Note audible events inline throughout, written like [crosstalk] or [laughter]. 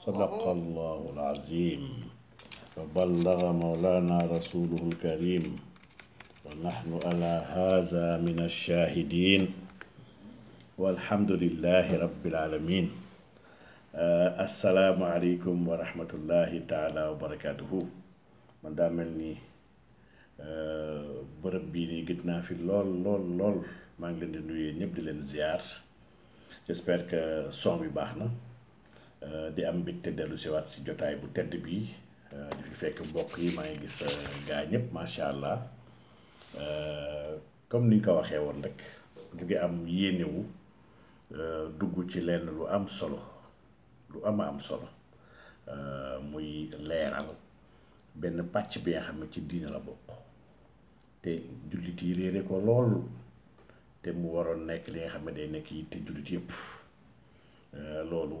صدق الله العظيم وبلغ مولانا رسوله الكريم ونحن على هذا من الشاهدين والحمد لله رب العالمين آه، السلام عليكم ورحمة الله تعالى وبركاته من داملني آه بربيني قدنا في اللول لول لول ما نقلل نبدل الزيار جسبرك صومي باحنا Euh, di am mbégte dellu siwaat si jotaay bu tedd bii euh, di fi fekk mbokk yi maa ngi gis euh, gaa ñëpp macha allah comme ni ñu ko waxee woon rek ñu ngi am yéenewu dugg ci lenn lu am solo lu ama am solo muy leeral benn pàcc bi nga xam ne ci diina la bokk te jullit yi réere ko lool te mu waroon nekk li nga xam ne day nekk yi te jullit yëpp loolu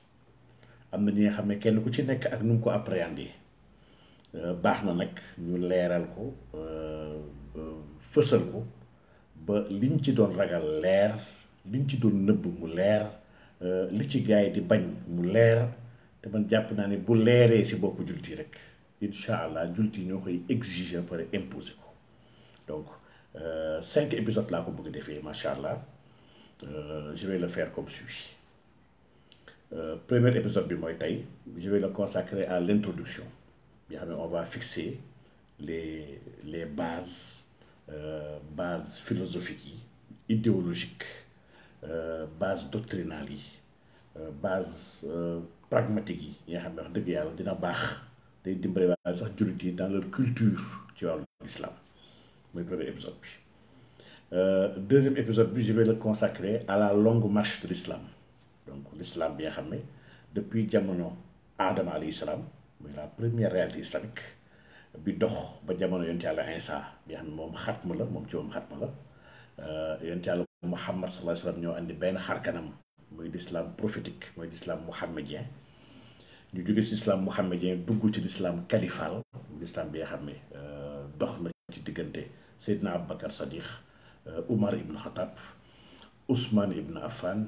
am na ñi nga xam ne kenn ku ci nekk ak nu mu ko appréhender euh, baax na nag ñu leeral ko euh, fësal ko ba liñ ci doon ragal leer liñ ci doon nëbb mu leer euh, li ci gaay di bañ mu leer te man jàpp naa ne bu leeree si bopp julti rek incha allah julti ñoo koy exiger pare imposer ko donc cinq épisodes laa ko bëgg defee macha allah je vais le faire comme suit Euh, premier épisode du je vais le consacrer à l'introduction on va fixer les les bases euh, bases philosophiques idéologiques euh, bases doctrinales bases pragmatiques Il a xam dans leur culture tu l'islam. islam premier épisode deuxième épisode je vais le consacrer à la longue marche de l'islam donc l'islam bi nga xamné depuis jamono adam alayhi islam muy la première réalité islamique bi dox ba jamono yonte yàlla isa bi xamné mom khatma la mom ci mom khatma la euh, yonte yàlla muhammad sallallahu alayhi wasallam ñoo andi ben xarkanam muy l'islam prophétique muy l'islam muhammadien ñu jogé ci l'islam muhammadien dugg ci l'islam kalifal l'islam bi nga xamné euh dox na ci digënté abbakar Sadiq euh, Umar ibn Khattab Ousmane ibn Affan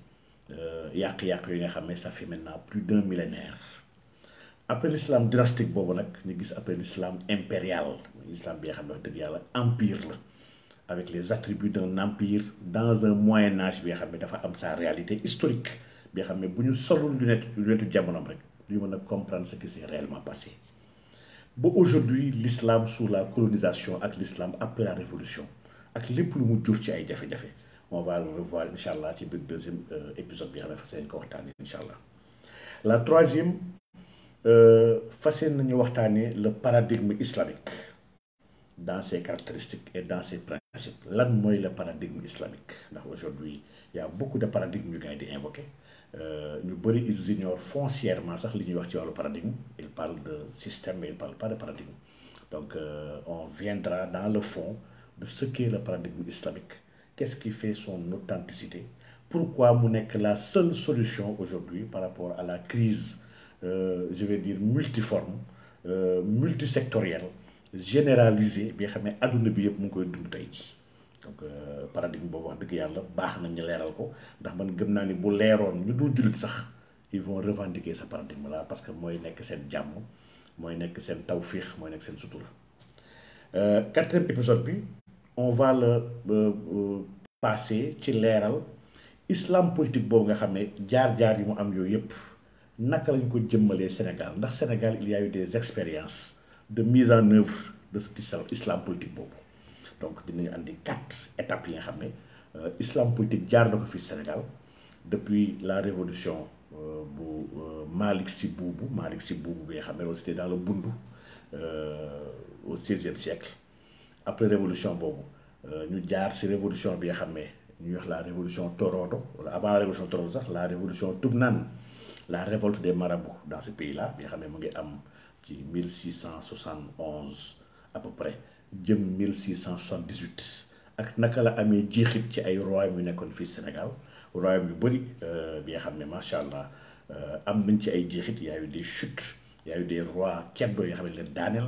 Euh, ça fait maintenant plus d'un millénaire après l'islam drastique, on n'ak, ñu gis après l'islam impérial l'islam bi empire avec les attributs d'un empire dans un moyen âge bi nga dafa am sa réalité historique bi nga buñu ne solul lunette rek du ñu comprendre ce qui s'est réellement passé aujourd'hui l'islam sous la colonisation ak l'islam après la révolution ak lépp lu mu jur ci ay jafé jafé on va le revoir, Inch'Allah, dans le deuxième euh, épisode bien, Inch'Allah. la troisième euh, fas yéene le paradigme islamique dans ses caractéristiques et dans ses principes Là, moi, le paradigme islamique Aujourd'hui, il y a beaucoup de paradigmes qui ont été invoqués. ils ignorent foncièrement sax li ñuy wax paradigme Ils parlent de système mais ils ne parlent pas de paradigme donc euh, on viendra dans le fond de ce qu'est le paradigme islamique Qu'est-ce qui fait son authenticité Pourquoi la seule solution aujourd'hui par rapport à la crise, euh, je vais dire, multiforme, euh, multisectorielle, généralisée, bien que adoune bi donc euh, paradigme ils vont revendiquer ce paradigme là parce que quatrième épisode on va le euh, euh, passer ci leral islam politique bo nga xam jaar-jaar yi mu am yooyu yëpp naka lañ ko jëmmalee Sénégal ndax Sénégal il y a eu des expériences de mise en œuvre de cet islam politique boobu donc dinañu andi quatre étapes yi nga euh, islam politique jaar na ko fii Sénégal depuis la révolution bu Malick Sy Boubou Malick Sy Boubou bi nga xam c'était dans le Bundu au 16e siècle après révolution boobu euh, ñu jaar si révolution bi nga xam ne wax la révolution Toronto, wala avant la révolution Toronto, sax la révolution Toubnane la révolte des marabouts dans ce pays là bi nga xam ne ngi am ci 1671 à peu près jëm 1678 ak naka la amee jeexit ci ay royaume yu nekkoon fii Sénégal royaume yu bëri euh, bi nga xam ne macha allah euh, am nañ ci ay jeexit y a eu des chutes y a eu des rois qui ont xam ne Daniel.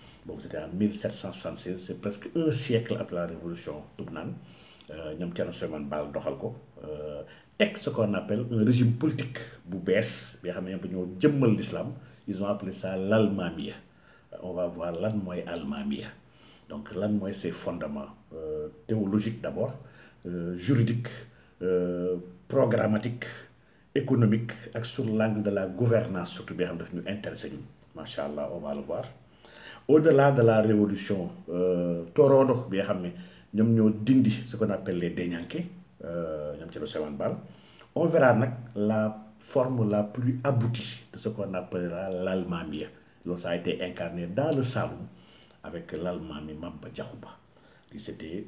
donc c'était en 1776 c'est presque un siècle après la révolution toubnane euh, ñoom doxal ko euh, ce qu'on appelle un régime politique bu l'islam ils ont appelé ça l'almamia euh, on va voir lan almamia donc lal c'est c'est fondamental. Théologique d'abord juridique programmatique économique et sur l'angle de la gouvernance surtout bien nous daf on va le voir au-delà de la révolution euh, Torodo bi nga xam ne ñoo dindi ce qu'on appelle les euh ñam ci la Sewan Bal on verra nak la forme la plus aboutie de ce qu'on appellera l'Almamia dont ça a été incarné dans le salon avec l'Almami Mamba Diakhouba qui c'était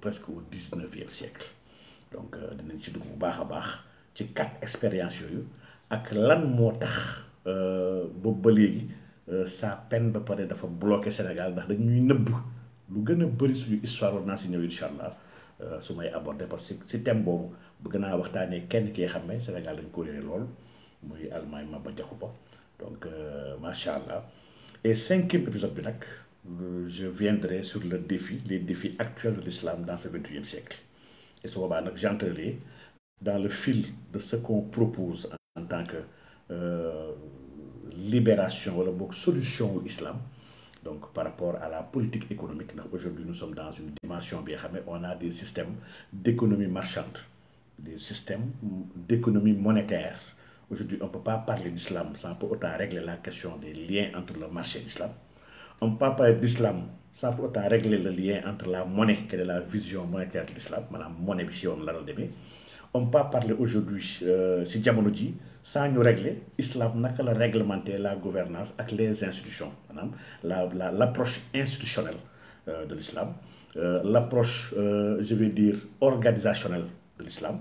presque au 19e siècle donc euh, dinañ ci dugg bu baax ci quatre expériences là ak lan motax euh bo ba légui euh, sa peine ba paré dafa bloqué Sénégal ndax ñuy neub lu gëna a bëri suñu histoire war naa si ñëw incha allah euh, su may abordé parce que si thème bobu bëgg naa waxtaanee kenn ki xamé Sénégal dañ ko réeré lool muy ma ba Diakhou Ba donc euh, macha allah et cinquième épisode bi nak je viendrai sur le défi les défis actuels de l'islam dans ce 21e siècle et su boobaa nag j'entrerai dans le fil de ce qu'on propose en tant que euh, libération ou la solution au islam donc par rapport à la politique économique aujourd'hui nous sommes dans une dimension bien on a des systèmes d'économie marchande des systèmes d'économie monétaire aujourd'hui on peut pas parler d'islam sans pour autant régler la question des liens entre le marché et l'islam on peut pas parler d'islam sans pour autant régler le lien entre la monnaie quelle la vision monétaire de l'islam la monnaie la la on on peut pas parler aujourd'hui c'est euh, jamono sans nous régler l'islam, n'a réglementer la gouvernance avec les institutions L'approche la la institutionnelle euh, institutionnelle de l'islam euh, l'approche, euh, je veux dire organisationnelle de l'islam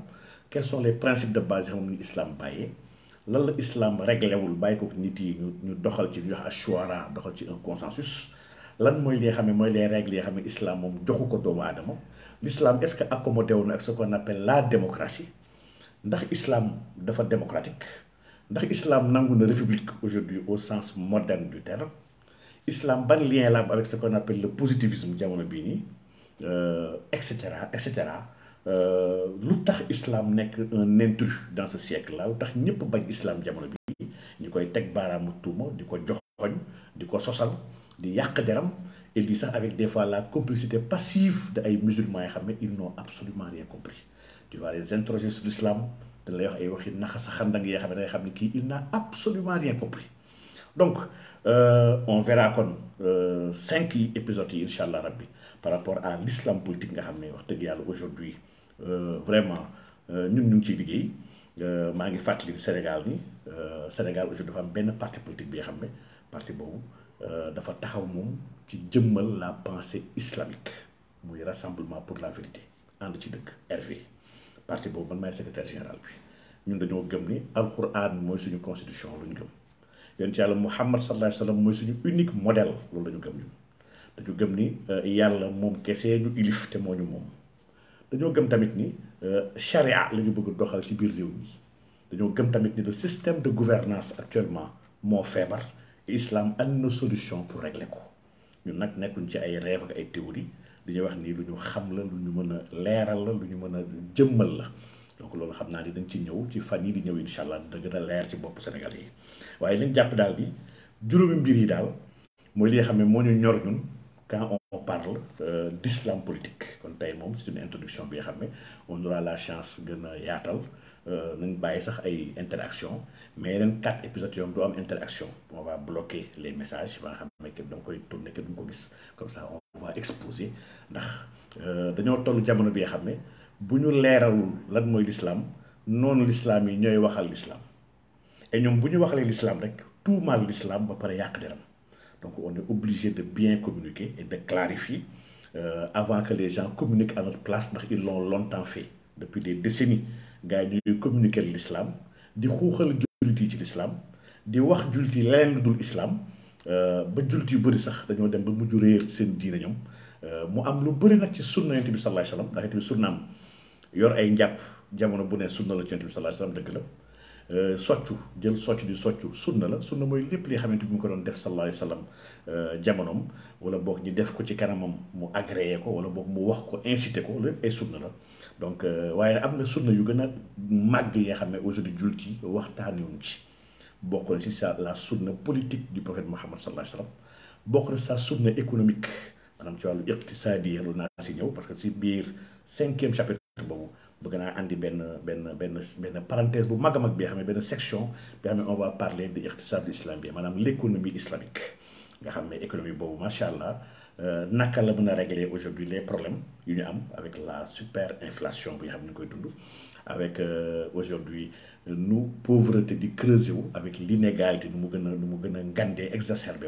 quels sont les principes de base de l'islam islam L'islam lan le islam réglewul bàyyi ko nit yi ñu doxal ci un consensus lan moy li nga moy les règles yi nga islam mom joxuko doomu adama l'islam est ce que accommodé wu ak ce qu'on appelle la démocratie ndax islam dafa démocratique ndax islam nangu na république aujourd'hui au sens moderne du terme islam ban lien la avec ce qu'on appelle le positivisme jamono etc. ni euh, etc etc. euh, lu islam nek un intrus dans ce siècle là lu tax bañ islam jamono bi ñi koy teg baaraamu tuuma diko ko joxoñ ils sosal di yak deram et di sax avec des fois la complicité passive de ay musulmans yi ils n'ont absolument rien compris tu vois les interroger sur l'islam de il n'a absolument rien compris donc euh, on verra comme euh, cinq épisodes par rapport à l'islam politique aujourd'hui euh, vraiment ñun ngi Sénégal Sénégal aujourd'hui parti politique bi la pensée islamique rassemblement pour la vérité ci parti boobu man maay secrétaire général bi ñun dañoo gëm ni alquran mooy suñu constitution lu ñu gëm yonent yàlla muhammad sallallahu alayhi wa sallam mooy suñu unique modèle loolu la ñu gëm dañu gëm ni euh, yàlla moom kese ñu ilif te moo ñu moom dañoo gëm tamit ni charia euh, lañu ñu bëgg doxal ci biir réew mi dañoo gëm tamit ni le système de gouvernance actuellement moo feebar islam am na solution pour régler ko ñun nag nekkuñ ci ay rêve ay théorie lu ñuy wax nii lu ñu xam la lu ñu mën a leeral la lu ñu mën a jëmmal la donc loolu xam naa ni dañ ci ñëw ci fan yi di ñëw incha allah da gën a leer ci bopp Sénégal yi waaye liñ jàpp daal bi juróomi mbir yi daal mooy li xam ne moo ñu ñor ñun quand on parle euh, d'islam politique kon tey moom c'est une introduction bi nga xam ne on aura la chance gën a yaatal Euh, Nous bàyyi sax ay interaction mais yeneen quatre épisodes yoom du am interaction on va bloquer les messages ba nga xam ne képp koy tourner du ko gis comme ça on va exposer ndax euh, dañoo toll jamono bi nga xam ne bu ñu leeralul l'islam noonu l'islam yi ñooy waxal l'islam et ñoom bu ñu waxalee l'islam rek mal l'islam ba pare yàq donc on est obligé de bien communiquer et de clarifier euh, avant que les gens communiquent à notre place ndax ils l'ont longtemps fait depuis des décennies gars yi ñuy communiquer lislaam di xuuxal jullit yi ci lislaam di wax jullit yi leneen lu dul islam euh, ba jullit yu bëri sax dañoo dem ba mujj réer ci seen diine ñoom euh, mu am lu bëri nag ci sunna yonent bi sallallahu alayhi wasallam ndax yonent yor ay njàpp jamono bu ne sunna la ci yonent bi sallallahu alayhi wasallam dëgg la euh, soccu jël soccu di soccu sunna la sunna mooy lépp li xamante bi mu ko doon def sallallahu alayhi wasallam jamonoom wala boog ñi def ko ci kanamam mu agréé ko wala boog mu wax ko incité ko lépp ay sunna la donc euh, waaye am na sunna yu gën a mag yi nga xam ne aujourd'hui jullit yi waxtaanewuñ ci bokk na ci sa la sunna politique du prophète Muhammad sallallahu alayhi wa sallam bokk na sa sunna économique maanaam ci wàllu iqtisaadiya lu naa si ñëw parce que si biir cinquième chapitre boobu bëgg naa indi benn benn benn benn parenthèse bu mag a mag bi nga xam ne benn section bi xam ne on va parler de iqtisaad islam bi maanaam l' économie islamique nga xam ne économie boobu macha allah. Euh, naka la mën régler aujourd'hui les problèmes ñu am avec la super inflation bu xam koy dund avec euh, aujourd'hui nous, pauvreté du creuser avec l'inégalité nu mu gëna a mu exacerbé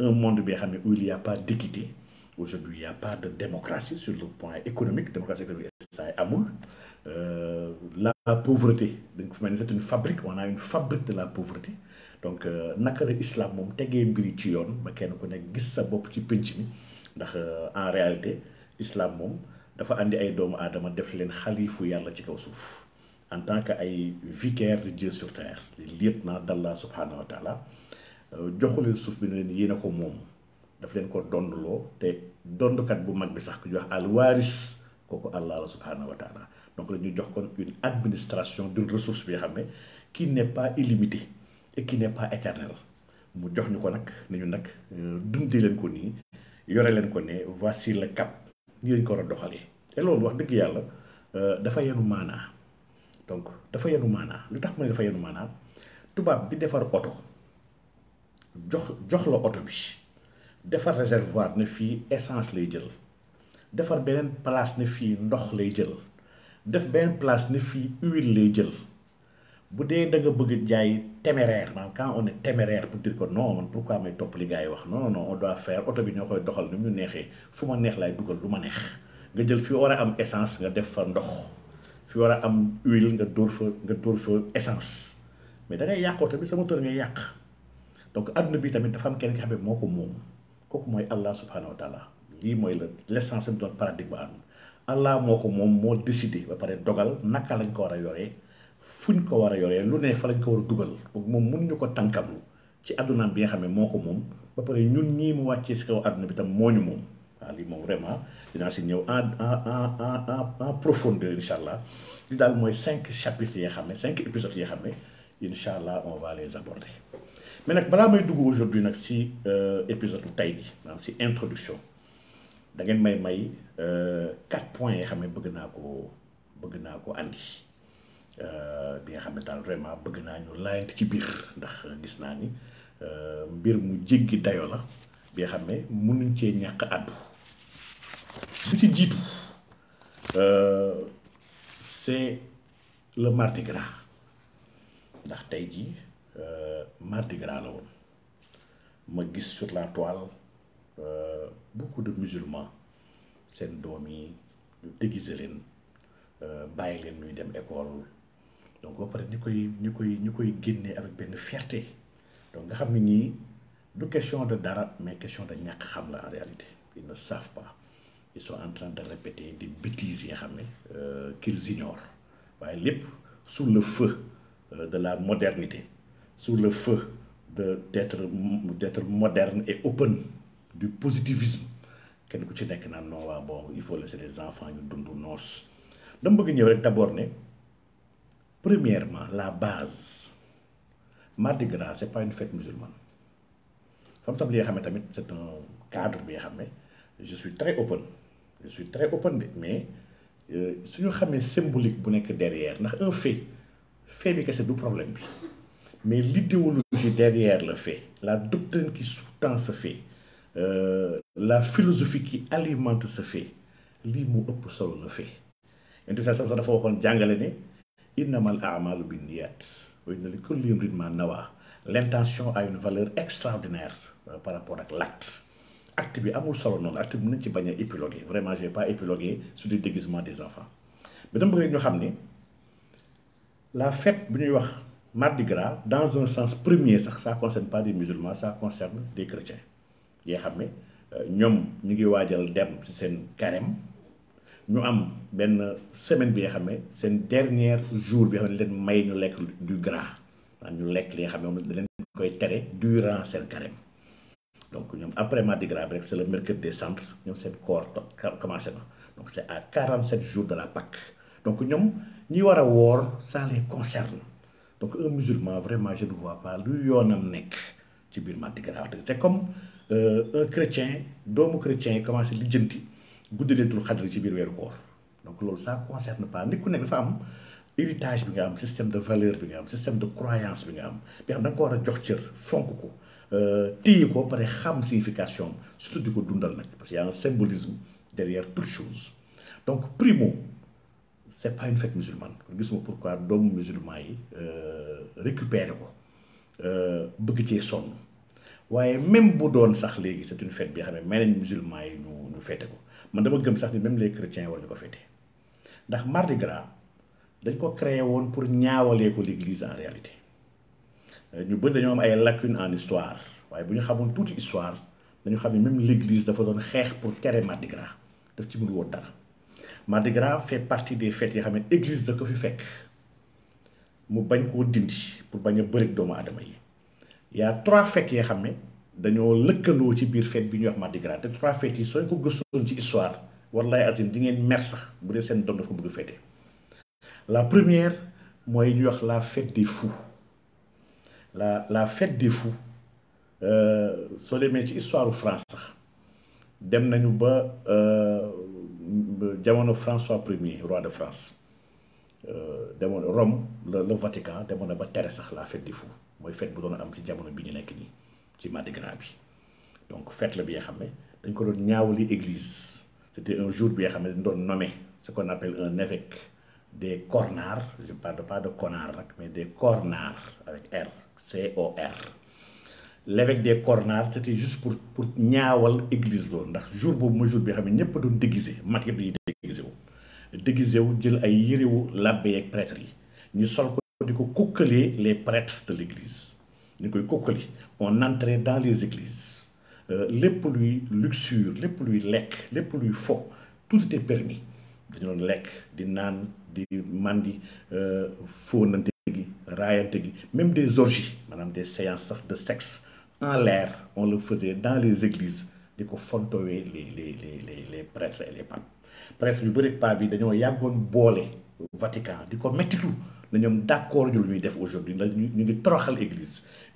un monde bi où il y a pas d'équité aujourd'hui il y a pas de démocratie sur le point économique démocratie économique ça euh, la pauvreté c'est une fabrique on a une fabrique de la pauvreté donc euh, naka la islam moom tegee mbiri ci yoon ba kenn ku nekk gis sa bopp ci pénc mi ndax euh, en réalité islam moom dafa indi ay doomu aadama def leen xalifu yàlla ci kaw suuf en tant que ay vicaire de Dieu sur terre lieutenant d'Allah subhanahu wa taala euh, suuf bi ne leen yéen a ko moom daf leen ko dondloo te dondkat bu mag bi sax ku ñu wax alwaaris kooku Allah la subhanahu wa donc la ñu jox kon une administration d'une ressource bi nga xam ne qui n'est pas et qui n'est pas éternel mu jox ñu ko nag ne ñu nag euh, dundee leen ko nii yore leen ko ne voici le cap nii lañ ko war a doxalee te loolu wax dëgg yàlla euh, dafa yenu maanaa donc dafa yenu maanaa lu tax ma ne dafa yenu maanaa tubaab bi defar oto jox jox la oto bi defar réservoir ne fii essence lay jël defar beneen place ne fii ndox lay jël def beneen place ne fii huile lay jël bu dee da nga bëgg jaay téméraire maanaam quand on est téméraire pour dire que non man pourquoi may topp li gars yi wax non non on doit faire oto bi ñoo koy doxal ni mu neexee fu ma neex laay dugal lu ma neex nga jël fi war a am essence nga def fa ndox fi war a am huile nga dóor fa nga dóor fa essence mais dangay ngay yàq oto bi sa moteur ngay yàq donc adduna bi tamit dafa am kenn ki xam moo ko moom kooku mooy Allah subhanahu wa lii mooy la l'essence doon paradigme am Allah moo ko moom moo décidé ba pare dogal naka lañ ko war a yoree. fu ñu ko war a yoree lu ne fa lañ ko war a dugal moom mënuñu ko tànkamlu ci addunaam bi nga xam ne moo ko moom ba pare ñun ñii mu wàccee si kaw adduna bi tam moo ñu moom waaw lii moom vraiment dinaa si ñëw en en en en en profondeur incha allah li daal mooy cinq chapitres yi nga xam ne cinq épisodes yi nga xam ne incha allah on va les aborder mais nag balaa may dugg aujourd'hui nag si euh, épisode bu tey bi maanaam si introduction da ngeen may may euh, quatre points yi nga xam ne bëgg naa ko bëgg naa ko andi. Euh, xam ne vraiment bëgg naa ñu laajante ci biir ndax gis naa ni euh, mbir mu jéggi dayo la bi xamé xam ne mënuñ cee ñàkk àddu bi si jiitu euh, c'est le mardi gras ndax tey jii euh, mardi gras la woon ma gis sur la toile beaucoup de musulmans seen doom yi ñu déguiser leen bàyyi leen ñuy dem école donc ba pare ñu koy ñu koy koy avec benn fierté donc nga xam ne ñii du question de dara mais question de ñàkk xam la en réalité ils ne savent pas ils sont en train de répéter des bêtises yi xam euh, qu'ils ignorent waaye lépp sous le feu euh, de la modernité sous le feu de d'être d'être moderne et open du positivisme kenn ku ci nekk naan non bon il faut laisser les enfants ñu dund noos dama bëgg ñëw rek d'abord ne Premièrement, la base. Mardi Gras, ce n'est pas une fête musulmane. Comme ça, c'est un cadre. Je suis très open. Je suis très open, mais si nous un symbolique derrière, un fait, fait que c'est le problème. Mais l'idéologie derrière le fait, la doctrine qui sous-tend ce fait, euh, la philosophie qui alimente ce fait, c'est ce qui est le fait. Et tout ça, ça, ça, ça, ça, innamal a'malu binniyat wa inna likulli imrin ma nawa l'intention a une valeur extraordinaire par rapport à l'acte acte bi amul solo non acte bi mën ci je n'ai vraiment j'ai pas épilogué sur le déguisement des enfants mais dama bëgg ñu xam la fête bi ñuy wax Mardi Gras dans un sens premier ça ça concerne pas des musulmans ça concerne des chrétiens yi xam euh, ñom ñi ngi wajal dem ci sen carême ñu am ben semaine bi nga xam dernier jour bi nga xam ne may ñu du gras waaw ñu lek li nga xam ne koy téré durant cette carême donc ñom après mardi gras rek c'est le mercredi des cendres ñoom seen commencé donc c'est à 47 jours de la Pâque donc ñom ñi wara wor ça les concerne donc un musulman vraiment je ne vois pas lu yoonam nek ci biir mardi gras c'est comme euh, un chrétien domo chrétien yi commencé lijjanti guddi laylatul xadri ci bir weeru koor donc loolu ça concerne pas nit ku nekk dafa am héritage bi nga am système de valeur bi nga am système de croyance bi nga am bi xam da nga ko war jox cër fonk ko euh, téye ko pare xam signification surtout diko dundal nak parce qu'il y a un symbolisme derrière toute chose donc primo c'est pas une fête musulmane gisuma pourquoi dom musulman yi euh récupérer ko euh bëgg ci son waye même bu doon sax léegi c'est une fête bi xamé mais les musulmans yi ñu ñu féete ko man dama gëm sax ni même les chrétiens war ñu ko fêter ndax Mardi Gras dañ ko créé woon pour ñaawalee ko l'église en réalité euh, ñu bëri dañoo am ay lacunes en histoire waaye bu ñu xamoon tuuti histoire dañu xam ne même l'église dafa doon xeex pour tere Mardi Gras daf ci mënu woon dara Mardi Gras fait partie des fêtes yoo xam ne église da ko fi fekk mu bañ koo dindi pour bañ a bëri doomu aadama yi y a trois fêtes yoo xam ne. dañoo lëkkaloo ci biir fête bi ñuy wax Mardi Gras te trois fêtes yi soo ko gëstoon ci histoire wallaay azim di ngeen mer sax bu dee seen doon dafa bëgg fête la première mooy ñuy wax la fête des fous la la fête des fous euh, soo demee ci histoire France sax dem nañu ba euh, jamono François premier roi de France euh, demoon Rome le le Vatican demoon na ba tere sax la fête des fous mooy fête bu doon am ci jamono bi ñu nekk nii ci Madigan bi donc fête le bi nga xam dañ ko doon ñaawali église C'était un jour bi nga xam nommé ce qu'on appelle un évêque des cornards je parle pas de connard mais des cornards avec R C O R L'évêque des cornards c'était juste pour pour ñaawal église loolu ndax jour boobu mooy jour bi xamné ñepp ne doon déguisé mag yëpp dañuy déguisé wu déguisé wu jël ay yërewu labbe ak prêtre yi ñu sol ko diko les prêtres de l'église. ni koy on entrait dans les églises. Euh, les luy luxure les luy lec, les luy faux, tout était permis nan doon nan di des mandi euh, faux, les même des orgies des séances de sexe en l'air on le faisait dans les églises des les les les les prêtres et les papes prêtres Vatican di ko d'accord avec aujourd'hui l'église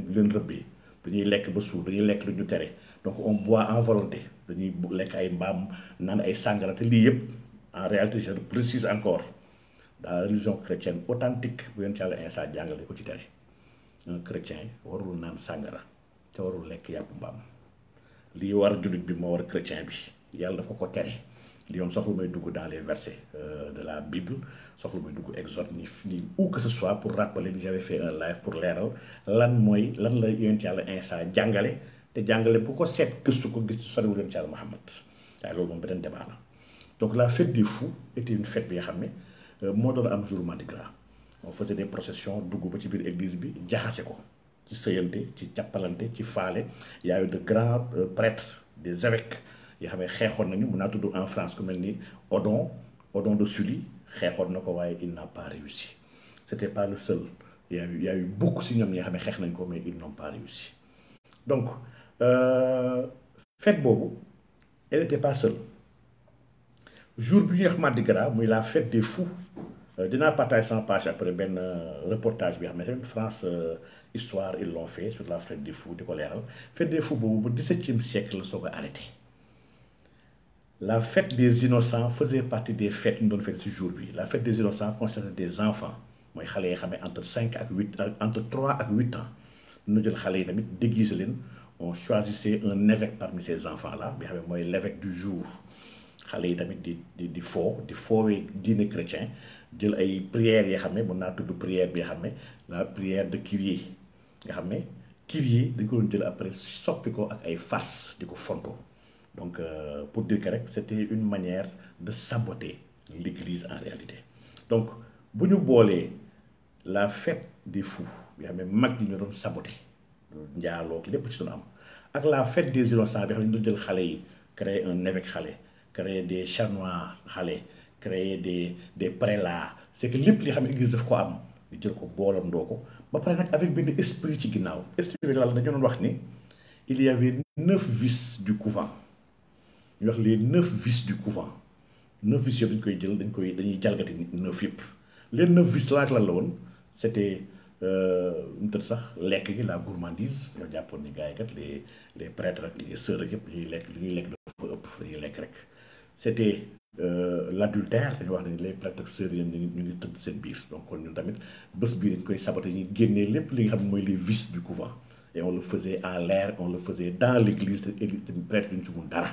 ñu leen rëbbee dañuy lekk ba suur dañuy lekk lu ñu tere donc on bois en volonté dañuy lekk ay mbaam naan ay sàngara te lii yëpp en réalité je précise encore dans la religion chrétienne authentique bu yonent Yàlla Iisaa jàngale ko ci tere chrétien warul naan sàngara te warul lekk yàpp mbaam lii war jullit bi moo war chrétien bi yàlla dafa ko tere li moom soxlu may dugg dans les versets euh, de la Bible soxlu may dugg exode ni ni où que ce soit pour rappeler que j'avais fait un live pour leeral lan moy, lan la yonent yàlla Iisaa jàngale te jàngale bu ko seet gëstu ko gis ci soriwul yonent yàlla Muhammad waaye loolu moom beneen débat donc la fête des fous était une fête bi nga euh, ne moo doon am jour Mardi Gras on faisait des processions dugg ba ci biir église bi jaxase ko ci sëyante ci cappalante ci il y a eu de grands euh, prêtres des évêques il y avait xeexoon nañu en France comme mel Odon Odon de Sully ko il n'a pas réussi c'était pas le seul il y a eu beaucoup si signes, mais ils n'ont pas réussi donc euh, fête Bobo, elle n'était pas seule jour bi ñuy wax Mardi Gras muy la fête des fous euh, dinaa partage sans page après un euh, reportage bi xam France histoire ils l'ont fait sur la fête des fous de colère. fête des fous Bobo, au 17e siècle la soo arrêté la fête des innocents faisait partie des fêtes que nous faisons aujourd'hui. la fête des innocents concernait des enfants moi xale yi entre cinq et 8 entre 3 et 8 ans ñu jël xale tamit on choisissait un évêque parmi ces enfants là bi l'évêque du jour xale yi des di des di faux, di foowee diine chrétien jël ay prières yi prière la prière de Kyrie nga Kyrie dañ ko doon jël après soppi ko ak ay farces di ko donc, euh, pour dire que c'était une manière de saboter l'Église en réalité. Donc, si bolé la fête des fous, il y a même mag qui nous saboté. Dialogue, les petits hommes. Avec la fête des innocents, avec nous de Khalé, créer un évêque Khalé, créer des chanois Khalé, créer des, des prélats. C'est que les plus grandes églises de quoi ñu jël ko boolandoo ko ba pare nag avec benn esprit ci ginnaaw esprit bi daal dañu doon wax ni il y avait neuf vices du couvent ñu wax les neuf vis du couvent neuf vis yëpp dañ koy jël dañ koy dañuy jalgati nit neuf yëpp les neuf vis laak lan la woon c' était ñu euh, tëdd sax lekk gi la gourmandise ñoo jàppoon ni gars yi kat les les prêtres ak les sœurs ak yëpp li ñuy lekk li ñuy lekk dafa ëpp dañuy lekk rek c' était euh, l' adultère dañu wax ne les prêtres ak sœurs yéen ñu ngi tëdd seen biir donc kon ñun tamit bés bii dañ koy saboté ñu génnee lépp li nga xam ne mooy les vis du couvent et on le faisait en l'air on le faisait dans l' église te prêtre duñ ci mun dara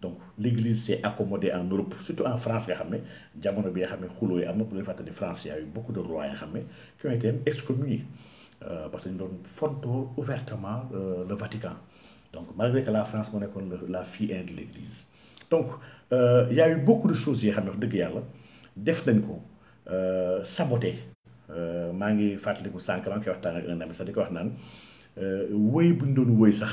donc l'église s'est accommodée en Europe surtout en France nga xam ne jamono bi nga xam ne xuloo yi am na bu leen fàttali France y a eu beaucoup de rois nga xam qui ont été excommuniés euh, parce que ñu doon fontoo ouvertement euh, le Vatican donc malgré que la France moo nekkoon la fille de l'église donc il euh, y a eu beaucoup de choses yi nga xam ne wax def nañ ko saboté maa ngi fàttaliku sànq maa ngi koy waxtaan ak un ami sax di ko wax naan wéy bu doon wéy sax.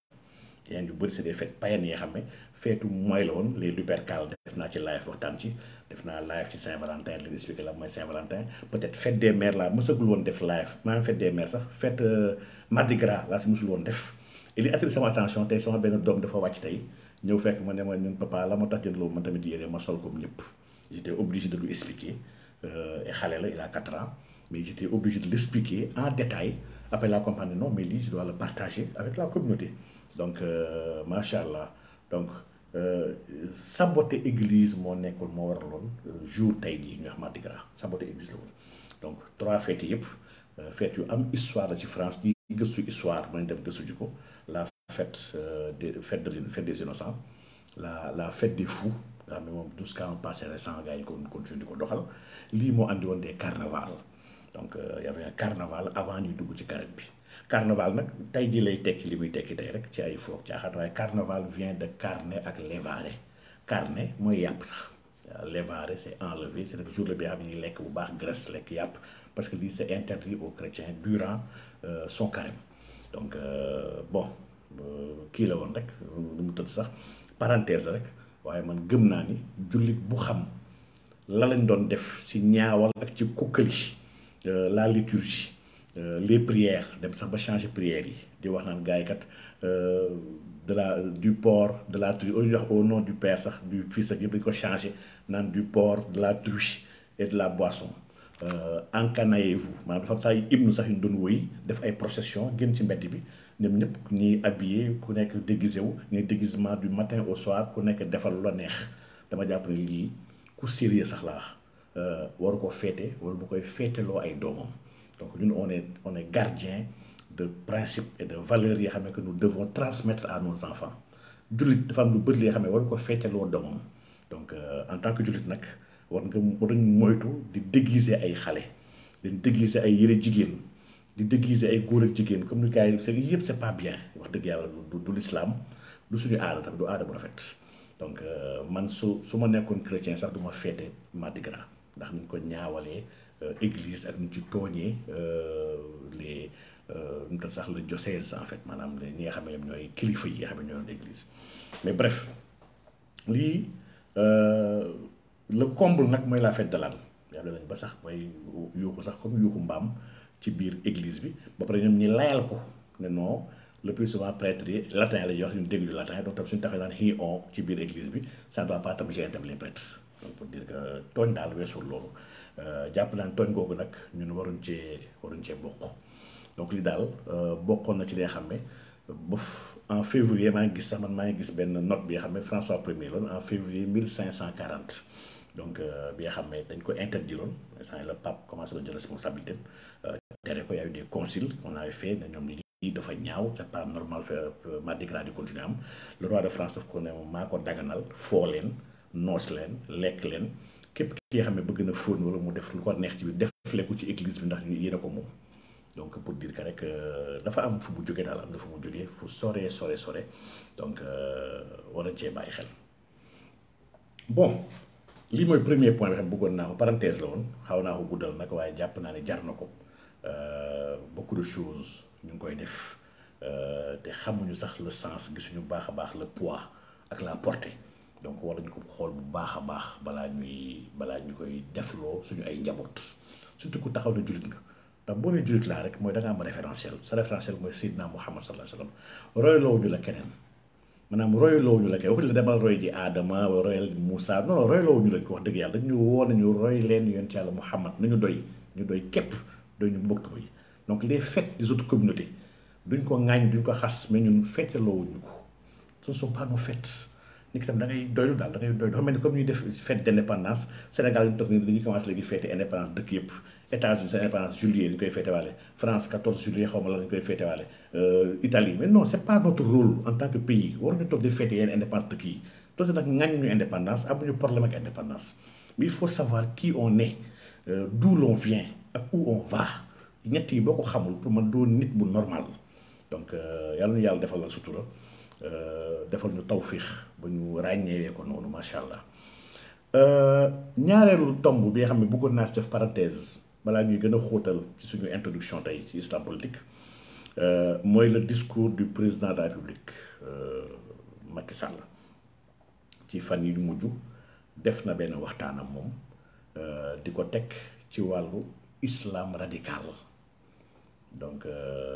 yeneen yu bëri c'est des fêtes païennes yi nga xam ne feetu mooy la woon les Lupercales def naa ci live waxtaan ci def naa live ci Saint-Valentin li expliqué la mooy Saint-Valentin peut-être fête des mères la mësagul woon def live maanaam fête des mères sax fête euh, Mardi Gras laa si mësul woon def et li attiré sama attention tey sama benn doom dafa wàcc tey ñëw fekk ma ne ma ñun papa la ma tax jënd loolu ma tamit yére ma sol ko ñëpp j'étais obligé de lui expliquer euh, et xale la il a 4 ans mais j'étais obligé de l'expliquer en détail après la comprendre non mais lii je dois le partager avec la communauté donc euh, macha allah donc euh, saboter église mo nekkul mo waralon euh, jour tay jii ñu xamante gra saboter église donc trois fêtes yep, fête yu am histoire ci France di gëstu histoire mo dem gëstu ji ko la fête des fête de fête des innocents la la fête des fous nga même ne moom ans passé récent gaay ko ko continué ko doxal li mo andi won des carnaval donc il y avait un carnaval avant ñu dugg ci carnaval. bi carnaval nag un carnaval vient de carne ak levare carne moy sax c'est enlever c'est le jour la bi bu baax graisse parce que c'est interdit aux chrétiens durant euh, son carême donc euh, bon euh, ki la parenthèse rek man ni bu xam la lañ def la liturgie euh, les prières dem sax ba changer prières yi di wax euh, de la du porc de la truie au nom du père du fils ak yëpp changer du porc de la truie et de la boisson euh, encanaillez-vous maanaam dafa ça woy def ay procession génn ci mbedd bi ñoom ñëpp ni habillé ku nekk déguisé wu déguisement du matin au soir ku nekk defal lo neex dama japp que c'est ku sérieux sax la wax war ko fêter bu koy ay donc nous, on est, on est gardien de principes et de valeurs que nous devons transmettre à nos enfants. Julit dafa am lu bëri li nga xam ne war ko féeteloo doomam donc euh, en tant que julit nag war nga war moytu di déguiser ay xale di déguiser ay yëre jigéen di déguiser ay góor ak comme nous gars yi seen c'est pas bien wax de yàlla du du l'islam du suñu aada tamit du aada bu rafet donc euh, man su su ma nekkoon chrétien sax du ma féete Mardi Gras ndax ni ñu ko ñaawalee. Euh, église ak ñu ci tooñee euh, les lu euh, mu sax le diocèse en fait maanaam ñi nga xam ne ñooy kilifa yi nga xam ne ñoo doon église mais bref lii le comble nag mooy la fête de l'âne yàlla nañ ba sax mooy yuuxu sax comme yuuxu mbaam ci biir église bi ba pare ñoom ñi layal ko ne non le prêtre yi latin la ñuy wax ñu dégg du latin donc tam suñu taxee daan xii on ci biir église bi ça ne doit pas tam gêner tam les prêtres que tooñ daal weesul loolu Euh, jàpp naan tooñ googu nag ñun waruñ cee waruñ cee bokk donc li daal euh, bokkoon na ci li nga xam ne ba en février maa ngi gis sax man maa ngi gis benn note bi nga xam ne François premier la en février 1540 donc euh, bi nga xam ne dañ ko interdiroon instant le pape commencé doon jël responsabilité tere ko y a eu des conciles on ne ñoom lii dafa ñaaw ca pas normal Mardi Gras di continuer am le roi de France daf ko ne maa ko daganal foo leen noos leen lekk leen képp ki xam ne bëgg na fóon wala mu def lu ko neex ci biir defle ko ci église bi ndax yéen a ko moom donc pour dire ka rek euh, dafa am fu mu jógee daal am na fu mu jógee fu sore sore sore donc euh, war nañ cee bàyyi xel bon lii mooy premier point buggoon naa ko parenthèse la woon xaw naa ko guddal nag waaye jàpp naa ne jar na ko euh, beaucoup de choses ñu ngi koy def te xamuñu sax le sens gisuñu baax a baax la poids ak la portée donc war ñu ko xool bu baax a baax balaa ñuy balaa ñu koy defloo suñu ay njaboot surtout ku taxaw na jullit nga ndax boo nee jullit laa rek mooy da nga am référentiel sa référentiel mooy Seydina Muhammad sallallahu alayhi wasallam royloo ñu la keneen maanaam royloo ñu la keneen waxuñ la demal roy ji Adama royal Moussa non non royloo ñu la ko wax dëgg yàlla dañu woo nañu roy leen yonent yàlla Muhammad nañu doy ñu doy képp doy ñu mbokk yi donc les fêtes des autres duñ ko ŋaañ duñ ko xas mais ñun fêteloo wuñu ko ce ne sont pas nit ki tam da ngay doylu daal da ngay doylu dafa mel ni comme nous def fête d' Sénégal ñu toog nii dañuy commencé léegi fête indépendance dëkk États-Unis seen indépendance juillet ñu koy féetewaale France 14 juillet xaw ma la ñu koy féetewaale euh, Italie mais non c'est pas notre rôle en tant que pays on ne doit pas fêter yenn indépendance dëkk tout est dans ŋàññ ñu indépendance amuñu problème ak indépendance mais il faut savoir qui on est euh, d'où l'on vient où on va n'y yi pas beaucoup xamul pour man doo nit bu normal donc euh, yàlla na yàlla defal la sutura euh, defal ñu tawfiix ba ñu ràññeewee ko noonu macha allah euh, ñaareelu tomb bi nga xam ne bëggoon naa si def parenthèse balaa ñuy gën a xóotal ci suñu introduction tey ci islam politique euh, mooy le discours du président de la république Macky Sall ci fan yi mujj def na benn waxtaanam moom di ko teg ci wàllu islam radical donc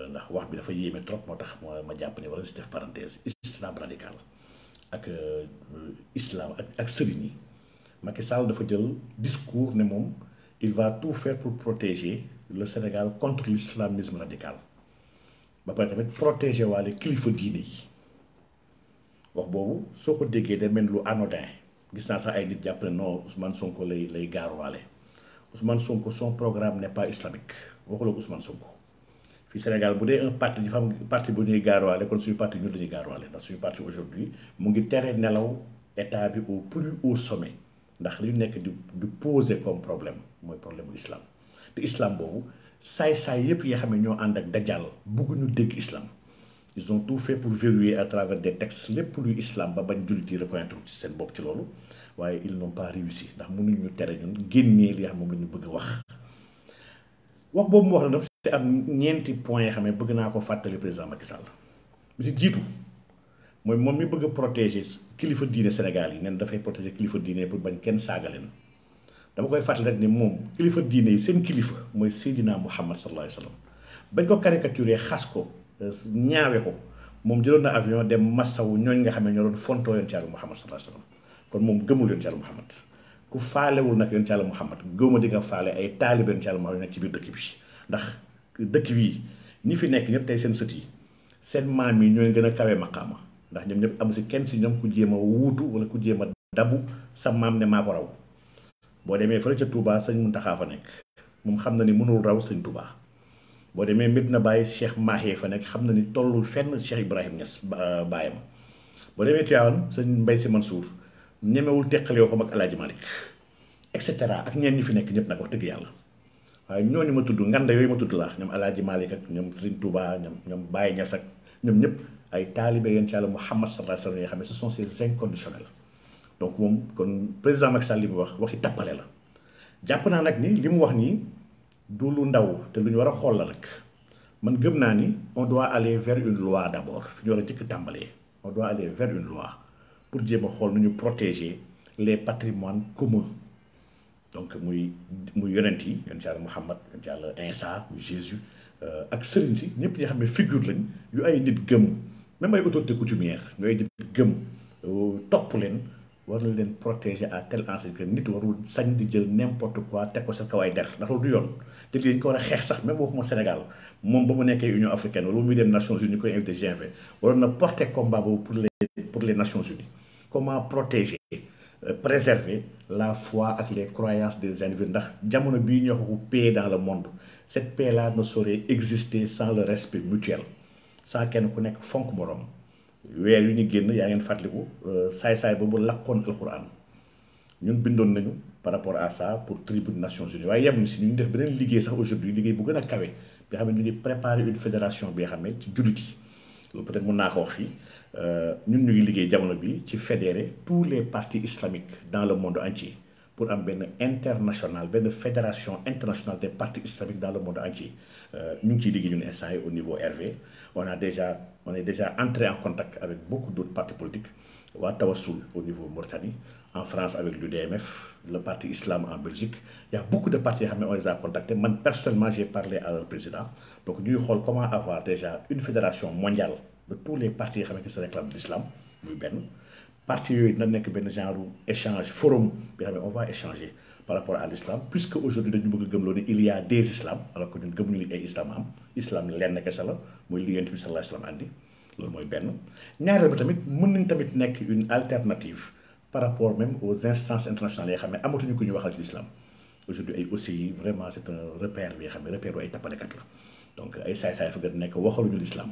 ndax wax bi dafa yéeme trop moo tax ma jàpp ne wala si def parenthèse islam radical ak euh, islam ak serigne mais Macky Sall dafa jël discours ne mon il va tout faire pour protéger le Sénégal contre l'islamisme radical ba pare tamit protéger les kilifa diine yi wax bobu soko ko l'anodin day mel lu anodin gis naa sax ay nit japp non Ousmane Sonko lay lay garwalé Ousmane Sonko son programme n'est pas islamique waxuloo Ousmane Sonko du Sénégal bu un parti dafa parti bu ñuy gaaruwaale kon suñu parti ñun dañuy gaaruwaale ndax suñu parti aujourd'hui mu ngi tere nelaw état bi au plus haut sommet ndax li nekk di de poser comme problème mon problème bu islam te islam boobu saay-saay yépp yi nga xam ne ñoo ànd ak dajal bëgguñu dégg islam ils ont tout fait pour verrouiller à travers des textes les plus islam ba bañ jullit yi reconnaître ci seen bopp ci loolu waaye ils n'ont pas réussi ndax mënuñu tere ñun génnee li nga xam moom la ñu bëgg wax wax wax na te am ñeenti point yoo xam ne bëgg naa ko fàttali président Macky Sall bi si jiitu mooy moom ñu bëgg a protéger kilifa diine Sénégal yi nen dafay protéger kilifa diine pour bañ kenn saaga leen dama koy fàttali rek moom kilifa diine yi seen kilifa mooy Seydina Muhammad sallallahu alayhi wa sallam bañ ko caricaturé xas ko ñaawe ko moom jëloon na avion dem massawu ñooñ nga xam ne ñoo doon fontoo yoon ci yàlla Muhammad sallallahu alayhi kon moom gëmul yoon ci yàlla Muhammad ku faalewul nag yoon ci yàlla Muhammad gëwma di nga faale ay taalibe yoon ci yàlla Muhammad nekk ci biir dëkk bi dëkk bii ñi fi nekk ñëpp tey seen sët yi seen maam yi ñooy gën a kawe maqaama ndax ñoom ñëpp amu si kenn si ñoom ku jéema a wuutu wala ku jéema dabu sa maam ne maa ko raw boo demee fële ca Touba sëñ Muntaxa fa nekk moom xam na ni mënul raw sëñ Touba boo demee mbir na bàyyi Cheikh Mahi fa nekk xam na ni tollul fenn Cheikh Ibrahim Niass euh, baayam boo demee Tivaouane sëñ Mbaye Sy Mansour ñemewul teqale yoo ko mag Alaaji Malick et cetera ak ñeen ñi fi nekk ñëpp nag wax dëgg yàlla waaye ñooñu ma tudd nganda yooyu ma tudd laa ñoom alaaji Malick ak ñoom Serigne Touba ñoom ñoom Baye Niass ak ñoom ñëpp ay taalibe yéen ci Yàlla Muhammad sallallahu alayhi wasallam yoo xam ne ce sont ces inconditionnels donc moom kon président Macky Sall li mu wax waxi tappale la jàpp naa nag ni li mu wax nii du lu ndaw te lu ñu war a xool la rek man gëm naa ni on doit aller vers une loi d'abord fi ñu war a jëkk tàmbalee on doit aller vers une loi pour jéem a xool nu ñu protéger les patrimoines communs donc muy muy yonent Jésus euh, ak si figure lañ yu ay nit même ay autorité coutumière ñoy nit euh, leen war protéger à tel enseigne que nit n'importe quoi ko sa der du yoon ko sax même waxuma Sénégal Union africaine wala Nations Unies ko invité combat pour les Nations Unies comment protéger euh, préserver la foi et les croyances des individus. paix dans le monde. Cette paix-là ne saurait exister sans le respect mutuel. Sans ne connaisse fonk morom. weer yu ñu génn yaa ngeen fàttaliku euh, saay-saay boobu lakkoon alquran ñun bindoon nañu par rapport à ça pour tribune nations unies Il y ni si ñu def beneen liggéey sax aujourd'hui liggéey bu gën a kawe bi xam ne préparer une fédération bi nga xam ci jullit peut-être mën naa ko wax euh, nous, ñu ngi jamono bi fédérer tous les partis islamiques dans le monde entier pour am benn international benn fédération internationale des partis islamiques dans le monde entier euh, ñu ngi ciy au niveau RV on a déjà on est déjà entré en contact avec beaucoup d'autres partis politiques Wa Tawassul au niveau Mauritanie en France avec l'UDMF, le parti islam en Belgique. Il y a beaucoup de partis mais on les a contactés. Moi, personnellement, j'ai parlé à leur président. Donc, nous, comment avoir déjà une fédération mondiale de tous les partis yoo xam ne se réclament de l'islam muy benn parti yooyu dina nekk benn genre échange forum bi xam on va échanger par rapport à l'islam puisque aujourd'hui dañu bëgg a gëmloo ne il y a des islam alors que ñun gëmuñu li ay islam am islam lenn kese la muy li yonent bi sallallahu alayhi wa sallam andi loolu mooy benn ñaareel ba tamit mën nañ tamit nekk une alternative par rapport même aux instances internationales yoo xam ne amatuñu ko ñu waxal ci l'islam aujourd'hui ay aussi vraiment c'est un repère bi nga xam ne repère ay tappalekat la donc ay saay-saay fa gën nekk waxaluñu l'islam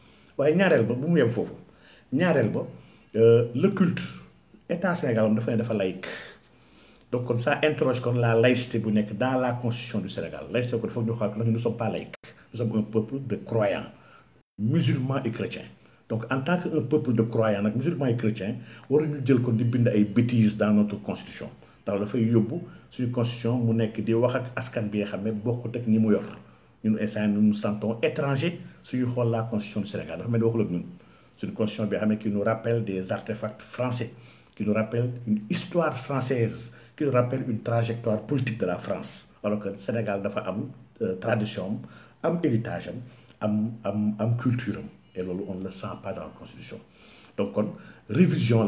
waaye ñaareel ba bu mu yem foofu ñaareel ba euh, le culte état Sénégal dafa ne dafa donc comme ça interroge kon la laïcité bu nekk dans la constitution du Sénégal laïcité ko dafa ñu xool nous ne sommes pas laïc nous sommes un peuple de croyants musulmans et chrétiens donc en tant que un peuple de croyants nag musulmans et chrétiens waruñu jël kon di bind ay bêtises dans notre constitution ndax dafay yóbbu suñu constitution mu nekk di wax ak askan bi nga xam ne bokkut ak ni mu yor ñun instant nous nous sentons étrangers c'est une la constitution du Sénégal mais une constitution qui nous rappelle des artefacts français qui nous rappelle une histoire française qui nous rappelle une trajectoire politique de la France alors que le Sénégal a une euh, tradition un héritage une culture et on ne le sent pas dans la constitution donc on révision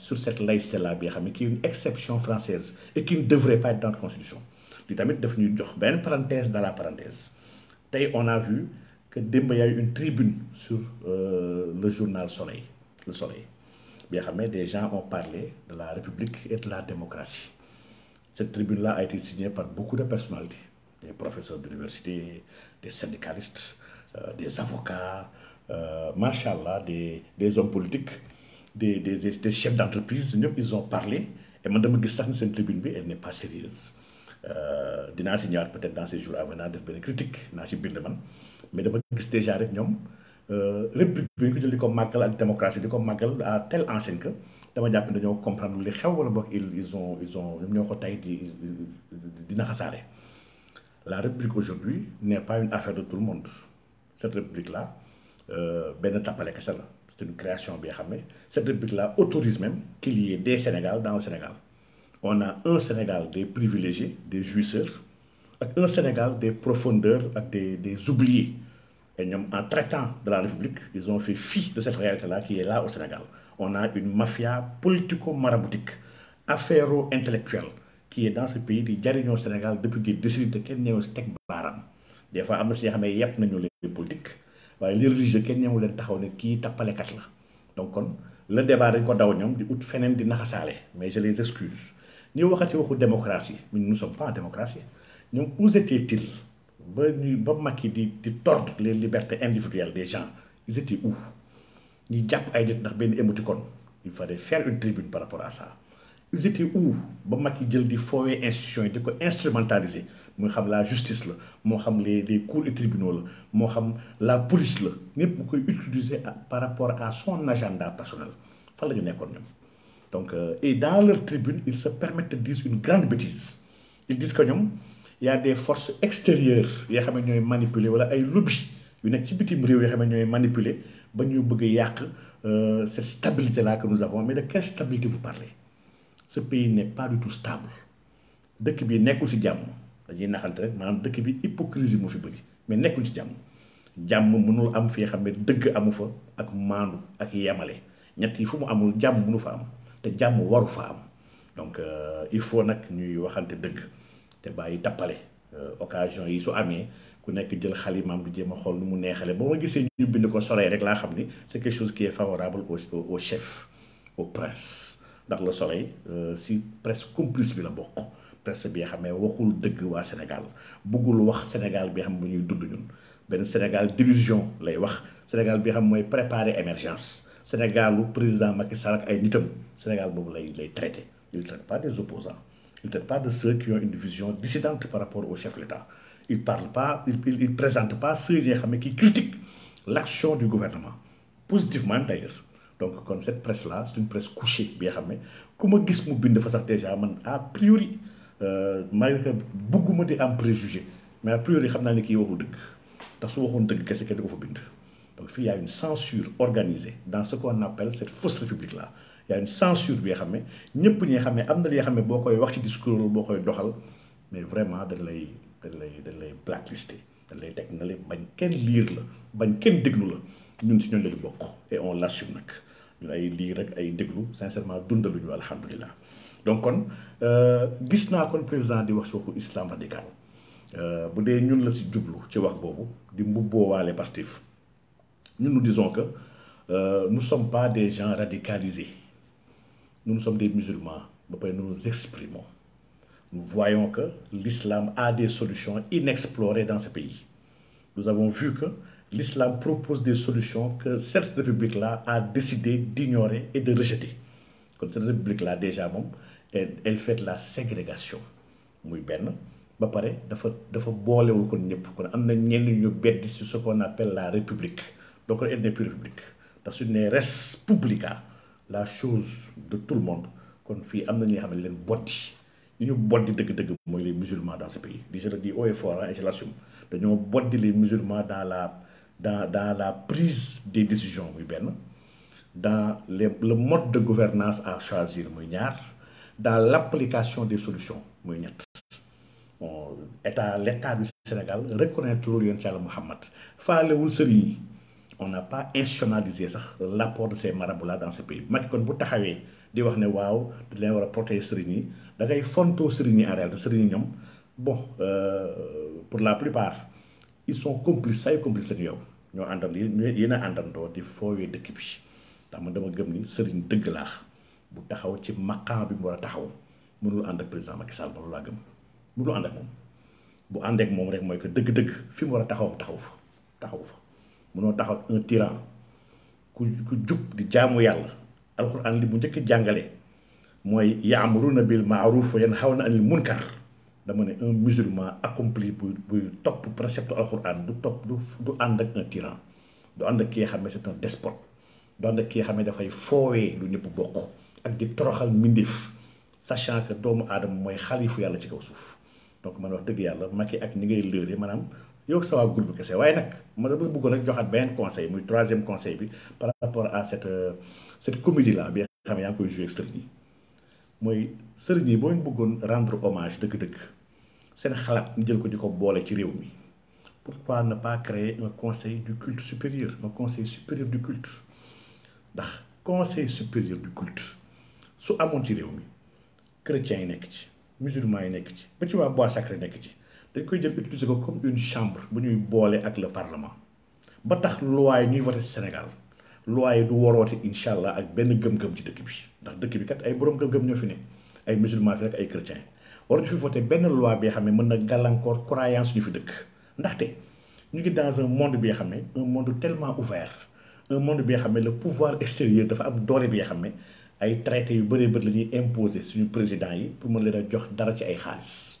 sur cette laïcité là qui est une exception française et qui ne devrait pas être dans la constitution Il tamit daf parenthèse dans la parenthèse et on a vu que qu'il y a eu une tribune sur euh, le journal Soleil le Soleil bien des gens ont parlé de la République et de la démocratie cette tribune là a été signée par beaucoup de personnalités des professeurs d'université des syndicalistes euh, des avocats euh, des hommes politiques des chefs d'entreprise ils ont parlé et maintenant, dama cette tribune là elle n'est pas sérieuse Euh, Dina peut-être dans ces jours à venir def critique mais dafa gis déjà rek ñoom euh, république bi ñu ko jël di ko màggal démocratie di ko màggal à telle enseigne que dama jàpp ne dañoo comprendre li xew wala ils ont ils ont ñoom ñoo ko di la république aujourd'hui n'est pas une affaire de tout le monde cette république là euh, c'est une création bien nga cette république là autorise même qu'il y ait des Sénégal dans le Sénégal on a un Sénégal des privilégiés des jouisseurs un Sénégal des profondeurs des oubliés et en traitant de la République, ils ont fait fi de cette réalité-là qui est là au Sénégal. On a une mafia politico-maraboutique, afféro intellectuelle qui est dans ce pays qui est au Sénégal depuis des décennies de Kenya au Baram. Des fois, am na si ne sont nañu les politiques waaye les religieux Ils ont dit ne la donc le débat dañ ko daw de di train mais je les excuse ñu waxati waxu démocratie mais nous ne sommes pas en démocratie Nous, où étaient-ils ba ñuy ba Macky di tordre les libertés individuelles des gens ils étaient où ñuy jàpp ay nit ndax il fallait faire une tribune par rapport à ça ils étaient où ba Macky jël di foowee institution di instrumentaliser moy xam la justice la mo xam les les cours et tribunaux la mo xam la police la ñëpp koy utiliser par rapport à son agenda personnel fa la ñu nekkoon donc euh, et dans leur tribune ils se permettent de dire une grande bêtise ils disent que ñom il y a des forces extérieures qui sont manipulées ñooy manipuler wala ay lobby yu nekk ci bitim réew euh, cette stabilité là que nous avons mais de quelle stabilité vous parlez ce pays n'est pas du tout stable dëkk bi nekkul ci jàmm dañuy rek bi hypocrisie fi mais nekkul ci jàmm jàmm mënul am fi xam ne amu fa ak maandu ak yemale ñett yi fu mu amul mënu fa am waru donc euh, il faut nag ñuy waxante dëgg te bàyyi tappale euh, occasion yi su amee ku nek jël xalimaam di jéem a xool nu mu neexale ba ma gisee ñu bind ko soleil rek la xam c'est quelque chose qui est favorable au au chef au prince ndax le soleil euh, si presse complice bi la bokk presse bi xamé waxul deug wa Sénégal bëggul wax Sénégal bi xam bu ñuy dund ñun ben Sénégal d'illusion lay wax Sénégal bi xam moy préparer émergence Sénégalu président Macky Sall ak ay nitam Sénégal bobu lay lay traité il traite pas des opposants il ne pas de ceux qui ont une vision dissidente par rapport au chef de l'État. Il parle pas, il, il, présente pas ceux qui critiquent l'action du gouvernement, positivement d'ailleurs. Donc, comme cette presse-là, c'est une presse couchée, bien ramée. Comme je vois de façon déjà, a priori, euh, malgré beaucoup de préjugés, mais a priori, je sais qu'il y a des gens qui ce un gens qui Donc, il y a une censure organisée dans ce qu'on appelle cette fausse république-là y a une censure bi nga xam ne ñëpp ñi nga xam am na li nga xam ne boo koy wax ci discours boo koy doxal mais vraiment dañ lay dañ lay dañ lay blacklisté dañ lay teg na la bañ kenn liir la bañ kenn déglu la ñun si ñoom lañu bokk et on l'assume nag ñun ay lire rek ay déglu sincèrement dundaluñu alhamdulilah donc kon euh, gis naa kon président di wax sooku islam radical euh, bu dee ñun la si jublu ci wax boobu di mbubboowaale Pastef ñun nous disons que euh, nous sommes pas des gens radicalisés nous, nous sommes des musulmans, nous nous exprimons. Nous voyons que l'islam a des solutions inexplorées dans ce pays. Nous avons vu que l'islam propose des solutions que cette république-là a décidé d'ignorer et de rejeter. Comme cette république-là, déjà, elle, elle fait la ségrégation. Muy ben, ba paré dafa dafa boléwul kon ñëpp kon am na ñenn ñu bedd ci ce qu'on appelle la république donc elle n'est plus république parce n'est res publica la chose de tout le monde qu'on fait amener ñi une ñu les musulmans dans ce pays je le dis haut et fort hein, et je l'assume les musulmans dans la dans dans la prise des décisions dans le mode de gouvernance à choisir ñaar dans l'application des solutions muy état l'état du Sénégal reconnaître l'oriental Mohamed. Il faut Muhammad faalewul sëriñ on n'a pas institutionnalisé sax l'apport de ces marabouts là dans ce pays Macky kon bu taxawé di wax né waw dañ lay wara porter serigne sëriñ yi da ngay fonto serigne yi en réalité serigne ñom bon euh pour la plupart ils sont complices say complices ak yow ñoo àndal yena a àndandoo di fowé dëkk bi tam man dama gëm ni serigne dëgg la bu taxaw ci maqaam bi mo war taxaw mënul and ak président Macky Sall loolu la gëm mënul and ak mom bu and ak mom rek moy ko dëgg-dëgg fi mo war taxaw taxaw fa taxaw fa mëno taxaw un tyran ku ku jup di jaamu yalla alquran li mu njëkk jàngale mooy ya'muruna bil ma'ruf wa yanhawna anil munkar dama ne un musulman accompli buy buy topp précepte alquran du top du du and ak un tyran du and ak ki xamé c'est un despot du and ak ki xamé da fay fowé lu ñëpp bokk ak di toroxal mindif sachant que doomu adam mooy xalifu yalla ci kaw suuf donc man wax dëgg yàlla Macky ak ni ngay lëre manam yow sama groupe bi kese waaye nag ma dama bëggoon rek joxaat beneen conseil muy troisième conseil bi par rapport à cette cette comédie là bi nga xam ne yaa ngi koy joué sëriñ mooy sëriñ yi boo ñu bëggoon rendre hommage dëgg-dëgg seen xalaat ñu jël ko di ko boole ci réew mi pourquoi ne pas créer un conseil du culte supérieur un conseil supérieur du culte ndax conseil supérieur du culte su amoon ci réew mi chrétiens yi nekk ci musulmans yi nekk ci ba ci waa bois sacré nekk ci. dañ koy jël utiliser ko comme une chambre bu ñuy boole ak le parlement ba tax loi yi ñuy voté Sénégal loi yi du waroote incha allah ak benn gëm-gëm ci dëkk bi ndax dëkk bi kat ay borom gëm-gëm ñoo fi ne ay musulman fi rek ay chrétien war ñu fi voté benn loi bi xam ne mën na gàllankoor croyance ñu fi dëkk ndaxte ñu ngi dans un monde bi xam ne un monde tellement ouvert un monde bi xam ne le pouvoir extérieur dafa am doole bi xam ne ay traité yu bëree bëri la ñuy imposer suñu président yi pour mën leen a jox dara ci ay xaalis.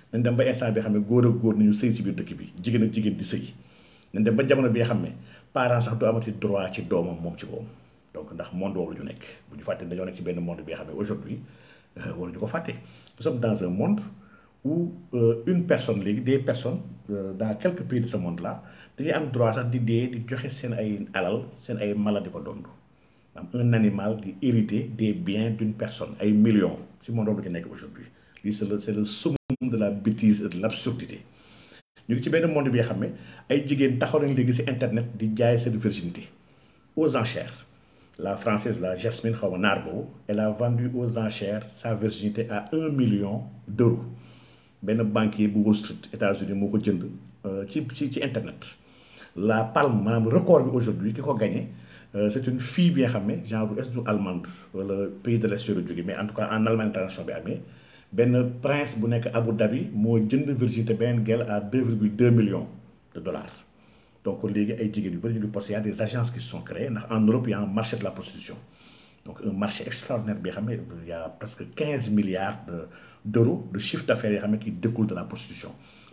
nañ dem ba instant bi xam ne góor ak góor nañu sëy si biir dëkk bi jigéen ak jigéen di sëy nañ dem ba jamono bi nga xam ne parents sax du amati droit ci doomam moom ci boom donc ndax monde boobu ñu nekk bu ñu fàtte dañoo nekk ci benn monde bi nga xam ne aujourd'hui euh, waruñu ko fàtte nous sommes dans un monde où euh, une personne léegi des personnes euh, dans quelques pays de ce monde là dañuy am droit sax di dee di joxe seen ay alal seen ay mala di ko dond am un animal di hérité des biens d'une personne ay millions si monde boobu la ñu nekk aujourd'hui lii c'est le c'est le de la bêtise et de l'absurdité ñu ngi ci benn monde bi nga xam ne ay jigéen taxaw nañ internet di jaay seen virginité aux enchères la française la Jasmine xaw elle a vendu aux enchères sa virginité à 1 million d'euros Un banquier bu Wall Street États-Unis moo ko jënd euh, internet la palme maanaam record aujourd'hui qui a gagné euh, c'est une fille bien nga genre est ce allemande wala pays de l'Est la mais en tout cas en Allemagne international bien amee le prince bu nek Abu Dhabi mo jënd Virginie ben gel à 2,2 millions de dollars donc ay y a des agences qui se sont créées en Europe il y a un marché de la prostitution donc un marché extraordinaire Il y a presque 15 milliards d'euros de chiffre d'affaires qui découle de la prostitution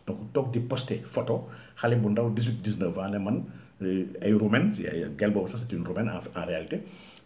donc tok di posté photo xalé bu ndaw 18 19 ans man euh, ay roumaine gel boobu une roumaine en réalité.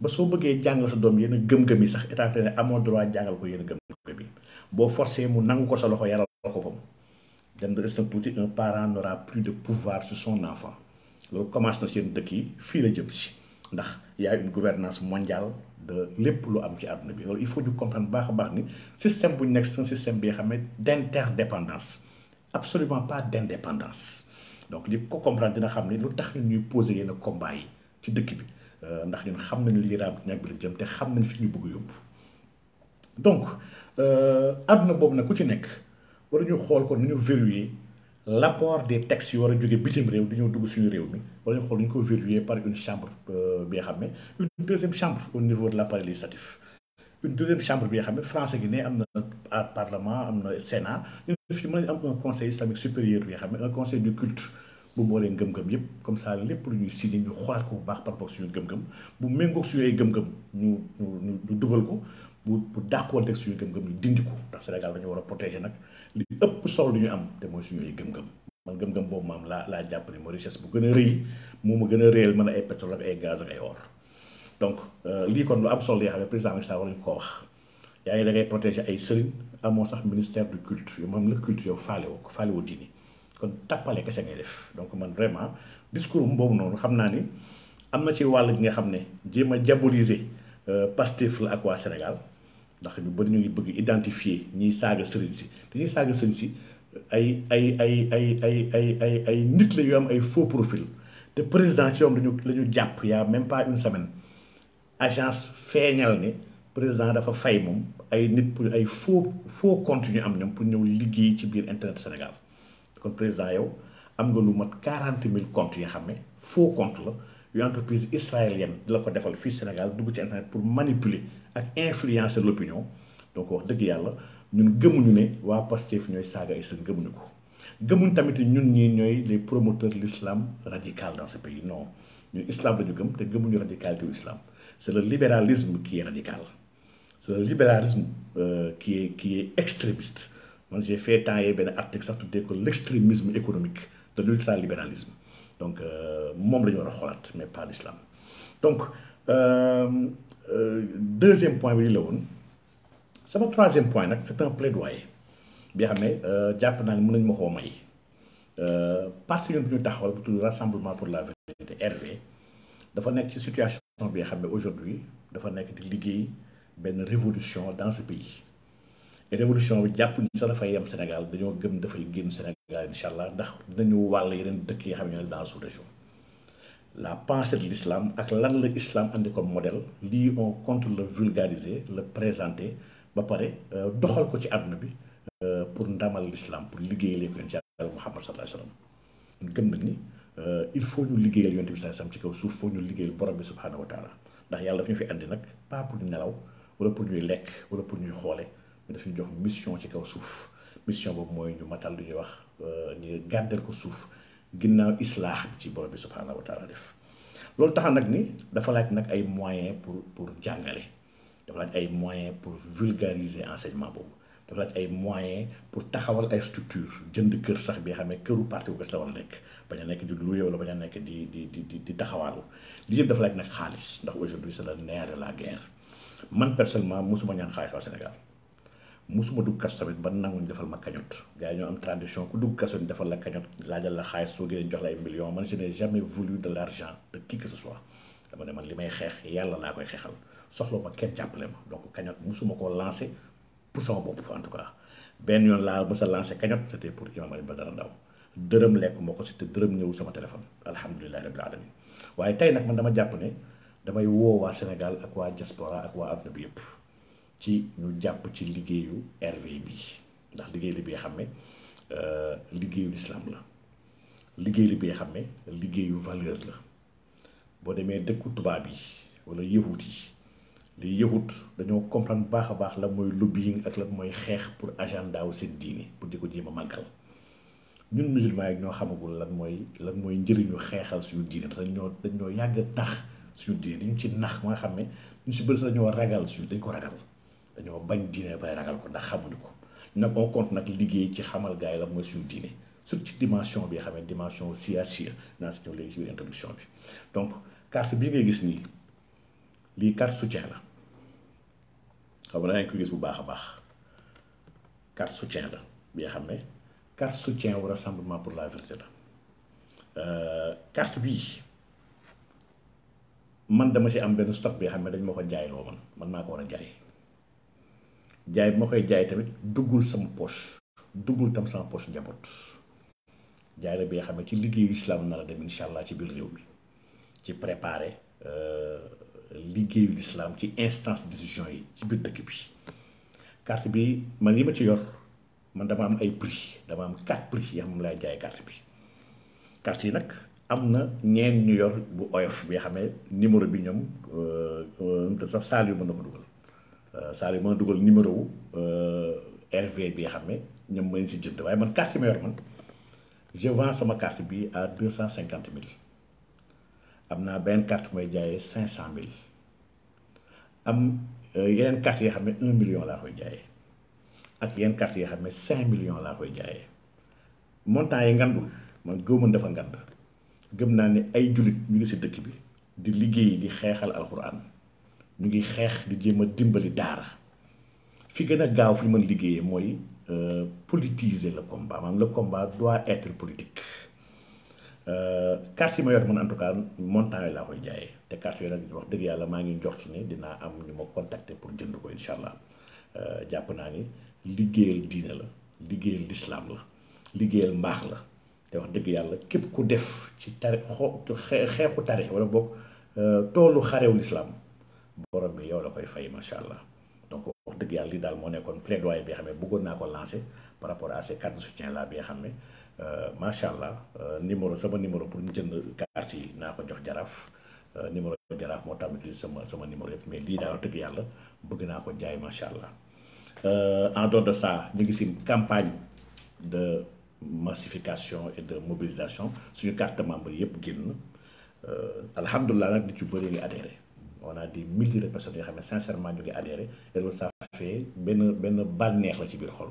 ba vous bëggee jàngal sa doom gëm-gëm yi ne droit jàngal ko gëm-gëm yi forcé mu ko sa loxo un parent n'aura plus de pouvoir sur son enfant loolu commence na seen dëkk yi y a une gouvernance mondiale de lépp il faut comprendre baax système bu un système d'interdépendance absolument pas d'indépendance donc li comprendre dina poser combat donc nous avons vu ku ci nekk war ñu des textes par une chambre euh, une deuxième chambre au niveau de l'appareil législatif une deuxième chambre bi parlement Sénat conseil islamique supérieur un conseil de culte bu boolee ngëm-ngëm yépp comme ça lépp lu ñuy signé ñu xoolaat ko bu baax par rapport suñu gëm-gëm bu méngoog suñu ay gëm-gëm ñu ñu ñu dugal ko bu bu dàqoonteeg suñu gëm-gëm ñu dindi ko ndax Sénégal dañu war a protéger nag li ëpp solo lu ñu am te mooy suñu ay gëm-gëm man gëm-gëm boobu maam laa laa jàpp ne mooy richesse bu gën a rëy moo ma gën a réel mën ay pétrole ak gaz ak ay or donc euh, lii kon lu am solo yaa xam ne président Macky Sall war ko wax yaa ngi da ngay protéger ay sëriñ amoo sax ministère du culte yow moom la culture yow faale kon tàppale kese ngay def donc man vraiment discours boobu noonu xam naa ni am na ci wàll gi nga xam ne jéem a diaboliser euh, Pastef la ak waa Sénégal ndax ñu bëri ñu ngi bëgg identifier ñiy saaga sëriñ si te ñiy saaga sëriñ si ay ay ay ay ay ay ay ay nit la yu am ay faux profil te président ci yoom dañu la ñu jàpp y a même pas une semaine agence feeñal ne président dafa fay moom ay nit pour ay faux faux compte ñu am ñoom pour ñëw liggéey ci biir internet Sénégal kon président yow am nga lu mat quarante comptes faux compte la entreprise israélienne di la ko defal fii Sénégal dugg ci internet pour manipuler ak influencer l'opinion donc wax dëgg yàlla ñun gëmuñu ne waa Pastef ñooy saaga ay ko gëmuñ tamit ñun ñii les promoteurs de l'islam radical dans ce pays non ñun islam la ñu radicalité islam c'est le libéralisme qui est radical c'est le libéralisme euh, qui est extrémiste j'ai fait tant et bien article sax tuddee L'extrémisme l'extrémisme économique de l'ultralibéralisme ». donc euh, mon la mais pas l'islam donc euh, euh, deuxième point bi li la woon troisième point C'est un plaidoyer Bien, xam ne jàpp naa ne mën nañu parti de taxawal pour rassemblement pour la vérité RV dafa nekk ci situation bi xam aujourd'hui de nekk di liggéey révolution dans ce pays révolution bi jàpp ñu sax dafay yem Sénégal dañoo gëm dafay génn Sénégal incha allah ndax dañu wàll yeneen dëkk yi xam ne dans sous-région la pensée de l'islam ak lan la islam andi comme modèle lii on compte le vulgariser le présenter ba pare euh, doxal ko ci àdduna bi euh, pour ndamal l'islam pour liggéeyalee ko incha allah Muhammad sallallahu alayhi euh, il faut ñu liggéeyal yonent bi sallallahu alayhi wa ci kaw suuf faut ñu liggéeyal borom bi subhanahu wa taala ndax yàlla daf ñu fi indi nag pas pour ñu nelaw wala pour ñuy lekk wala pour ñuy xoole daf ñu jox mission ci kaw suuf mission boobu mooy ñu matal lu ñuy wax euh, ñu gàddeel ko suuf ginnaaw islaax bi ci borom bi subhaanahu wa taala def loolu tax nag ni dafa laaj nag ay moyens pour pour jàngale dafa laaj ay moyens pour vulgariser enseignement boobu dafa laaj ay moyens pour taxawal ay structure jënd kër sax bi nga xam këru parti bu gas la war a nekk bañ a nekk di loué wala bañ a nekk di di di di taxawaalu lii yëpp dafa laaj nag xaalis ndax aujourd'hui c'est le nerf de la guerre man personnellement mosuma ñaan xaalis waa Sénégal mosuma dugg kaso tamit ba nanguñ defal ma cagnotte gars yi ñoo am tradition ku dugg kaso ñu defal la cagnotte laajal la xaalis soo génnee jox lay million millions man je n'ai jamais voulu de l'argent de qui que ce soit dama ne man li may xeex yàlla laa koy xeexal soxla ma kenn jàppale ma donc cagnotte musuma ko lancé pour sama bopp en tout cas benn yoon laa mës a lancé cagnotte c'était pour Imam ba Badara Ndao dërëm lekk moo ko si c'était dërëm ñëwul sama téléphone alhamdulillahi rabbil alamin waaye tey nag man dama jàpp ne damay woo waa Sénégal ak waa diaspora ak waa adduna bi yëpp ci ñu japp ci liggéeyu RV bi ndax liggéey li bi nga xam ne euh, liggéeyu lislaam la liggéey li bi nga xam ne liggéeyu valeur la boo demee dëkku tubaab bi wala yahut yi li yahut dañoo comprendre baax a baax la mooy lobbying ak la mooy xeex pour agenda wu seen diine pour di ko jéem a màggal ñun musulman yi ñoo xamagul lan mooy lan mooy njëriñu xeexal suñu diine dañ ñoo dañ ñoo yàgg nax suñu diine dañu ci nax ma nga xam ne ñu si bëri dañoo ragal suñu dañ ko ragal dañoo bañ diine bay ragal ko ndax xamuñu ko nag on compte nag liggéey ci xamal gars yi la mooy suñu diine surtout ci dimension bi nga xam ne dimension siyaasiya naa si ñëw léegi ci introduction bi donc carte bii ngay gis nii lii carte soutien la xam nga danañ ko gis baax a baax carte soutien la bi nga xam ne carte soutien au rassemblement pour la vérité la euh, carte bii man dama ci am benn stock bi nga xam ne dañ ma ko jaayloo man man maa ko war a jaay. jaay bi ma koy jaay tamit duggul sama poche duggul tam sama poche njaboot jaay la bi nga ci liggéeyu lislaam nar a dem incha allah ci biir réew mi ci préparer euh, liggéeyu lislaam ci instance décision yi ci biir dëkk bi carte bi man li ma ci yor man dama am ay prix dama am quatre prix yoo xam ne laay jaay carte bi carte yi nag am na ñeen ñu yor bu oyof bi nga xam numéro bi ñoom euh, euh, te sax saal yu mën na ko dugal saare euh, ma dugal numéro wu euh, rv bi nga xam ne ñoom mañ si jënd waaye man carte yi ma yor man je sama carte bi à deux cent cinquante mille am naa benn carte may jaayee mille am euh, yeneen carte yoo xam ne un million laa koy jaayee ak yeneen carte yoo xam ne cinq millions laa koy jaayee montant yi ngandul man gëwmën dafa ngand gëm naa ne ay julit ñu ngi si dëkk bi di liggéey di xeexal alquran ñu ngi xeex di jéem a dimbali daara fi gën a gaaw fi mën liggéeyee mooy euh, politiser le combat maanaam la combat doit être politique carte euh, yi ma yor man en tout cas montant yi laa koy jaayee te carte yooyu nag wax dëgg yàlla maa ngi njort ne dinaa am ñu ma contacter pour jënd ko incha allah euh, jàpp naa ni liggéeyal diine la liggéeyal lislaam la liggéeyal mbaax la te wax dëgg yàlla képp ku def ci tari xeexu tari wala boog toolu xarew lislaam borom bi yow la koy fay macha allah donc wax deug yalla li daal moo nekkoon plaidoyer bi xam ne bëggoon naa ko lancer par rapport à ces cartes de soutien là bi xamé euh ne macha allah euh, numéro sama numéro pour ñu jënd carte yi naa ko jox jaraaf euh, numéro jaraf mo tax ma sama sama numéro yépp mais li dal deug yalla bëgg naa ko jaay macha allah euh, en dehors de ça ñu gis si campagne de massification et de mobilisation suñu carte membre yépp yëpp euh alhamdoulillah nak di ci bëri li adhérer on a des milliers de personnes yoo xam ne sincèrement ñu ngi adhéré et loolu ça benn benn bànneex la ci biir xol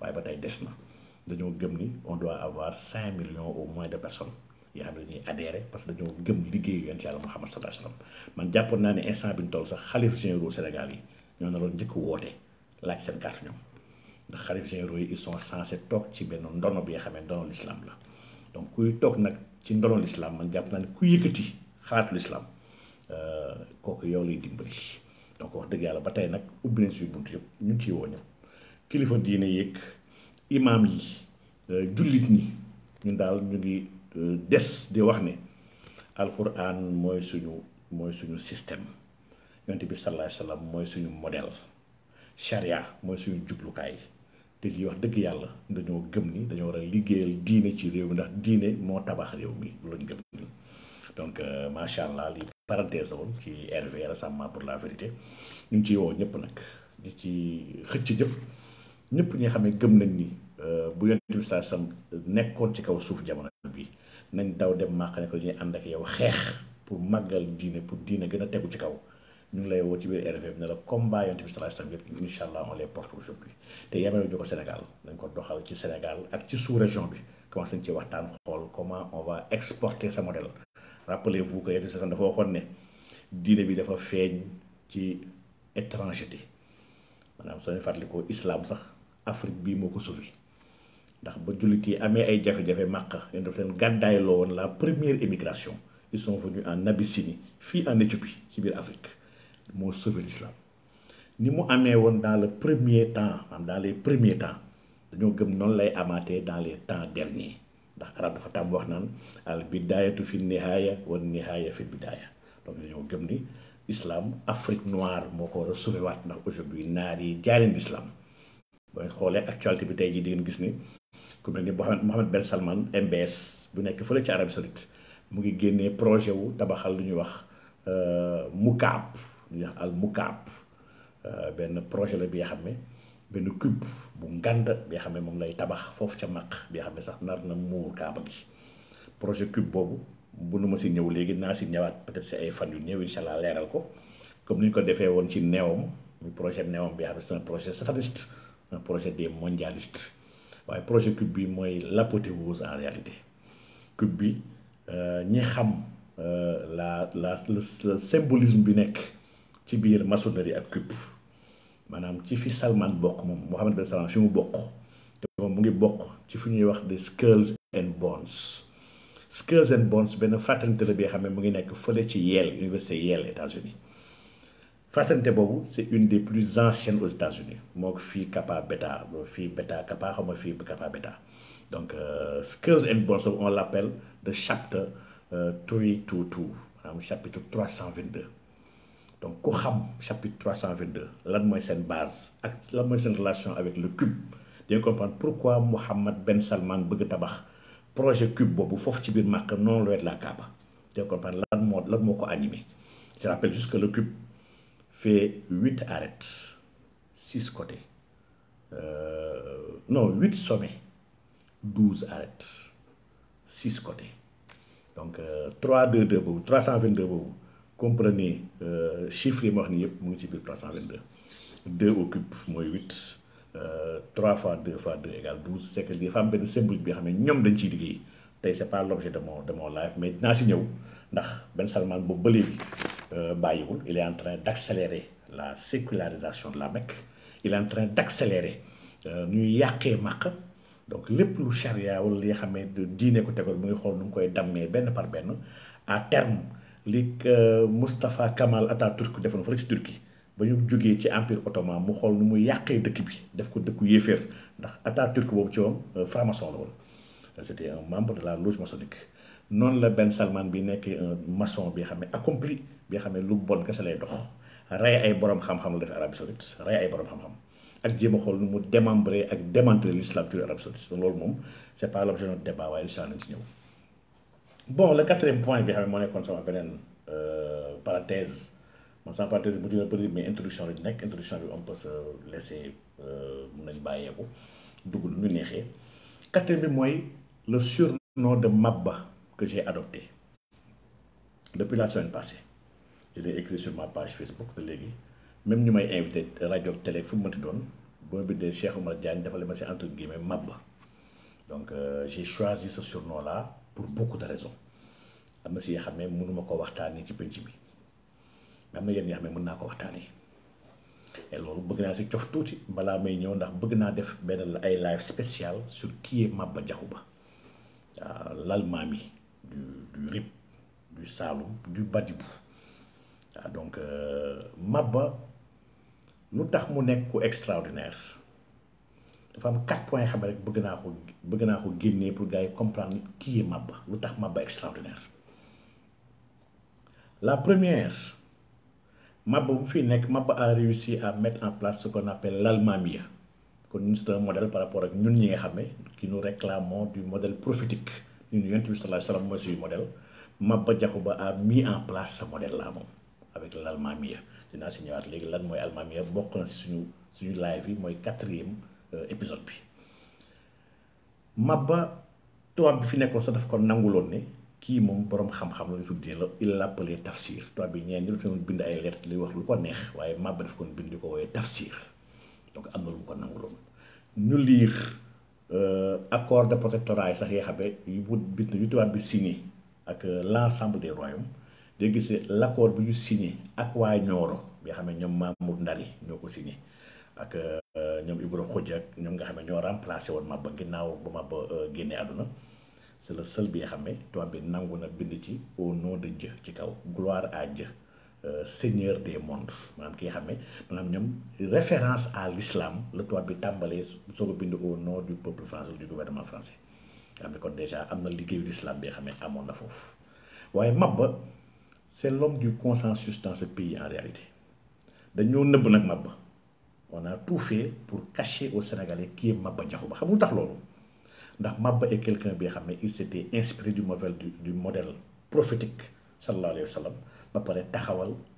waaye ba tey des na dañoo gëm ni on doit avoir cinq millions au moins de personnes yoo xam ne dañuy parce que dañoo gëm liggéeyu yonent Yàlla Muhammad sallallahu man jàppoon naa ne instant bi ñu toll sax xalif généraux Sénégal yi ñoo na loon njëkk woote laaj seen carte ñoom ndax xalif généraux yi ils sont censés toog ci benn ndono bi nga xam ne ndono l'islam la donc kuy toog nag ci ndono l'islam man jàpp naa ne ku yëkkati xalaatu l'islam Eh, kooku yow lay dimbali donc wax dëgg yàlla ba tey nag ubbi nañ suñu bunt yëpp ñu ngi ciy woo ñëpp kilifa diine imaam yi eh, jullit ni ñun daal ñu ngi eh, des di wax ne alquran mooy suñu mooy suñu système yonte bi sallallahu alayhi wasallam mooy suñu model sharia mooy suñu jublukaay te lii wax dëgg yàlla dañoo gëm ni dañoo war a liggéeyal diine ci réew mi ndax diine moo tabax réew mi loolu gëm ni donc euh, macha allah lii parenthèse la woon ci RV rassemblement pour la vérité ñu ngi ciy woo ñëpp nag di ci xëcc ñëpp ñëpp ñi nga xam ne gëm nañ ni euh, bu yonent bi saa sam nekkoon ci kaw suuf jamono bi nañ daw dem màq ne ko ñuy ànd yow xeex pour màggal diine pour diine gën a tegu ci kaw. ñu ngi lay woo ci biir RV bi ne la combat yonent bi sallallahu alayhi wasallam yëpp allah on les porte aujourd'hui te yemee ñu ko Sénégal dañ ko doxal ci Sénégal ak ci sous région bi commencé ci waxtaan xool comment on va exporter sa modèle rappelez vous que yeneen sasan dafa waxoon ne diine bi dafa feeñ ci étrangeté maanaam soo fàttalikoo islam sax Afrique bii moo ko sauvé ndax ba jullit yi amee ay jafe-jafe màq leen daf leen gàddaay loo woon la première émigration ils sont venus en Abyssinie fii en Éthiopie ci biir Afrique moo sauvé l'islam ni mu amee woon dans le premier temps maanaam dans les premiers temps dañoo gëm noonu lay amaatee dans les temps derniers. ndax arab dafa tam wax naan al bidayatu fi nihaya wa nihaya fi bidaya donc dañoo gëm ni islam afrique noire moo ko ressouvé waat ndax aujourd'hui naar yi jaareen islam boo xoolee actualité bi tey ji di ngeen gis ni ku mel ni mohamed ben salman mbs bu nekk fële ci arabie saoudite mu ngi génnee projet wu tabaxal lu ñuy wax euh, mukaab lu ñuy wax al mukaab euh, benn projet la bi nga xam ne benn cube bu ngànd bi xam ne moom lay tabax foofu ca maq bi xam ne sax nar na muur kaaba projet cube boobu bu nu ma si ñëw léegi naa si ñëwaat peut ay fan yu néew incha allah ko comme ni ñu ko defee woon ci neewam projet neewam bi xam ne c'est un un projet des mondialistes waaye projet cube bi mooy l'apothéose en réalité cube bi euh, ñi xam euh, la la le bi nekk ci biir maçonnerie ak cube manam ci fi Salman bokk Mohamed Mohammed Ben Salman fi mu bokk te moom mu ngi bokk ci fu ñuy wax de Skulls and Bones Skulls and Bones ben fàttalante la bi xamé xam mu ngi nekk feulé ci Yale université Yale États-Unis Fraternité bobu c'est est une des plus anciennes aux États-Unis moo fi fii Kappa Beta fi Beta Kappa xam fi fii Kappa Beta donc euh, Skulls and Bones on l'appelle le the chapter 322 chapitre 322 donc ku chapitre 322 la base la relation avec le cube comprendre pourquoi Mohamed Ben Salman projet cube la Kaaba je rappelle juste que le cube fait 8 arêtes 6 côtés euh, non 8 sommets 12 arêtes 6 côtés donc 322 euh, 322 comprenez le euh, yi est multiplié par ngi ci 322 2 au cube mooy 8 3 euh, fois 2 fois 2 égale 12 c'est que dafa am benn symbole bi nga xam ne dañ ciy liggéey pas l'objet de mon de mon live mais dinaa si ñëw ndax Ben Salman boobu ba léegi euh, bàyyiwul il est en train d'accélérer la sécularisation de la Mecque il est en train d'accélérer ñuy yàqee donc lépp lu charia wala li nga xam ne diine ko tegoon mu ngi xool nu koy dammee benn par benn à terme li euh, Moustapha Kamal Atatürk defoon fa la ci Turquie ba ñu jógee ci empire ottoman mu xool nu mu yàqee dëkk bi def ko dëkku yéeféer ndax Atatürk boobu ci moom euh, franc-maçon la woon c'était un membre de la loge maçonnique noonu la Ben Salman bi nekkee un maçon bi xam ne accompli bi xam ne lu bon kese lay dox rey ay borom xam-xam la def Arabie Saoudite rey ay borom xam-xam ak jéem a xool nu mu démembrer ak démanteler l'islam ci Arabie Saoudite loolu moom c'est pas l'objet de notre débat waaye incha allah ci ñëw. bon le quatrième point bi vais ne moo ça va euh, parenthèse la sans parenthèse Je mais introduction on peut se laisser euh, quatrième le surnom de Mabba que j'ai adopté depuis la semaine passée je l'ai écrit sur ma page Facebook de même ñu may invité télé Mabba donc euh, j'ai choisi ce surnom là pour beaucoup de raisons sais pas si que ne peux pas en ci Je bi mais je na si spécial sur qui est Maba Diakhou euh, L'almami du du Rip du Saloum du Badibou euh, donc euh, Maba Mabba, nous mu extraordinaire dafa am quatre points xam rek bëgg naa ko bëgg naa ko génnee pour gars yi comprendre qui est Mabba lu tax Maba extraordinaire la première Mabba bu fi nekk Mabba a réussi à mettre en place ce qu'on appelle l'almamia kon ñun c'est un modèle par rapport ak ñun ñi nga xam ne qui nous réclamons du modèle prophétique ñun yonent bi sallallahu alayhi wa sallam mooy suñu modèle Mabba Diakhou Ba a mis en place ce modèle là moom avec l'almamia dinaa si ñëwaat léegi lan mooy almamia bokk na si suñu suñu live yi mooy quatrième episode euh, bi mabba tuwab bi fi nekkoon sa daf ko nanguloon ne kii moom borom xam-xam la ñu la il l'appelait tafsir tuwab bi ñeen ñi dafa doon bind ay lettre li wax lu ko neex waaye mabba daf ko bind ko wooyee tafsir donc am na lu ko nanguloon ñu liir euh, accord de protectorat yi sax yi xam ne bind yu tuwab bi signé ak euh, l' ensemble des royaumes day gisee l' accord bi ñu signé ak waa Nioro bi nga xam ne ñoom Mamour Ndari ñoo ko signé. ak euh, ñoom Ibro Xujj ak ñoom nga xam ñoo remplacé woon Maba ginnaaw ba Maba euh, génne àdduna c'est le bi nga xam ne tubaab bi nangu na bind ci au nom de Dieu ci kaw gloire a Dieu euh, seigneur des mondes maanaam ki nga xam ne maanaam ñoom référence à l'islam la tubaab bi tàmbalee soo ko bind au nom du peuple français du gouvernement français nga xam ne kon déjà am na liggéeyu l'islam bi nga xam ne amoon na foofu waaye Maba c'est l'homme du consensus dans ce pays en réalité dañoo nëbb on a tout fait pour cacher au Sénégalais qui est Mabba Diakhouba xamul tax loolu ndax Mabba est quelqu'un qui il s'était inspiré du modèle prophétique sallallahu alayhi wa sallam ba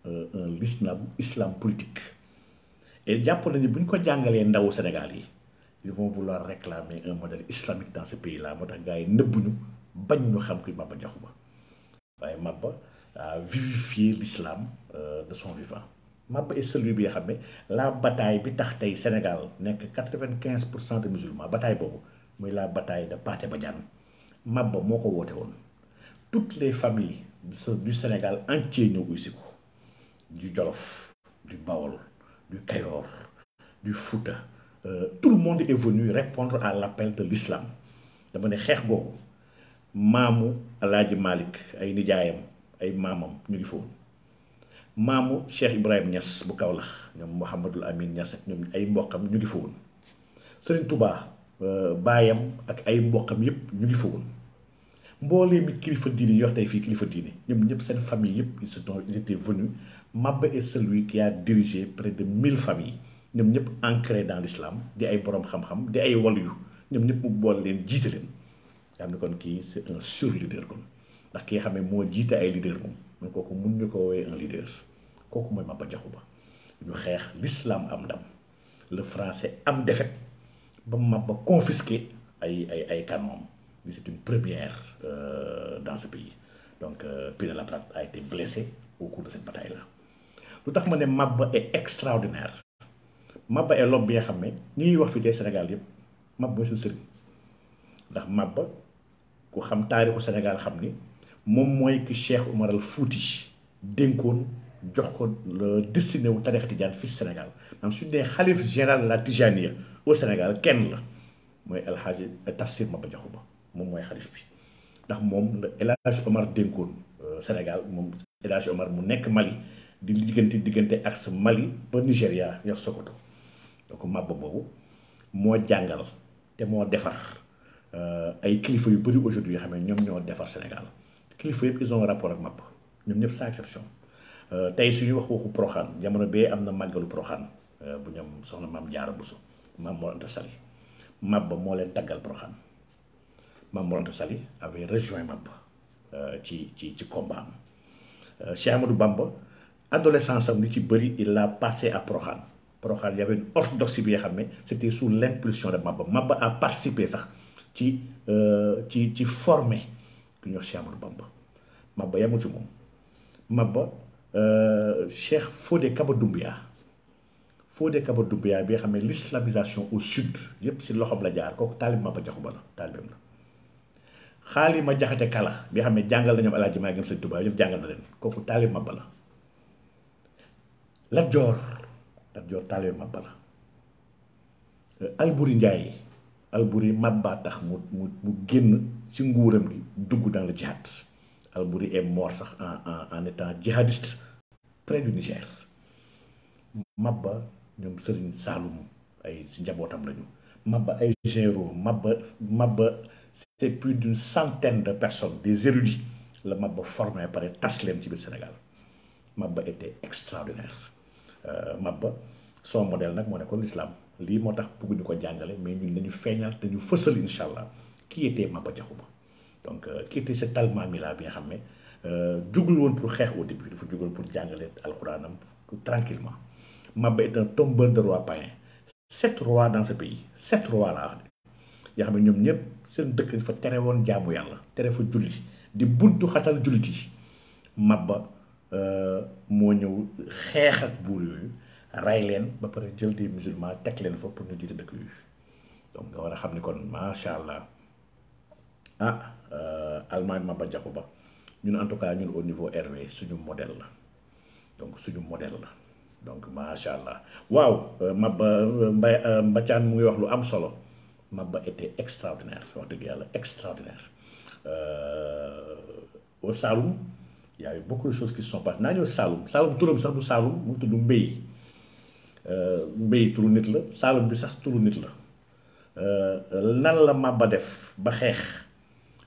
euh, un l'islam islam politique et jàpp les bu de ko jàngalee au Sénégal ils vont vouloir réclamer un modèle islamique dans ce pays là moo Mabba Mabba a vivifié l'islam euh, de son vivant Maba est celui bi nga la bataille bi tax tay Sénégal nek 95% de musulmans bataille bobu la bataille de paté Badiane Maba moko woté won toutes les familles du Sénégal entier nous uy du Jolof du Bawol du Kayor du Fouta euh, tout le monde est venu répondre à l'appel de l'islam dama né xex boobu mamou aladi malik ay nijaayam ay mamam ñu ngi foofu maamu Cheikh Ibrahim ñas bu Kaolack ñoom Mouhamadul Amin ñas ak ñoom ay mbokkam ñu ngi fa woon Serigne Touba euh, baayam ak ay mbokkam yëpp ñu ngi fu woon mbooleem kilifa diine yi wax tey fii kilifa diine ñoom ñëpp seen famille yëpp ils sont ils étaient venus Maba est celui qui a dirigé près de mille familles ñoom ñëpp ancré dans l'islam di ay borom xam-xam di ay waliyu ñoom ñëpp mu boole leen jiite leen nga xam ne kon kii c'est un sur leader kon ndax ki nga xam ne moo jiite ay leader man kooku mun ñu ko woowee un leader kooku mooy Mapa Diakhou Ba ñu xeex l'islam am ndam le français am defet ba Maba confisqué ay ay ay canons li c' est une première euh, dans ce pays donc euh, Pina laprade a été blessé au cours de cette bataille là lu tax ma ne Maba est extraordinaire Maba est l'homme bi xam ne ñi ñuy wax fii tey Sénégal yëpp Maba mooy seen sëriñ ndax Maba ku xam taarixu Sénégal xam ni mom moy ki Cheikh Omar al Fouti denkon jox ko destiné wu tarix tidiane fi Sénégal maanaam suñu nee xalif général la tijaniya au Sénégal Ken, la moy al hadji Tafsir ma ba Ba mom moy xalif bi ndax mom El Omar denkon euh, Sénégal mom El Omar mu nek Mali di diggante diggante ak sa Mali ba Nigeria, yor Sokoto donc mabbo bobu mo jangal te mo défar euh, ay kilifa yu bëri aujourd'hui yoo xam ne ñoo défar Sénégal kilifa yëpp ils ont rapport ak MAP ñoom ñëpp sans exception euh, tey suñu wax waxu Proxaan jamono bee am na màggalu Proxaan euh, bu ñoom soxna maam Jaara Buso maam Mor Anta Sali MAP ba moo leen taggal Proxaan maam Mor Anta Sali avait rejoint MAP euh, ci ci ci combat am Cheikh Amadou Bamba adolescence am li ci bëri il a passé à Proxaan Proxaan y avait une orthodoxie bi nga xam ne c' était sous l' impulsion de mabba mabba a participé sax ci ci ci former. ku ñuy Cheikh Bamba mabba yamu ci moom Maba Cheikh Fodé Kaba Doumbia Fodé Kaba Doumbia bi nga l'islamisation au sud yépp si loxoom la jaar kooku taalib Maba Jaxu Ba la taalibeem la ma jaxate kala bi xam jangal jàngal na ñoom alaaji maa gëm sëñ jangal ñëpp jàngal na leen kooku taalib Maba la Lat la euh, Alburi Njaay Alburi Maba tax mu mu mu génn ci nguuram dugg dans le djihad Al-Bouri est sax en en étant djihadiste près du Niger Mabba ñoom Serigne Saloum ay si njabootam lañu Mabba ay généraux Mabba Mabba c'est plus d'une centaine de personnes des érudits la Mabba formé pare tas leen ci biir Sénégal Mabba était extraordinaire euh, Mabba son modèle nag moo nekkoon l'islam lii moo tax bëgguñu ko jàngale mais ñun dañu feeñal dañu fësal incha allah kii était Mabba Diakhouba donc euh, qui était cet allemand bi nga xam ne euh, jugul woon pour xeex au début dafa jugul pour jàngalee alxuraanam tranquillement Maba est un tombeur de rois païens sept rois dans ce pays sept rois la wax de yoo xam ne ñoom ñëpp seen dëkk dafa tere woon jaamu yàlla tere fa julli di buntu xatal jullit yi ba euh, moo ñëw xeex ak buur yooyu ray leen ba pare jël di musulmans teg leen fa pour ñu jiite dëkk yooyu donc nga war a xam ni kon macha allah ah, Euh, Allemagne Maba ba ñun en tout cas ñun au niveau RV suñu modèle la donc suñu modèle la donc sha allah waaw ma ba Mbacaan mu wax lu am solo ba était extraordinaire wax deug Yalla extraordinaire euh, au salon il y a eu beaucoup de choses qui se sont passées nañu salon salon Saloum sax du salon mu mbey euh mbey turu nit la salon bi sax turu nit la nan euh, la def ba xex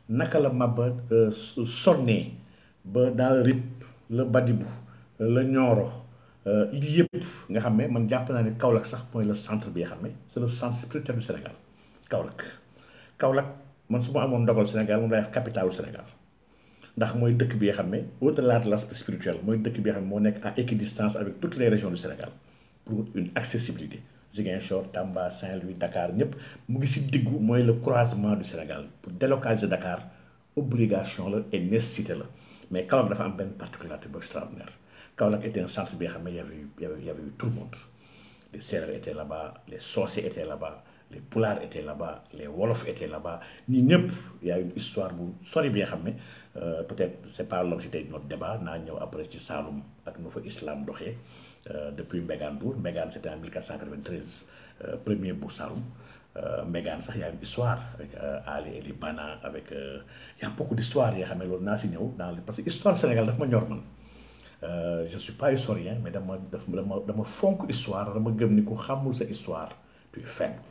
naka la Maba euh, sonné ba daal Rip le Badibou le ñoro euh, il yépp nga xamé man japp na ne Kaolack sax mooy le centre bi xamé c'est le centre spirituel du Sénégal Kaolack Kaolack man su ma amoon ndogal Sénégal moom laay capitale du Sénégal ndax moy dëkk bi xamé xam ne au-delà de l'aspect spirituel moy dëkk bi xamé mo ne nekk à équidistance avec toutes les régions du Sénégal pour une accessibilité Ziguinchor Tamba Saint-Louis Dakar ñëpp mu ngi moi le croisement du Sénégal pour délocaliser Dakar obligation la et nécessité la mais Kaolack dafa am une particularité extraordinaire quand était un centre bi centre xam il y avait eu y avait tout le monde les serres étaient là-bas les sorciers étaient là-bas les poulards étaient là-bas les wolofs étaient là-bas ñi il y a une histoire bu sori bi nga mais euh, peut-être c'est pas l'objet de notre débat Nous avons après ci Saloum avec nu islam doxee. Eh, depuis Mégane Bour Mégane c'était en 1493 premier Boursaloum eh, Mégane sax y a une histoire avec euh, Ali et les Bana avec euh, y a beaucoup d'histoires yoo xam ne loolu naa si ñëw dans parce que histoire Sénégal daf ma ñor man euh, je suis pas historien mais dama dama dama fonk histoire dama gëm ni ku xamul sa histoire tu es faible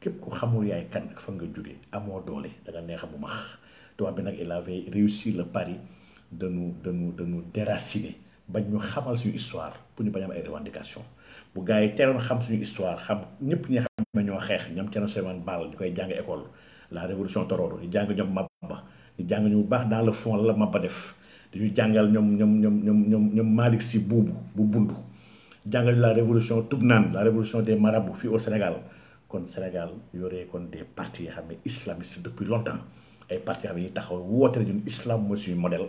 képp ku xamul yaay kan ak fa nga jóge amoo doole da nga neex a bu max tubaab bi nag il avait réussi le pari de nous de nous de nous déraciner bañ ñu xamal suñu histoire pour ñu bañ am ay revendication bu gars yi teeloon xam suñu histoire xam ñëpp ñi nga xam xeex ñoom Thierno Souleymane Baal ñu koy jàng école la révolution Torodo di jàng ñoom Mabba di jàng ñu bu baax dans le fond la Mabba def dañu jàngal ñoom ñoom ñoom ñoom ñoom ñoom Malick Sy buubu bu bundu jàngal ñu la révolution Toubnane la révolution des marabouts fii au Sénégal kon Sénégal yore kon de partis yoo xam ne islamistes depuis longtemps ay partis yoo xam ne taxaw woote ne ñun islam mooy suñu modèle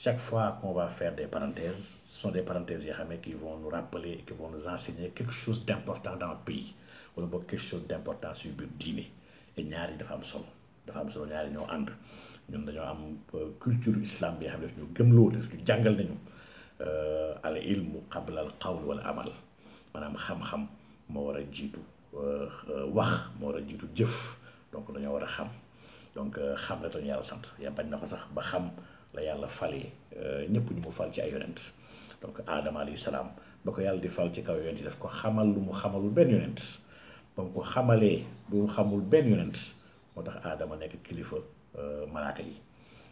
chaque fois qu'on va faire des parenthèses, ce sont des parenthèses qui vont nous rappeler et qui vont nous enseigner quelque chose d'important dans le pays. Ou quelque chose d'important sur le dîner. Et ñaari dafa am solo dafa am solo ñaari ñoo ànd ñun dañoo am euh, culture islamique. bi xam ne daf ñu gëmloo daf ñu jàngal nañu euh, al ilmu qabla al qawl wal amal maanaam xam-xam moo war a jiitu euh, wax moo war a jëf donc dañu wara a xam donc xam la tañu yàlla sante ya bañ nako sax ba xam la yàlla falee euh, ñëpp ñu mu fal ci ay yonent donc aadama alayhi salaam ba ko yàlla di fal ci kaw yonent ci daf ko xamal lu mu xamalul benn yonent ba mu ko xamul benn moo tax aadama nekk kilifa euh, malaaka yi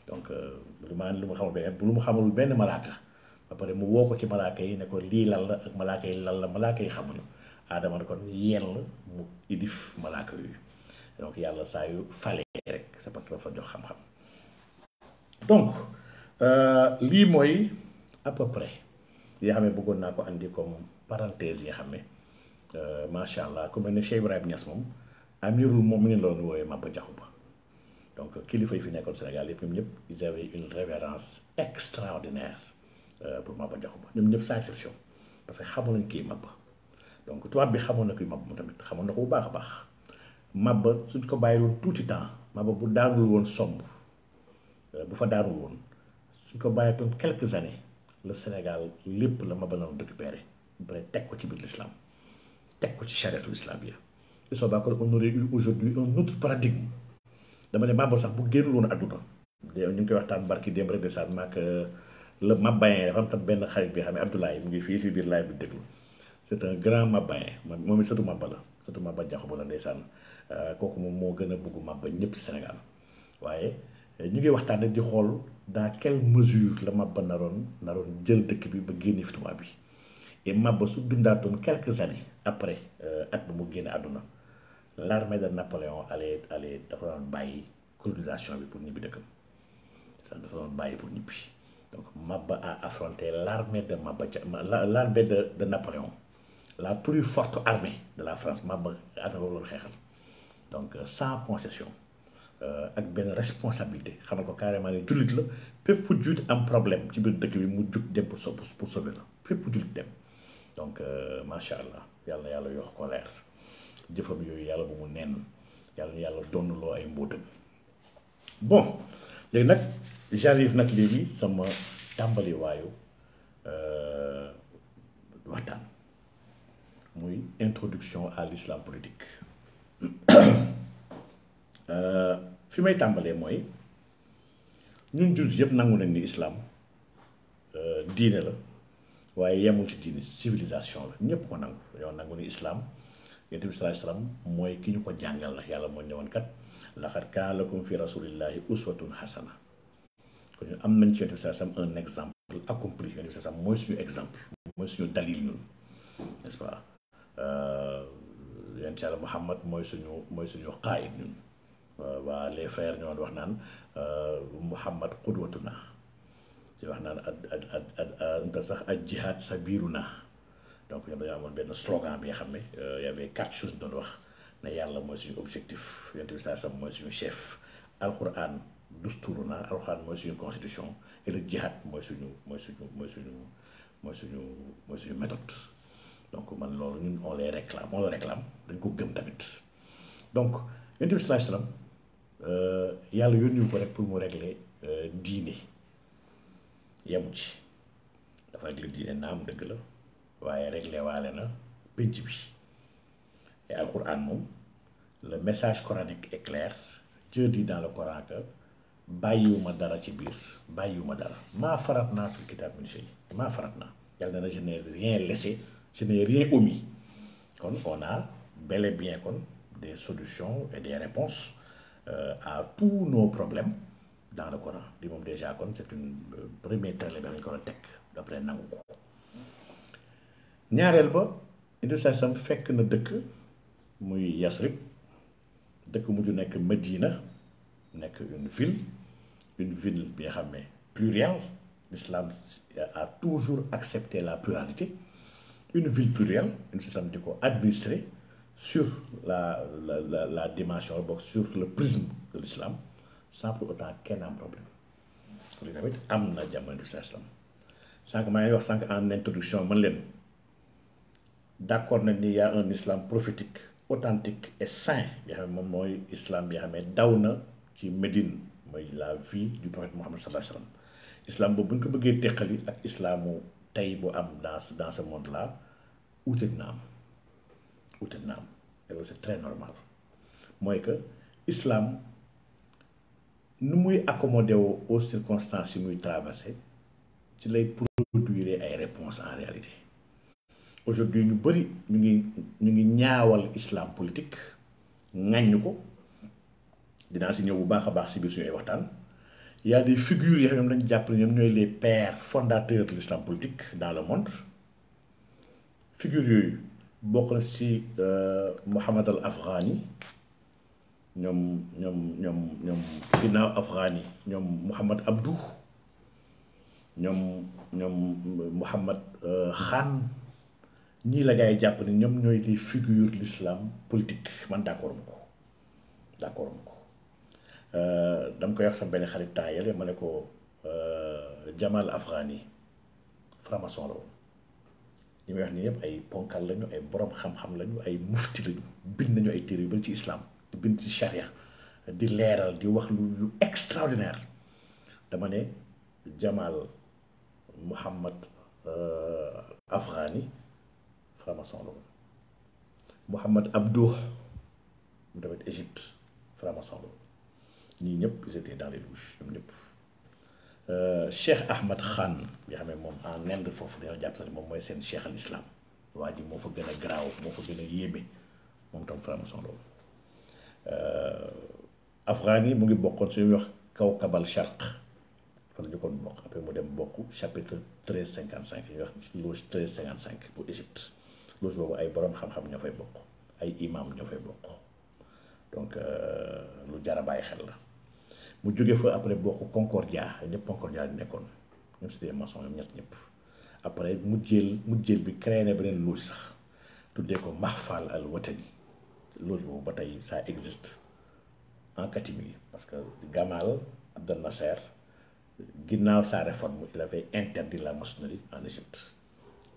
donc euh, lu ma lu mu xamul benn lu mu xamalul benn malaaka ba mu woo ko ci malaaka yi ne ko lii lan la ak malaaka yi lan la malaaka yi xamuñu aadama ne kon yell mu idif malaaka yooyu donc yàlla saa yu falee rek c'est parce que dafa jox xam-xam donc euh, li moy à peu près yi xamé bëggon nako andi ko mom parenthèse yi xamé euh machallah allah ku Cheikh ibrahim Niass mom amirul moom mi ngi loon woowee jaxuba donc kilifa yi fi nekkoon Sénégal yépp ñëpp ils avaient une révérence extraordinaire euh, pour ma Diakhou Ba ñoom ñëpp sans exception parce que xamoon ki ma Maba donc tubaab bi xamoon ki kuy Maba tamit xamoon ko bu baax baax mabba suñ ko bàyyiwoon tuuti temps mabba bu daagul won somb Euh, bu fa daru won suñ ko bàyyatoon quelques années le Sénégal lepp la ma banoon récupéré bare tek ko ci bir l'islam tek ko ci islam bi iso ba ko on aurait eu aujourd'hui un autre paradigme dama ne Mambo sax bu génn woon aduna de ñu ngi waxtan barki dem rek de saat euh, le mabayen dafa tam ben xarit bi xamé ne Abdoulaye mu ngi fi ci bir lay bi deglu c'est un grand mabayen moom it sëtu mabba mabba jaxu la mabba euh, ñepp Sénégal Eh, ñu ngi waxtaan rek di xool dans quelle mesure la mabba naroon naroon jël dëkk bi ba génne fi bi et mabba su dundaatoon quelques années après euh, at bu mu génne àdduna l'armée de Napoléon allait allait dafa doon bàyyi colonisation bi pour bi dëkkam ça dafa doon bàyyi pour bi donc mabba a affronté l'armée de mabba Maba l'armée de de Napoléon la plus forte armée de la France mabba armée boobu la xeexal donc euh, sans concession. Euh, ak benn responsabilité xamal ko carrément ne jullit la fépp fu jullit am problème ci biir dëkk bi mu jug dem pour so pour sauver la fépp fu jullit dem donc euh, macha allah yàlla na yàlla yox ko leer jëfam yooyu yàlla bu mu nen yàlla na yàlla donnaloo ay mbóotam bon léegi nag j'arrive nag léegi sama tàmbaliwaayu euh, waxtaan muy introduction à l'islam politique Euh, fi may tàmbalee mooy ñun jullit yëpp nangu nañ ni islam euh, diine la waaye yemul ci diine civilisation la ñëpp ko nangu yow nangu ni islam yonent bi sallallahu alayhi wasallam mooy ki ñu ko jàngal ndax yàlla moo ñëwoon kat laqad kaana lakum fi rasulillahi uswatun hasana kon ñun am nañ ci yonent bi sallallahu alayhi wasallam un exemple accompli yonent bi sallallahu alayhi wasallam mooy suñu exemple mooy suñu dalil ñun n'est-ce pas euh, yonent yàlla Muhammad mooy suñu mooy suñu xaayit ñun waa les frères ñoo wax naan euh, muhammad qudwatuna ci wax naan ad ad ad ad sax ad jihad sabiruna donc ñoom dañoo amoon benn slogan bi nga xam ne euh, y avait quatre choses doon wax ne yàlla mooy suñu objectif yonte bi saa mooy suñu chef alquran dusturuna alquran mooy suñu constitution et le jihad mooy suñu mooy suñu mooy suñu mooy suñu mooy suñu méthode donc man loolu ñun on les réclame on le réclame dañ ko gëm tamit donc yonte bi salaam Euh, yalla yónniwu ko rek pour mu régler euh, diine yemu ci dafa régler diine naam deug la waye régler waale na pénc bi et alcorane mom le message coranique est clair Dieu dit dans le Coran que bàyyiwuma dara ci biir bàyyiwuma dara ma farat naa fil kitaab min shay ma farat naa yàlla na je n'ai rien laissé je n'ai rien omis kon on a bel et bien kon des solutions et des réponses euh, à tous nos problèmes dans le Coran déjà c'est une euh, première très dans le Coran war d'après nangu ko ñaareel ba que Sam fekk na que Medina est une ville une ville plurielle l'islam a toujours accepté la pluralité une ville plurielle nous avons di ko sur la, la, la, la dimension, sur le prisme de l'islam, sans pour autant qu'il y ait problème. am na jamono sa islam. Sànq maa ngi wax sànq en introduction mën leen d'accord nañ ni y un islam prophétique authentique et saint bi xam ne moom mooy islam bi nga xam daw na ci Médine mooy la vie du prophète Mohammed sallallahu alayhi wa sallam boobu ñu ko bëggee teqali ak islamu tey bu am dans dans ce monde là uute na am. wute na am c'est très normal mooy que islam nu muy accommodé aux circonstances yi muy traversé ci lay produire ay réponses en réalité aujourd'hui ñu bëri ñu ngi ñu ngi ñaawal islam politique ŋàññ ko dinaa si ñëw bu baax a baax si biir suñu waxtaan y a des figures qui xam ne dañu jàpp ne les pères fondateurs de l'islam politique dans le monde figures bokk na si Mohamed al Afghani ñoom ñoom ñoom ñoom ginnaaw Afghani ñoom Mohamed Abdou ñoom ñoom Mohamed eh, Khan ñii la gaay jàpp ne ñoom ñooy les figures l'islam politique man d' accord ko d' accord ko eh, dam koy wax sama benn xarit temps yële ma ne ko eh, Jamal Afghani franc-maçon la woon ñi wax nii yëpp ay ponkal lañu ay boroom xam-xam lañu ay mufti lañu bind nañu ay téere yu bari ci islam di bind ci charia di leeral di wax lu lu extraordinaire dama ne Jamal Muhammad euh, Afghani franc-maçon la woon Muhammad Abdouh mu tamit Égypte franc-maçon la woon ñii ñëpp ils étaient dans les louches ñoom ñëpp. Euh, cheikh Ahmad Khan bi xam ne moom en Inde foofu dañoo jàpp sax moom mooy seen cheikh al islam waa ji moo fa gën a garaaw moo fa gën a yéeme moom tam franc-maçon loolu euh, afghan yi mu ngi bokkoon suñuy wax kawkabal charq fa la ñu kon bokk après mu dem bokk chapitre treize cinquante cinq ñuy wax loge treize cinquante cinq bu Égypte loge boobu ay boroom xam-xam ñoo fay bokk ay imam ñoo fay bokk donc euh, lu jar a bàyyi xel la. mu jóge fa après bokk Concordia ñëpp Concordia di nekkoon ñoom c'était maçon ñoom ñett ñëpp après mu jël mu jël bi créé na beneen loge sax tuddee ko Mahfal al Watani loge boobu ba ça existe en catimini parce que Gamal Abdel Nasser ginnaw sa réforme il avait interdit la maçonnerie en Égypte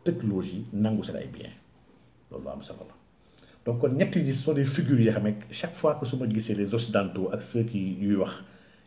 tëj loge nangu sa ay biens loolu am solo la donc kon ñett sont des figures chaque fois que suma ma les occidentaux ak ceux qui yuy wax.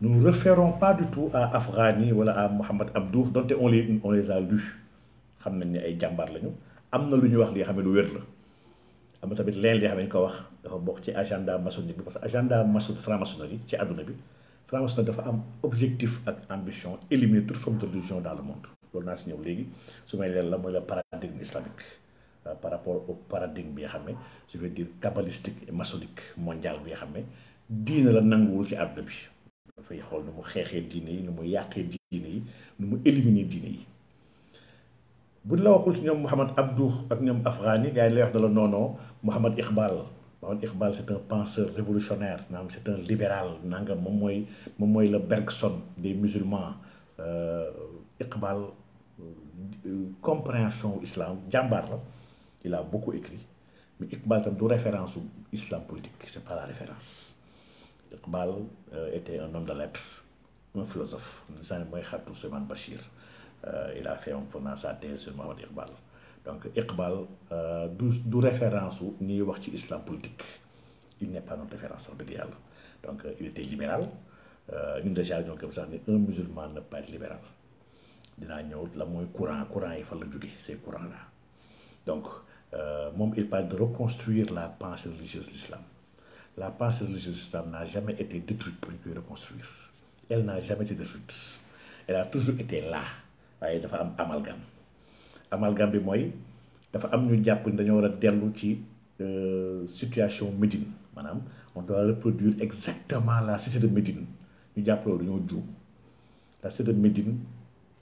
Nous ne référons pas du tout à Afghani ou à Mohamed Abdou, dont on les, on les a lus. Nous savons qu'ils sont des am na lu ñu wax li nga xam ne lu wér la am tamit leneen li nga ne ko wax dafa bokk ci agenda maçonnique bi parce que agenda maçon franc-maçonnerie ci àdduna bi franc-maçonnerie dafa am objectif ak ambition éliminer toute forme de religion dans le monde loolu naa si ñëw léegi su may la mooy le paradigme islamique euh, par rapport au paradigme bi je veux dire kabbalistique et maçonnique mondial bi nga xam la nanguwul ci àdduna bi dafay xool nu mu xeexee diine yi nu mu yàqee diine nu mu éliminer diine yi la waxul ci Mohamed Abdou ak Afghani gars lay wax la non Iqbal Mohamed Iqbal c'est un penseur révolutionnaire c'est un libéral nanga mom le Bergson des musulmans euh, Iqbal euh, compréhension islam jambar la il a beaucoup écrit mais Iqbal tam du référence islam politique c'est n'est pas la référence. Iqbal euh, était un homme de lettres, un philosophe. Bachir. Euh, il a fait un sa thèse sur Mohamed Iqbal. Donc Iqbal, euh, d'où référence ni wax islam politique. Il n'est pas notre référence en Donc il était libéral. Nous, déjà ñoo comme sax un musulman ne pas être libéral Il ñëw la mooy courant courant yi faut la jóge ces courants là donc moom il parle de reconstruire la pensée religieuse de l'islam la pensée religieuse Jésus n'a jamais été détruite pour le reconstruire. Elle n'a jamais été détruite. Elle a toujours été là. Il dafa am Amalgame amalgame. bi mooy dafa am ñu des gens qui a dellu euh, situation Médine madame, on doit reproduire exactement la cité de Médine ñu jàpp la cité de Médine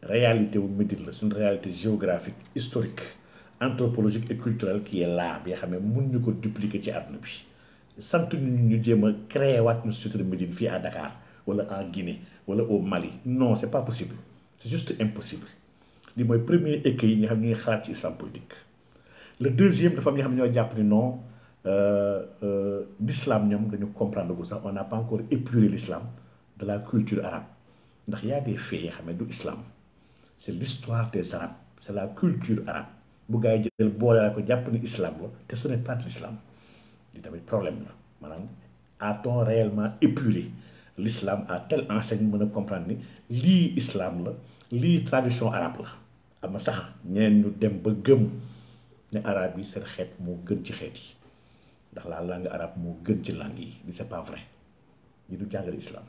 réalité ou Médine c'est une réalité géographique historique anthropologique et culturelle qui est là bi nga xam ne mun ñu ko dupliquer ci bi sans ñu ñu jéem créer créé une structure de médine à Dakar wala en Guinée wala au Mali non c'est n'est pas possible C'est juste impossible li moy premier écueil ñi nga xam l'islam islam politique. le deuxième dafa am ñi xam ne ñoo japp ni non euh nous euh, ñom dañu comprendre on n'a pas encore épuré l'islam de la culture arabe Il y a des faits xamé de du islam l'histoire des arabes C'est la culture arabe bu gaay yi jël boole ko japp ni islam la ce n'est pas l'islam li tamit problème la manam a-t-on réellement épuré l'islam a tel enseigne mën a comprendre ni li islam la li tradition arabe la am sax ñeen ñu dem ba gëm ne arabe yi seen xet mo gën ci xet yi ndax la langue arabe mo gën ci langue yi ni c'est pas vrai ñi du jàngale islam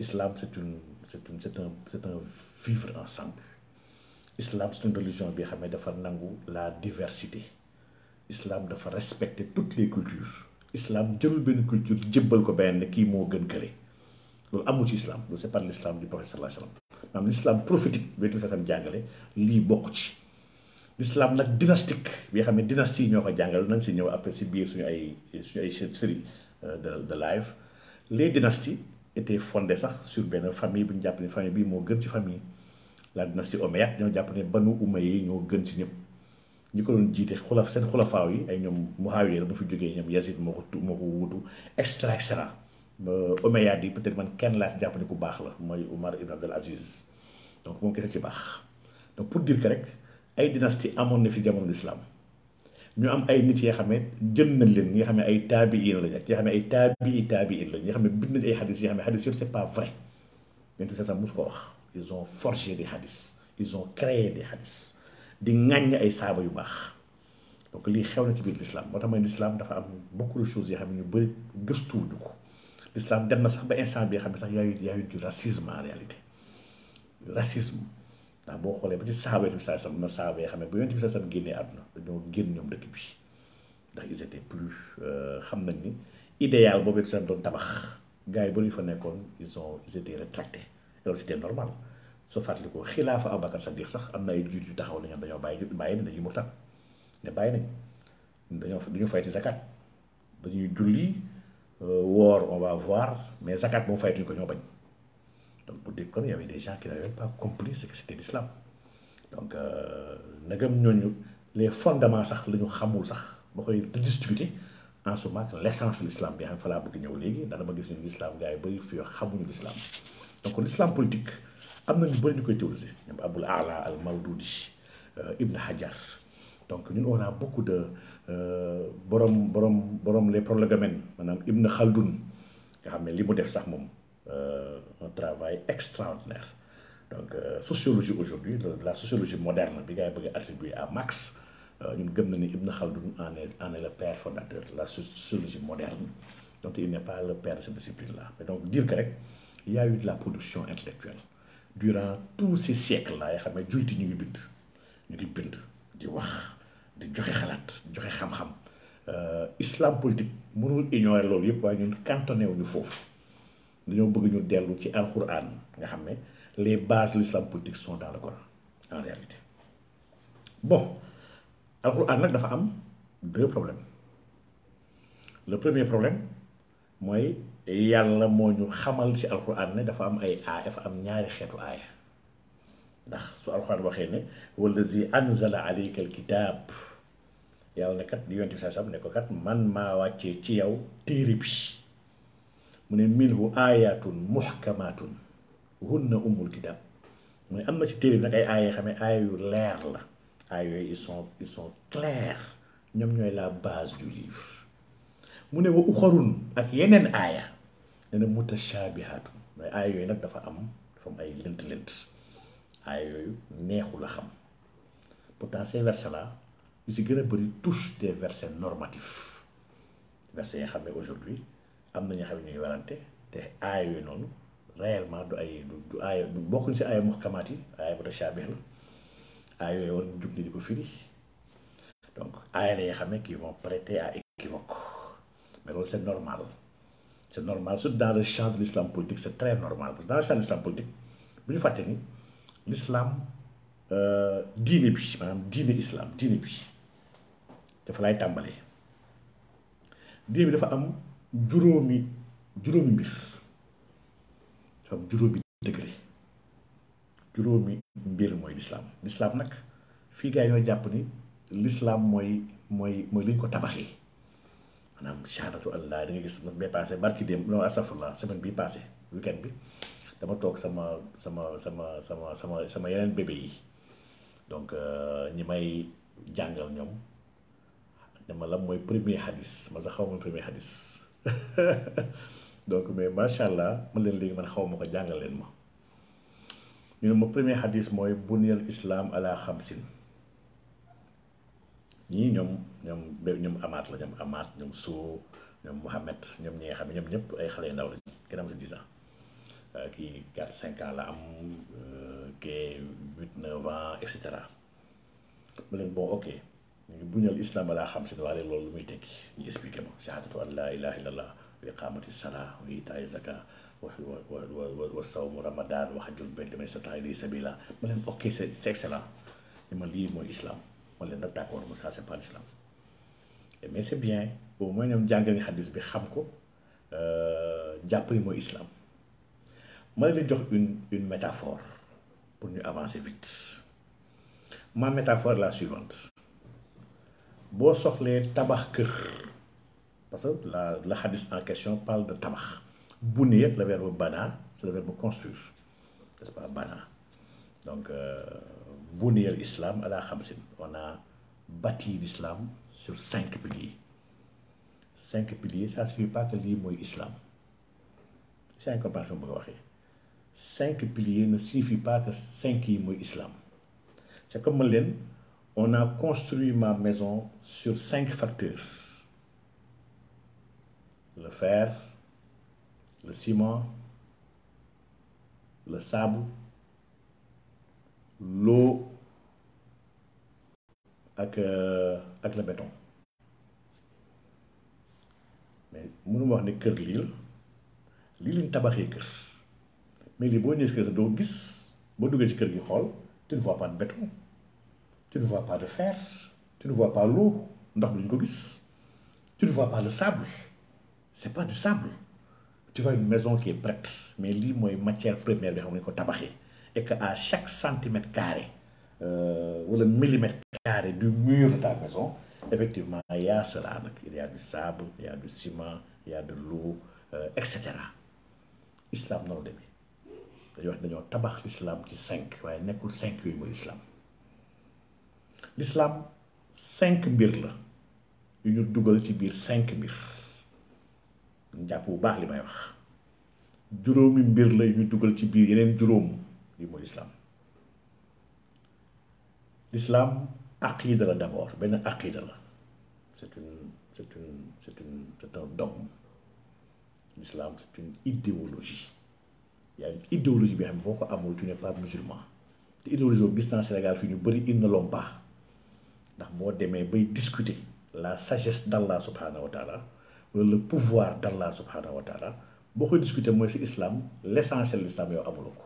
islam c'est une c'est une c'est un c'est un vivre ensemble islam c'est une religion bi xamé dafa nangu la diversité islam dafa respecter toutes les cultures islam jël benn culture qui ko benn kii moo gën islam loolu c'est par l'islam du prophète l'islam prophétique bi tamit sam jàngale lii bokk ci l'islam nag dynastique bi dynastie ko si après si biir ay série euh, de live les dynasties étaient fondées sur famille famille famille la dynastie omeyat ñoo jàpp banu ñi ko doon jiite xulaf seen xulafaaw yi ay ñoom Muawiya la bu fi jógee ñoom Yazid moo ko moo ko wutu extra extra Omeyyade yi peut-être man kenn laa si jàpp ne ku baax la mooy Omar Ibn Abdel Aziz donc moom kese ci baax donc pour dire que rek ay dynastie amoon na fi jamono lislaam ñu am ay nit yoo xam ne jël nañ leen ñi nga xam ne ay taabiin lañ ak ñi nga xam ne ay taabii taabiin lañ ñi nga xam ne bind nañ ay xadis yi nga xam ne xadis yëpp c'est pas vrai yéen tout ça mos ko wax ils ont forgé des hadiths ils ont créé des hadiths di ŋàññ ay saaba yu baax donc lii xew na ci biir lislaam moo tax mooy l'islam dafa am beaucoup de choses yoo xam ne ñu bëri gëstuwuñu ko l'islam dem na sax ba instant bi xam ne sax yaayu yaayu du racisme en réalité racisme ndax boo xoolee ba ci saaba yi saa sam na saaba yoo xam ne bu yonent bi saa sam génnee àdduna dañoo génn ñoom dëkk bi ndax ils étaient plus euh, xam nañ ni idéal boobu yonent bi doon tabax gars yi ñu fa nekkoon ils ont ils étaient rétractés loolu c'était normal So ko khilafa Sadiq sax amna ay yu ne fayti zakat dañuy julli euh, wor on va voir mais zakat ko donc pour dire il y avait des gens qui n'avaient pas compris ce que c'était l'islam donc euh, nagam ñooñu les fondements sax xamul sax en ce moment l'essence l'islam bien fala bëgg gis ñu l'islam l'islam donc l'islam politique il ñu ñu koy théoriser Ala al Maldoudi, euh, Ibn Hadjar. donc ñun on a beaucoup de euh, borom borom borom les prolegomènes Ibn Khaldun nga a fait li mu def euh, un travail extraordinaire donc sociologie aujourd'hui la sociologie moderne bi est bëgg attribuer à Max, ñun gëm na ni Ibn Khaldun en est est le père fondateur la sociologie moderne donc il n'est pas le père de cette discipline là mais donc dire que il y a eu de la production intellectuelle durant tous ces siècles là xamé xam ne ñu bind ñu ngi bind di wax di joxe xalaat joxe xam-xam euh, islam politique mënul ignorer lool yépp way ñun cantonné wuñu fofu dañoo bëgg ñu déllu ci alcorane nga xam les bases de l'islam politique sont dans le Coran en réalité bon alcorane nak dafa am deux problèmes le premier problème moy yàlla moo ñu xamal ci alquran ne dafa am ay aaya dafa am ñaari xeetu aaya ndax su alquran waxee ne wallazi anzala alayka alkitab yàlla ne kat yonent bi saa sam ne ko kat man maa wàccee ci yow téere bi mu ne minhu ayatun muhkamatun hunna ummul kitab mu ne am na ci téere bi nag ay aaya yoo xam ne aaya yu leer la aaya yooyu ils sont ils sont clairs ñoom ñooy la base du livre mu ne wa uxarun ak yeneen aaya nee nak dafa am dafa ay lent lent. xam pourtant ces versets là ils ont tous touche des versets normatifs versets yi aujourd'hui am ñuy warante té sont réellement du ay du ay du bokku ci ay sont la donc sont la yi qui vont prêter à équivoque mais c'est normal c' est normal surtout dans le champ de l' islam politique c' est très normal parce que dans le champ de bu ñu fàtte ni l' euh, diine bi maanaam diine islam diine bi dafa lay tàmbalee diine bi dafa am juróomi juróomi mbir dafa am juróomi degré juróomi mbir mooy l'islam l'islam nag fii gars yi ñoo jàpp ni lislaam mooy mooy mooy li ko tabaxee maanaam shahadatu allah da nga gis man bee passé barki démb non astafurlah semaine bii passé weekend bi dama toog sama sama sama sama sama sama yeneen bébé yi donc euh, ñi may jàngal ñoom dama la mooy premier hadis ma sax xaw ma premier hadis [laughs] donc mais macha allah man leen léegi man xaw ma ko jàngal leen ma ñu ne ma premier hadis mooy buniyal islam ala xamsin ñii ñoom ñoom amaat la ñoom amaat ñoom soo ñoom Mouhamed ñoom ñi nga xam ne ñoom ñëpp ay xale yu ndaw la kenn amatu dix ans euh, kii quatre cinq la am euh, kii huit neuf ans et cetera mu leen bon ok ñu buñal islam laa xam si ne waaye loolu lu muy tekki ñu expliqué ma shahadatu an laa ilaha illallah wa iqamati salaa wa itaay zaka wa wa wa wa sawmu ramadan wa hajjul bayt man istata'a ilayhi sabila mu leen ok c'est excellent ñu ma lii mooy islam On est d'accord mais ça ce n'est pas l'islam. mais c'est bien au moins nous avons dit hadith bi xam ko l'islam. Je vais islam Moi, Je jox une une métaphore pour nous avancer vite ma métaphore est la suivante boo soxlee tabax tabac, parce que la hadith en question parle de tabac. buniyat le verbe bana c'est le verbe construire n'est-ce pas bana donc euh, Islam à la On a bâti l'islam sur cinq piliers. Cinq piliers, ça ne signifie pas que l'islam est islam. C'est une compréhension Cinq piliers ne signifie pas que cinq sont islam. C'est comme l'un, on a construit ma maison sur cinq facteurs. Le fer, le ciment, le sable, l'eau avec euh, le béton mais mënuma wax ne kër l'île la lii mais les boo ñëwee si kër doo gis tu ne vois pas de béton tu ne vois pas de fer tu ne vois pas l'eau tu ne vois pas le sable c'est pas du sable tu vois une maison qui est prête mais l'île est matière première mais on ko et qu'à chaque centimètre carré euh, ou le millimètre carré du mur de ta maison, effectivement, il y a du sable, il y a du ciment, il y a de l'eau, euh, etc. Islam non le y nous avons tabac l'islam qui 5, mais il n'y a 5 000 islam. L'islam, 5 000 là. nous dougale 5 birles. Il n'y a pas de bâle, mais il y a. Djuroum, il y a 5 000 lii mooy lislaam lislaam aqida la d'abord benn aqida la c'est une c'est une c'est une c'est un c'est une idéologie y idéologie bi xam boo ko amul tu n'es pas musulman te idéologie boobu gis naa Sénégal fii ñu bari ils ne l'ont ndax boo demee bay discuter la sagesse d'Allah subhanahu wa taala wala pouvoir d'Allah subhanahu wa boo koy discuter mooy si islam l'essentiel l'islam yow amuloo ko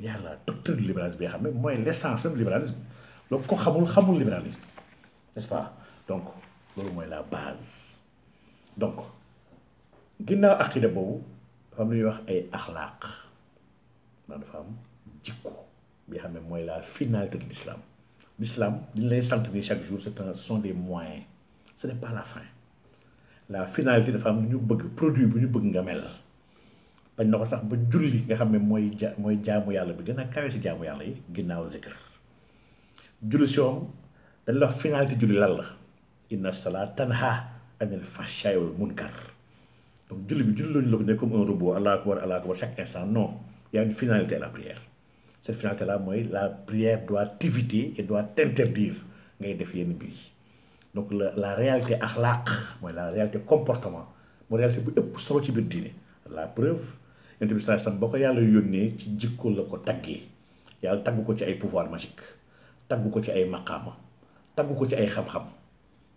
yàlla docteur libéralisme bi nga xam ne mooy l'essence même libéralisme donc ko xamul xamul libéralisme n'est-ce pas donc loolu mooy la base donc ginnaaw aqida boobu dafa am lu ñuy wax ay axlaaq maanaam dafa am jikko bi nga xam ne mooy la finalité de l'islam l'islam li lay sant ni chaque jour c'est un ce sont des moyens ce n'est pas la fin la finalité dafa am lu ñu bëgg produit bu ñu bëgg nga mel bañ na ko sax ba julli nga xam ne mooy mooy jaamu yàlla bi gën a kawe si jaamu yàlla yi ginnaaw zikr julli si moom dañ la wax julli lan la inna salaa tanha anil fahshaay wal munkar donc julli bi julli lañu la ko ne comme un a une finalité à la prière mooy la prière doit def yenn la la réalité axlaaq mooy la comportement mooy réalité bu ëpp solo ci biir diine la preuve yonent bi sallallahu alayhi wasallam ba ko yàlla yónnee ci jikko la ko taggee yàlla tagg ko ci ay pouvoir magique tagg ko ci ay maqaama tagg ko ci ay xam-xam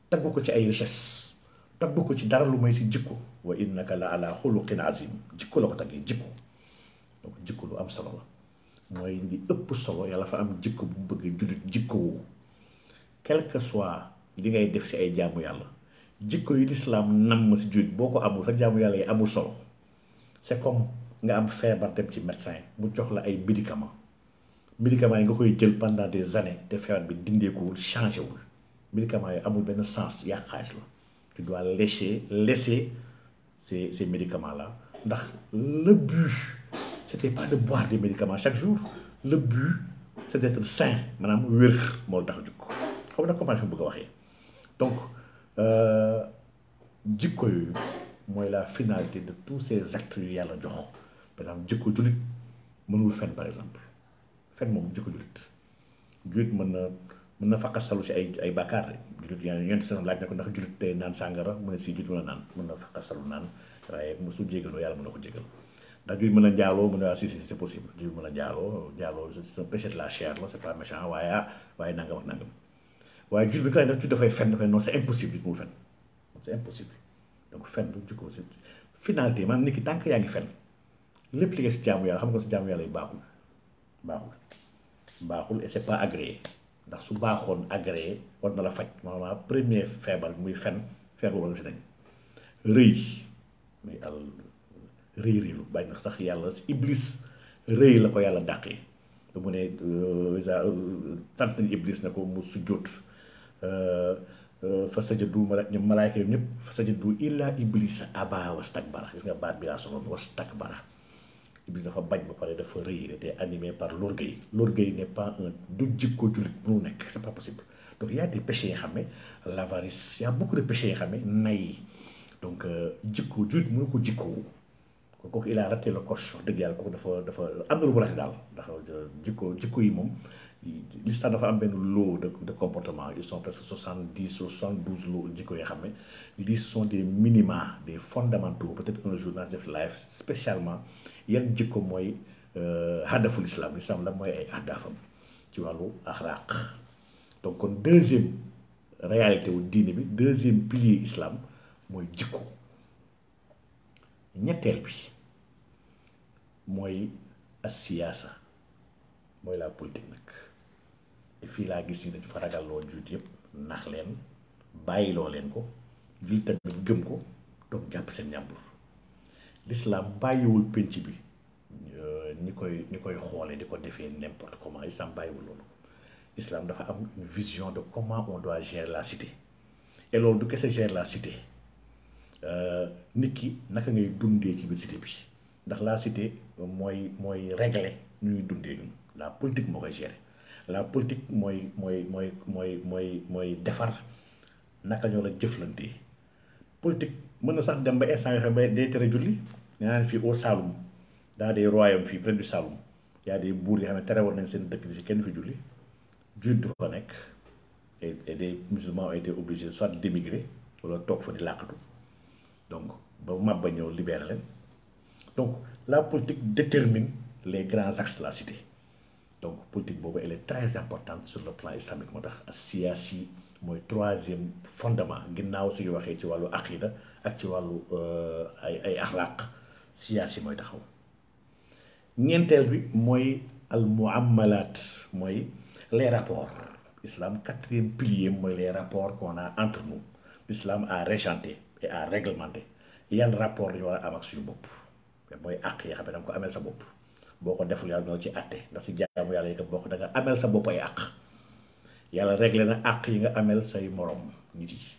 tagg ko ci ay richesse tagg ko ci dara lu may si jikko wa innaka la ala xuluqin azim jikko la ko taggee jikko lu am solo la mooy li ëpp solo yàlla fa am jikko bu mu bëggee jullit jikko woowu quel soit li ngay def si ay jaamu yàlla jikko yu lislaam nam si jullit boo ko amul sa jaamu yàlla yi amul solo c'est comme nga am feebar dem ci médecin mu jox la ay médicaments médicaments yi nga koy jël pendant des années te feebar bi dindeekuwul changé wul médicaments yi amul ben sens ya xaalis la tu dois laisser, laisser ces ces médicaments là ndax le but c'était pas de boire des médicaments chaque jour le but c'est d'être sain manam wër mo tax juk xam na comment fi bëgg waxé donc euh, jikko coup, moy la finalité de tous ces actes yu yàlla jox. par exemple jikko jullit mënul fen par exemple fen moom jikko jullit jullit mën na mën na faqasalu ci ay ay bàkkaar jullit yaa yonent sax laaj na ko ndax jullit tey naan sàngara mu ne si jullit mën a naan mën na faqasalu naan waaye mosul jégaloo mën na ko jégal ndax jullit mën a njaaloo mu ne waa si a njaaloo njaaloo c'est un péché de la chair la c'est waaye ah waaye nangam ak nangam bi kay def ci dafay fen dafay non c'est impossible jullit mu fen c'est impossible donc fen bu jikko c'est finalité maanaam nit ki yaa ngi fen lepp li nga ya, si jaamu yàlla xam nga ya, si jaamu yàlla yi baaxul baaxul baaxul et c' est pas agréé ndax su baaxoon agréé war na la faj maanaam premier feebar muy fen feebar boobu nga si dañ rëy muy al rëy rëy lu bañ ndax sax yàlla si iblis rëy la ko yàlla dàqee ba mu ne euh, euh, tant nañ iblis na ko mu sujjóot euh, fa sajadu mala ñoom malaay yooyu yëpp fa sa sajadu illa iblisa aba bara gis nga baat bi laa sonoon bara Iblis dafa bañ ba pare dafa rëy était animé par l'orgueil l'orgueil n'est pas un du jikko brunek, c'est pas possible donc il y a des péchés yi xam ne il y a beaucoup de péchés yi xam nay donc euh, jikko djut mënu ko jikkowu kon il a raté le coche de dëgg yàlla kooku dafa dafa am na lu mu raté daal ndax euh, jikko jikko yi moom l'islam dafa am benn lot de de comportement ils sont presque soixante dix soixante douze lots jikko Ils sont des minima des fondamentaux peut-être un journal de life, spécialement yan jikko mooy euh, hadaful islam islam la mooy ay ahdafam ci wàllu axlaaq donc kon deuxième réalité wu diine bi deuxième pilier islam mooy jikko ñetteel bi mooy asiyaasa mooy la politique nag fii laa gis ni dañ fa ragalloo juut yëpp nax leen bàyyiloo leen ko jul tamit gëm ko toog jàpp seen ñàmbur l'islam bayiwul penc bi ñi euh, koy ñi koy xoolee di ko n'importe comment islam bàyyiwul loolu islam dafa am une vision de comment on doit gérer la cité et loolu du kese gérer la cité euh niki naka ngay dundé ci cité bi ndax la cité moy moy régler ñu ñuy dundee la politique moo gérer la politique moy moy moy moy moy moy défar naka ñoo la jëflante politique mëna sax dem ba instant yoo ba ne julli nee fi fii au Saloum dans des royaumes fii près du Saloum y' a des buur yoo ya xam ne nañ seen dëkk bi fi kenn fi julli judd fa nek et e des musulmans ont été obligés soit d'émigrer wala tok fa di laqatu donc ba ba ñëw libérer len donc la politique détermine les grands axes de la cité donc politique bobu elle est très importante sur le plan islamique motax siyasi moy troisième fondement ginnaw suñu waxé ci walu aqida ak ci wàllu euh, ay ay akhlaq siyaasi mooy taxaw ñeenteel bi mooy al muamalaat mooy les rapports l'islam quatrième pilier mooy les rapports qu'on a entre nous l'islam a régenté et a réglementé yan rapport ñu war a am ak bopp mooy àq yi xam ne danga ko ameel sa bopp boo ko deful yàlla dina ci àtte ndax si jaamu yàlla yi ko bokk ameel sa bopp ay àq yàlla réglé na àq yi nga ameel say morom nit yi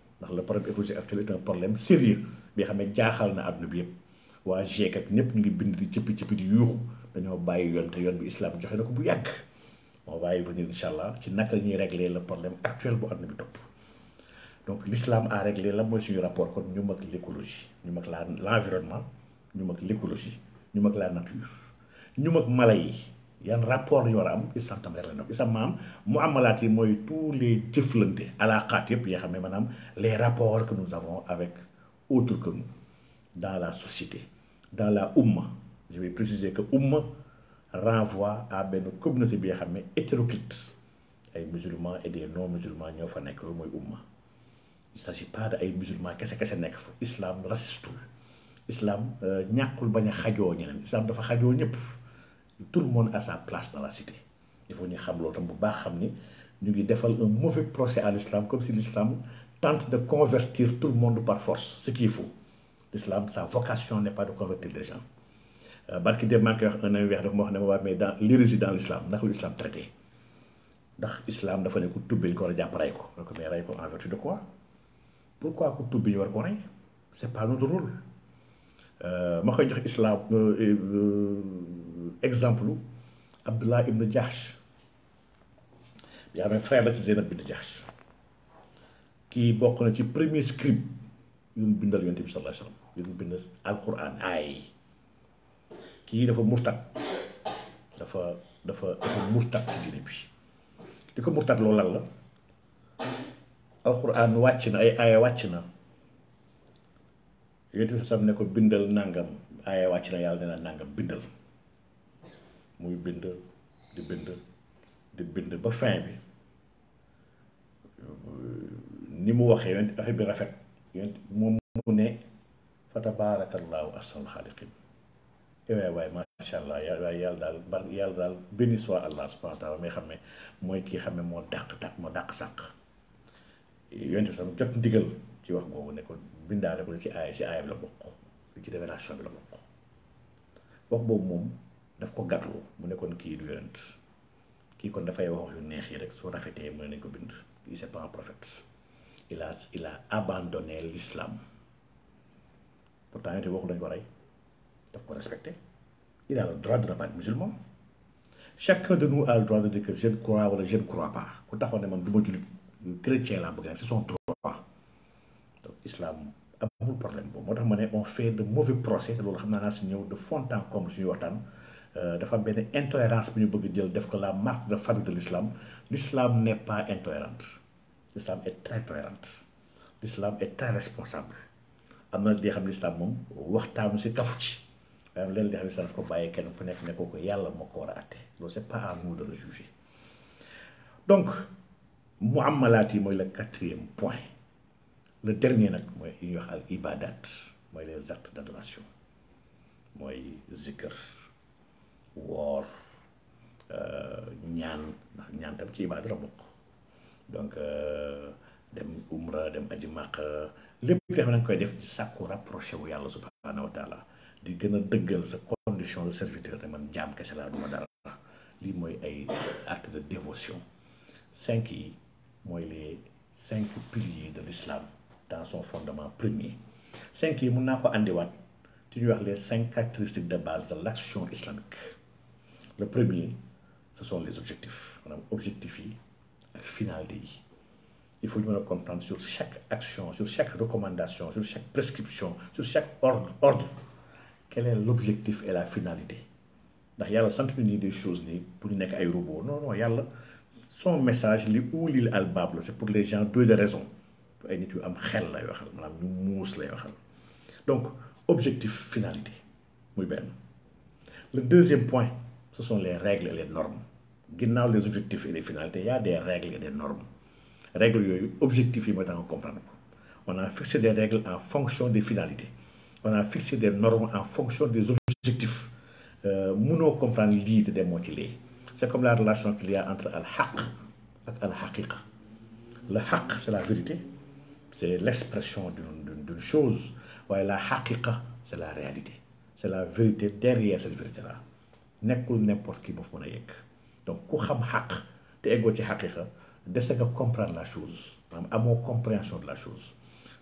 ndax le problème écologique actuel est un problème sérieux bi xam ne jaaxal na àdduna bi yëpp waa GIEC ñëpp ñu ngi bind di cëppi cëppi di yuuxu dañoo bàyyi yoon te yoon bi islam joxe na ko bu yàgg on va y venir incha allah ci naka la ñuy régler la problème actuel bu àdduna bi topp donc l'islam a réglé la mooy suñu rapport kon ñu mag l'écologie ñu laa la l'environnement ñu mag l'écologie ñu mag la nature ñu mag mala yi yan rapport a un rapport qui est important. ko islam maam mu amalaat yi tous les jëflante alaaqaat yëpp yoo xam ne les rapports que nous avons avec autre que nous dans la société dans la umma je vais préciser que umma renvoie à une communauté bi xamé hétéroclite ay musulmans et des non musulmans ñoo fa nekk loolu umma il s'agit pas de ay musulmans kese kese nek fa islam raciste islam euh, ñakul baña a xajoo ñeneen islam dafa xajoo ñëpp tout le monde a sa place dans la cité il faut ni xam loolu tam bu un mauvais procès à l'islam comme si l'islam tente de convertir tout le monde par force ce qu'il faut. l'islam sa vocation n'est pas de convertir les gens euh, barki de maa wax un ami de moi, ma wax mais dans l'hérésie de l'islam ndax l'islam traité ndax islam dafa ne tout le monde ko war a jàpp ko mais rey ko en vertu de quoi pourquoi ku tubbi war ko Ce c'est pas notre rôle euh, ma koy jox l'islam... Euh, exemple Abdullah ibn Jahsh il y avait un frère baptisé ci ibn Jahsh qui bokk na ci premier scribe yu bindal yonte bi sallallahu alayhi wasallam yu bindal alquran ay ki dafa murtad dafa dafa dafa murtad ci diine bi diko murtad lo lan la alquran wacc na ay aaya wacc na yonte bi sallallahu ne ko bindal nangam aaya wacc na yalla dina nangam bindal muy bind di bind di bind ba fin bi ni mu waxee yonent affaire bi rafet yonent moom mu ne fa tabaarakallaahu ahsanul xaaliqiin waaye eh waaye allah yàlla daal bar yàlla daal béni soit allah subhaana taala may xam ne mooy kii xam ne moo dàq dàq moo dàq sàq yonent bi sama jot ndigal ci wax googu ne ko bindaale ci aay si aayam la bokk ci révélation bi la bokk wax boobu moom daf ko gàttu mu nekkoon kii du yonent kii kon dafay wax yu neex yi rek soo rafetee mën ne ko bind il c'est pas un prophète il a il a abandonné l'islam pourtant yonent waxu dañ ko rey daf ko respecté il a le droit de ne musulman chacun de nous a le droit de dire que je ne crois wala je ne crois pas ku taxaw ne man du ma jullit chrétien la bëgg nag c'est son droit donc islam amul problème boobu moo tax ma ne on fait de mauvais procès te loolu xam naa naa si ñëw de fond en comble suñuy waxtaan euh, dafa am benn intolérance bu ñu bëgg jël def ko la marque de fabrique de l'islam l'islam n'est pas intolérante l'islam est très tolérante l'islam est très responsable am na li xam ne l'islam moom waxtaanu si kafu ci am leen di xam ne ko bàyyee kenn fu nekk ne ko ko yàlla moo ko a atte loolu c'est pas à nous de le juger donc muamalaat yi mooy le quatrième point le dernier nag mooy li ñuy wax al ibadat mooy les actes d'adoration mooy zikr woor euh, ñaan ndax ñaan tam ci ibaada la bokk donc euh, dem umra dem aji lépp li nga xam ne dañ koy def ci sàkku rapproché wu yàlla subhaanahu wa taala di gën a dëggal sa condition de serviteur ne man jaam kese laa duma dara lii mooy ay acte de dévotion cinq yi mooy les cinq piliers de l'islam dans son fondement premier cinq yi mun naa ko àndiwaat ci ñuy wax les cinq caractéristiques de base de l'action islamique le premier ce sont les objectifs On objectif objectifié finalité il faut nous comprendre sur chaque action sur chaque recommandation sur chaque prescription sur chaque ordre quel est l'objectif et la finalité Il y a le des choses pour les robots. non non son message c'est pour les gens deux raisons donc objectif finalité le deuxième point ce sont les règles et les normes dans les objectifs et les finalités il y a des règles et des normes règles objectifs yi on on a fixé des règles en fonction des finalités on a fixé des normes en fonction des objectifs euh, mënoo comprendre comprend l'idée des mots comme la relation qu'il y a entre al haq et al haqiqa le Haq, c'est la vérité c'est l'expression d'une chose Ouais, la Haqiqa, c'est la réalité c'est la vérité derrière cette vérité là nekkul n'importe qui moo fa mën a yegg donc ku xam xàq te eggoo ci xaqiqa dese nga comprendre la chose maanaam amoo compréhension de la chose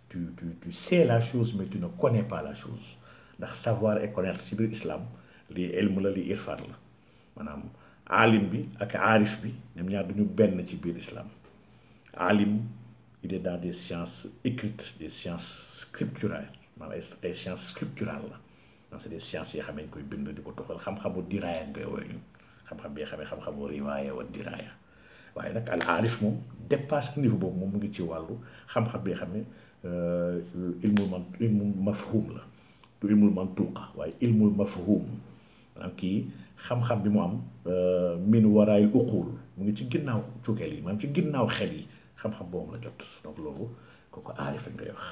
tu tu tu sais la chose mais tu ne connais pas la chose ndax savoir et connaître ci biir islam li ilm la irfan la maanaam aalim bi ak arif bi ñoom ñaar duñu benn ci biir islam Alim, il est dans des sciences écrites des sciences scripturales maanaam ay sciences scripturales donc c' des sciences yoo xam ne ñu koy bind di ko toxal xam-xamu diraaya nga koy woowee xam-xam bi nga xam ne xam-xamu riwaaya wa diraaya waaye nag al aarif moom dépasse niveau boobu moom mu ngi ci wàllu xam-xam bi nga xam ne ilmul man ilmul mafhum la du ilmul mantuqa waaye ilmul mafhum maanaam kii xam-xam bi mu am min waraay uqul mu ngi ci ginnaaw cukkeel yi maanaam ci ginnaaw xel yi xam-xam boobu la jot donc loolu kooku aarif lañ wax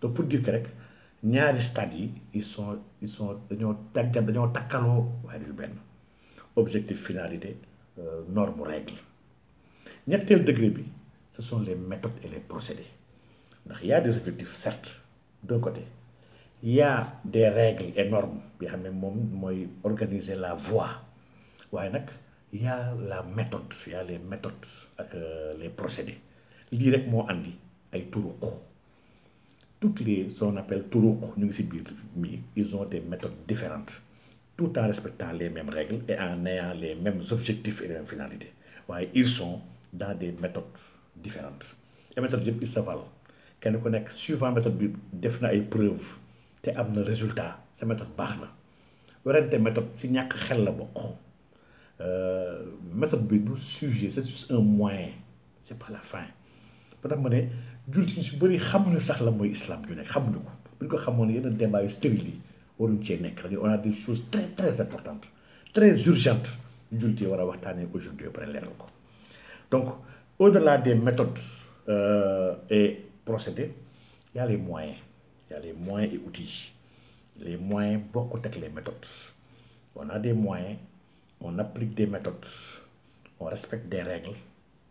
donc pour dire que rek. ñaari stade yi ils sont ils sont dañoo tagga dañoo takkaloo waaye du benn objectif finalité euh, norme règle ñetteel degré bi ce sont les méthodes et les procédés ndax y a des objectifs certes d'un côté y a des règles et normes bi xam ne moom mooy organiser la voie waaye nag y a la méthode y a les méthodes ak euh, les procédés lii rek moo andi ay turuq toutes les, ce qu'on appelle ils ont des méthodes différentes, tout en respectant les mêmes règles et en ayant les mêmes objectifs et les mêmes finalités. ils sont dans des méthodes différentes. et méthode ils s'avalent. Quand on connaît, suivant méthode, il y a des preuves, il y des résultats, cette méthode est bonne. une méthode, c'est qu'il y a méthode, c'est sujet, c'est juste un moyen, c'est pas la fin. peut jullit ñu si bëri xamuñu sax la mooy islam ju nekk xamuñu ko bu ko xamoon yeneen débat yu stérile yi waruñ cee nekk on a des choses très très importantes très urgentes jullit yi war a waxtaanee aujourd'hui après pare ko donc au delà des méthodes euh, et procédés il y a les moyens il y a les moyens et outils les moyens bokkut ak les méthodes on a des moyens on applique des méthodes on respecte des règles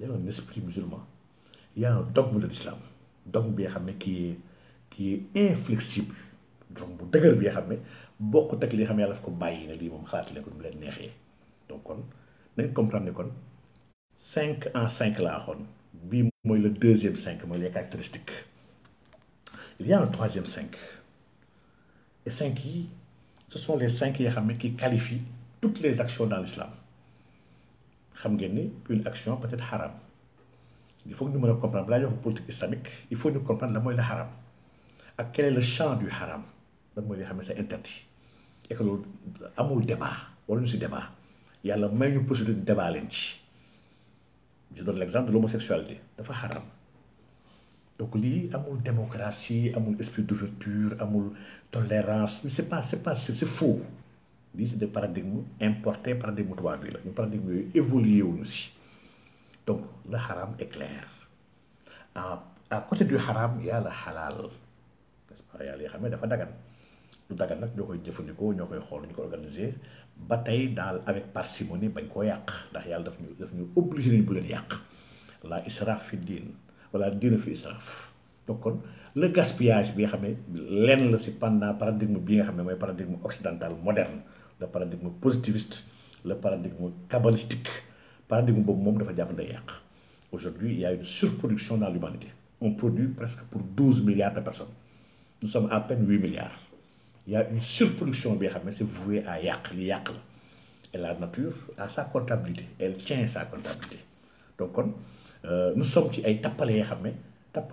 il y a un esprit musulman, il y a un dogme de l'islam, dogme qui est, qui est inflexible. Donc, si vous avez un dogme de l'islam, il y a un dogme de l'islam qui est inflexible. Donc, vous comprenez que 5 en 5 là, c'est le deuxième 5, c'est les caractéristiques. Il y a un troisième 5. Et 5 qui, ce sont les 5 qui qualifient toutes les actions dans l'islam xam une action peut être haram il faut que ñu mën a comprendre balaa politique islamique il faut nous comprendre la mooy haram ak quel est le champ du haram la mooy li xam c'est interdit et que loolu amul débat waruñu si débat yàlla may ñu possibilité de débat leen ci je donne l'exemple de l'homosexualité dafa haram donc lii amul démocratie amul esprit d'ouverture amul tolérance c'est pas c'est pas c'est faux lii c'est des paradigmes importés paradigme tubaab bi la ñu paradigme yu évoluer wuñu ci donc le haram est clair à à côté du haram y a le halal n'est-ce pas ya li xamé dafa dagan du dagan nak ñokoy jëfëndiko ñokoy xol ñu ko organiser ba tey daal avec parcimonie bañ ko yaq ndax yalla daf ñu daf ñu obligé ñu bu leen yaq la israf fi din wala din fi israf donc kon le gaspillage bi nga xam lenn la ci pendant paradigme bi nga xamé moy paradigme occidental moderne le paradigme positiviste le paradigme kabbalistique paradigme boobu monde de la aujourd'hui il y a une surproduction dans l'humanité on produit presque pour 12 milliards de personnes nous sommes à peine 8 milliards il y a une surproduction bi c'est voué à YAK, li et la nature a sa comptabilité elle tient sa comptabilité donc euh, nous sommes ci ay les yoo xam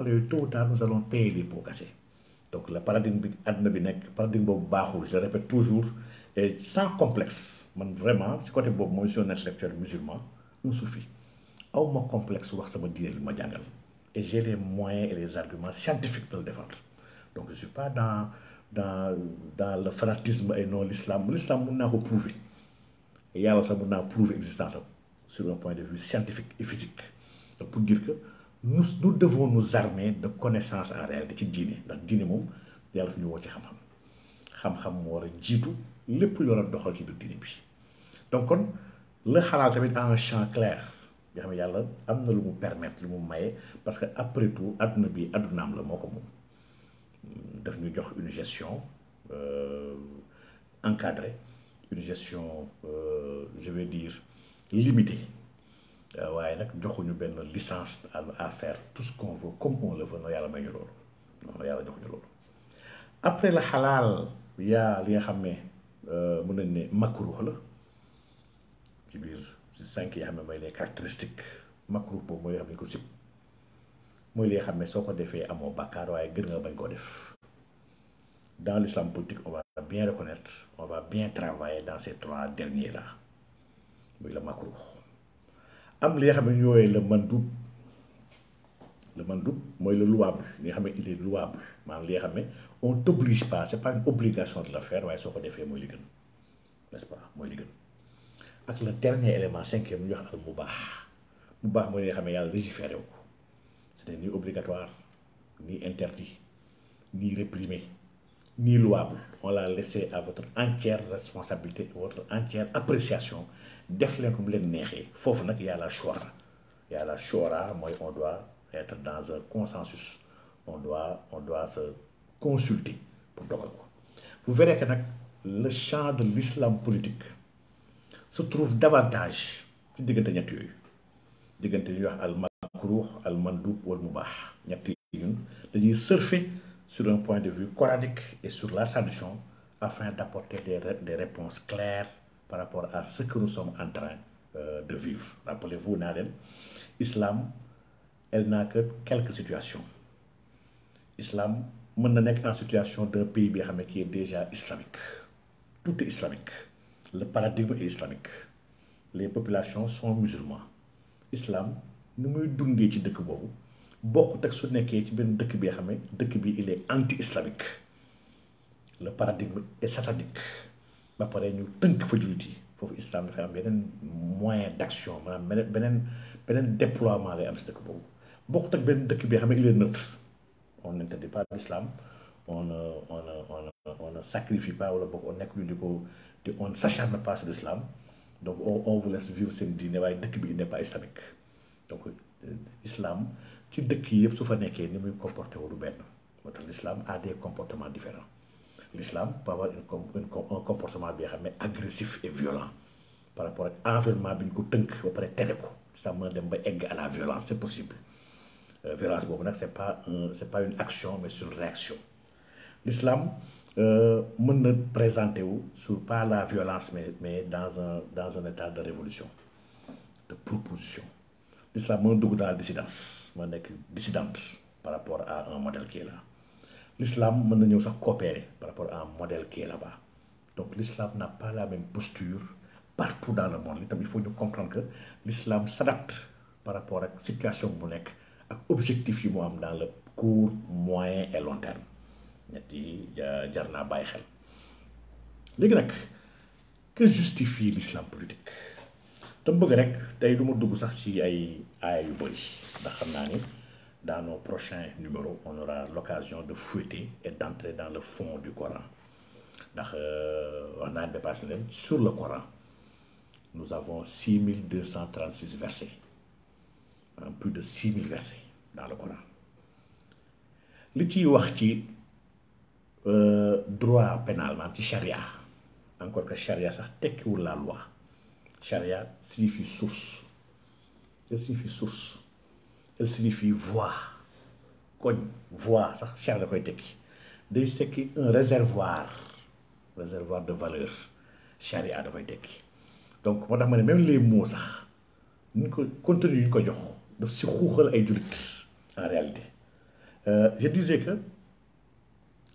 ne les tôt ou tard nous allons payer les pots cassés donc le paradigme le paradigme de je le répète toujours et sans complexe man vraiment si côté boobu mooy intellectuel musulman Nous suffit. Au ma complexe wax sama diine dire ma et j'ai les moyens et les arguments scientifiques de le défendre donc je ne suis pas dans dans dans le fanatisme et non l'islam l'islam on a ko prouver alors ça mun naa prouver existence sur un point de vue scientifique et physique donc pour dire que nous nous devons nous armer de connaissances en réalité dans diine Dans il y a fi ñu ci xam-xam xam-xam lépp lu war a doxal ci biir diine bi donc kon le xalaat tamit en champ clair nga xam ne yàlla am na lu mu permettre lu mu maye parce que après tout adduna bi addunaam la moo ko moom daf ñu jox une gestion euh, encadrée une gestion euh, je vais dire limitée euh, waaye nag joxuñu benn licence à faire tout ce qu'on veut comme on le veut noo yàlla may ñu loolu non yàlla joxuñu loolu après le xalaal yaa li nga xam ne euh, mën nañ ne makruh la ci biir ci cinq yi xam ne mooy les caractéristiques makruh boobu mooy xam ne ko sib mooy li nga xam ne soo ko defee amoo bàkkaar waaye gën nga bañ koo def dans l'islam politique on va bien reconnaître on va bien travailler dans ces trois derniers là muy la makruh am li nga xam ne ñooyee le mandub le mandu mooy le louable li nga xam ne il est louable maanaam li nga xam ne on ne t'oblige pas ce n'est pas une obligation de le faire mais ce ko pas mooy faire. nest ce pas Et le dernier élément cinquième c'est le moubah. Le moubah, mu le mooy c'est le légiféré ni obligatoire ni interdit ni réprimé ni louable on l'a laissé à votre entière responsabilité votre entière appréciation def leen comme voulez. Il faut que y a la Il y a la shura on doit être dans un consensus on doit on doit se consulter pour vous verrez que le champ de l'islam politique se trouve davantage al al surfer sur un point de vue coranique et sur la tradition afin d'apporter des, des réponses claires par rapport à ce que nous sommes en train euh, de vivre rappelez-vous l'islam, islam elle n'a que quelques situations islam mën na nekk dans situation d'un pays qui est déjà islamique tout est islamique le paradigme est islamique les populations sont musulmans islam nous muy ci dëkk su ci il est anti islamique le paradigme est satanique ba pare ñu tënk fa jullit moyen d'action un déploiement si il est neutre on n'interdit pas l'islam, on, on, on, on, ne sacrifie pas, on ne s'acharne pas sur l'islam. Donc on, vous laisse vivre cette dîner, il n'est pas islamique. Donc l'islam, qui est sauf un équilibre, nous nous comportons L'islam a des comportements différents. L'islam peut avoir un comportement bien, mais agressif et violent par rapport à l'environnement, il Ça m'a à la violence, c'est possible. Euh, violence ce n'est c'est pas c'est pas une action mais c'est une réaction l'islam je euh, ne présenter présente pas la violence mais mais dans un dans un état de révolution de proposition l'islam je dans la dissidence je suis dissidente par rapport à un modèle qui est là l'islam je suis coopérer par rapport à un modèle qui est là-bas donc l'islam n'a pas la même posture partout dans le monde il faut comprendre que l'islam s'adapte par rapport à la situation bu objectif yi dans le court moyen et long terme ñett jarna jar xel que justifie l'islam politique dama bëgg rek tay du dugg sax ci ay yu ndax xam ni dans nos prochains numéros on aura l'occasion de fouetter et d'entrer dans le fond du Coran ndax euh, sur le Coran nous avons 6236 versets Euh, plus de six mille versets dans le Coran li ciy wax ci euh, droit pénal ci charia encore que charia sax tekkiwul la loi charia signifie source elle signifie source elle signifie voie koñ voie sax charia da koy tekki day tekki un réservoir réservoir de valeur charia da koy tekki donc moo tax ma ne même les mots sax ñu ko contenu yi ñu ko jox. daf si xuuxal ay jullit en réalité Euh, je disais que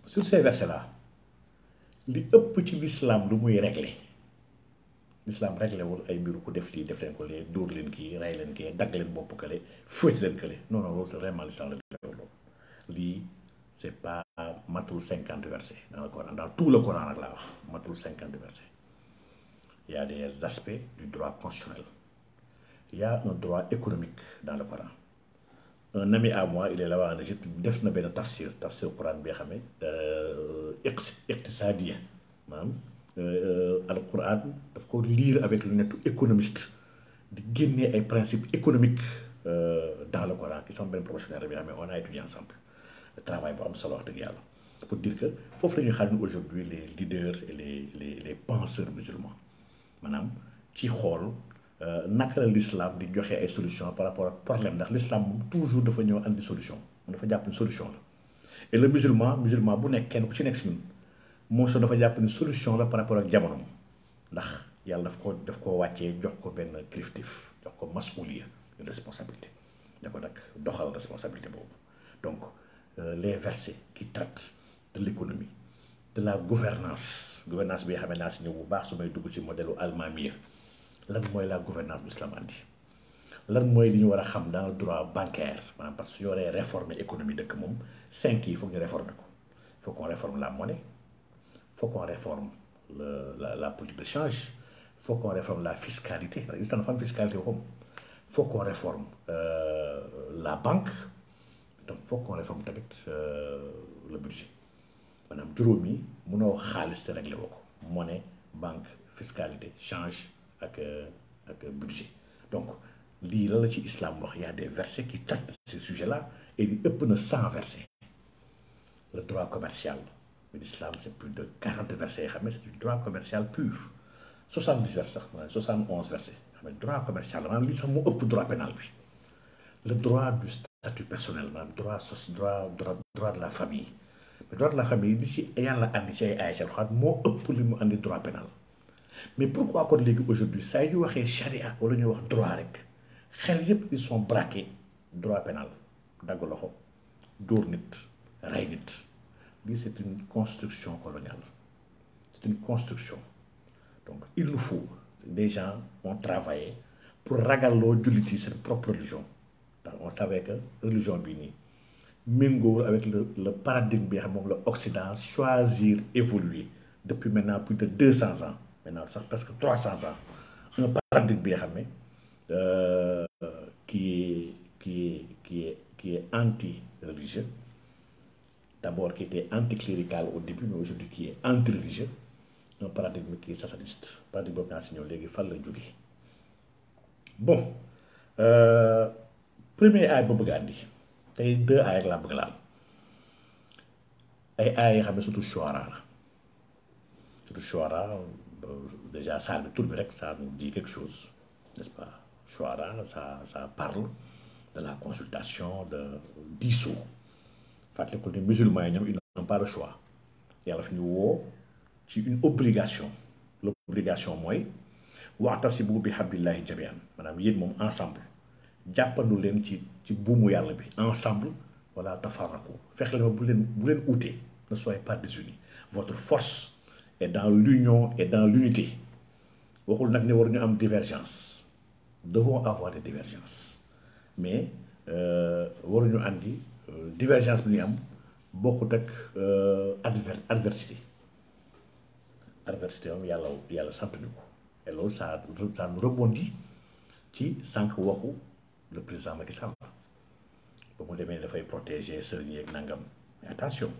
sur ces versets là li ëpp ci l'islam lu muy régler l'islam règle wul ay mbiru ku def lii def leen ko lee dóor leen kii rey leen kii dagg leen bopp kële fóot leen kële non non loolu c'est vraiment l'islam réglé lii c'est pas matul cinquante versets dans le Coran dans tout le Coran nag laa wax matul cinquante versets il y a des aspects du droit constitutionnel il y a un droit économique dans le Coran un ami à moi il est là-bas en Égypte a fait benn tafsir tafsir Coran bi nga euh, ne iqtisadiya euh, le Coran daf ko lire avec lu nettu économiste di génnee ay principes économiques euh, dans le Coran qui sont bien professionnels, bi on a étudié ensemble travail bu am solo de pour dire que foofu la ñuy xaar aujourd'hui les leaders et les les les penseurs musulmans Madame, qui xool euh, naka la l'islam di joxe ay solution par rapport ak problème ndax l'islam toujours dafa ñëw andi solution dafa japp une solution la et le musulman musulman bu nek kenn ku ci nek si ñun moom dafa jàpp ni solution la par rapport ak jamonoom ndax yàlla daf ko daf ko wàccee jox ko benn kilifteef jox ko masuliya une responsabilité da ko nag doxal responsabilité boobu donc euh, les versets qui traitent de l'économie de la gouvernance gouvernance bi nga xam ne naa si ñëw bu baax su may dugg ci modèle allemand. almamia lan mooy la gouvernance bu Islamandi lan mooy li ñu a xam dans le droit bancaire parce que y a waree réformer économie dëkk moom cinq yi faut ñu réformer ko faut qu'on réforme la monnaie faut qu'on réforme la la politique de change faut qu'on réforme la fiscalité ndax Islam dafa am fiscalité boobu faut qu'on réforme euh, la banque donc faut qu'on réforme tamit euh, le budget maanaam juróom yi mënoo xaalis te réglé woo monnaie banque fiscalité change avec le budget donc il y a des versets qui traitent ce sujet là et il y a versets le droit commercial mais l'islam c'est plus de 40 versets Mais c'est du droit commercial pur 70 versets 71 versets le droit commercial c'est le droit pénal le droit du statut personnel le droit droit de la famille le droit de la famille il ayant la andi droit pénal mais pourquoi kon léegi aujourd'hui ça yu ñu que charia wala wax droit rek xel ils sont braqués droit pénal d'accord, loxo dóor c'est une construction coloniale c'est une construction donc il nous faut des gens ont travaillé pour ragalo jullit propre religion on savait que religion est nii même avec le paradigme bi xam choisir évoluer depuis maintenant plus de 200 ans maintenant sax presque trois cents ans un paradigme bi nga xam ne kii euh, kii qui est qui est kii est anti-religieux d'abord qui était anticlérical au aujourd'hui qui est anti-religieux un paradigme qui est sataniste paradigme boobu naa si ñëw léegi fan la jóge bon euh, premier aay ba bëgg a andi tey deux aay ak laa bëgg laal ay aay yoo xam surtout Chouara surtout Chouara Euh, déjà ça, le tour grec, ça nous dit quelque chose, n'est-ce pas Chouara, ça, ça, parle de la consultation de d'Issou. Faites que les musulmans, ils n'ont pas le choix. Et alors, nous c'est une obligation. L'obligation, moi, wa'tasibu bi hablillahi jami'an. Madame, yéen mom ensemble. Japandu len ci ci buumu yalla bi ensemble wala tafarraqu. Fexel bu len bu len outé. Ne soyez pas désunis. Votre force et dans l'union et dans l'unité waxul y ne war ñu am divergence devons avoir des divergences mais euh, waruñu àndi euh, divergence bi ñu am bokkut ak euh, adver adversité adversité moom yàlla de sant et là, ça nous rebondit ci sànq waxu le président Macky Sall ba mu demee dafay protéger sëriñ avec nangam mais attention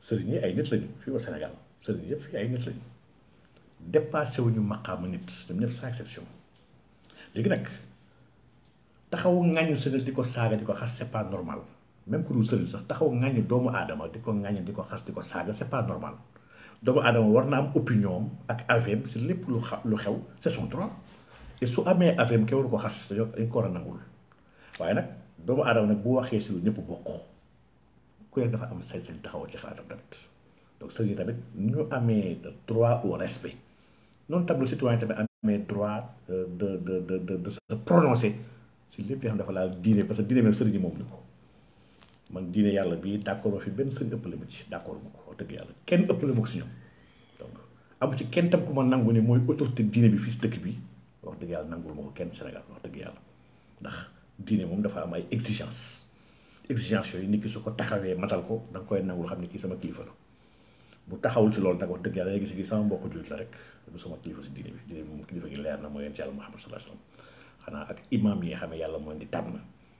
sëriñ ay nit lañu fii au Sénégal. sëriñ yëpp ay nit lañ dépassé wuñu maqaama nit ñoom ñëpp sans exception léegi nag taxaw ŋàññ sëriñ di ko saaga di ko xas c'est pas normal même ku dul sëriñ sax taxaw ŋàññ doomu aadama di ko ŋàññ di ko xas di ko saaga c'est pas normal doomu aadama war na am opinion ak avem si lépp lu xa lu xew c'est son droit et su amee avem kenn ko xas dañoo dañ ko war a nangul waaye nag doomu aadama nag bu waxee si lu ñëpp bokk ku nekk dafa am sañ-sañ taxaw ci xalaatam tamit donc sëriñ tamit ñu amee droit au respect noonu tam le citoyen tamit amee droit euh, de de de de de se si lépp li xam dafa laal diine parce que diine même sëriñ moom la ko man diine yàlla bi d' accord ma fi benn sëriñ ëppale ma ci d' accord ma ko wax dëgg yàlla kenn ëppale ma ko si ñoom donc amu ci kenn tam ku ma nangu ne mooy autorité diine bi fii si dëkk bi wax dëgg yàlla nangul ma ko kenn Sénégal wax dëgg yàlla ndax diine moom dafa am ay exigence exigence yooyu nit ki su ko taxawee matal ko da nga koy nangul xam ne kii sama kilifa bu taxawul ci loolu nag wax dëgg yàlla gi sama mbokku jullit la rek du sama kilifa si diine bi diine bi moom kilifa gi leer na yàlla xanaa ak imam yi xam ne yàlla mooy di tànn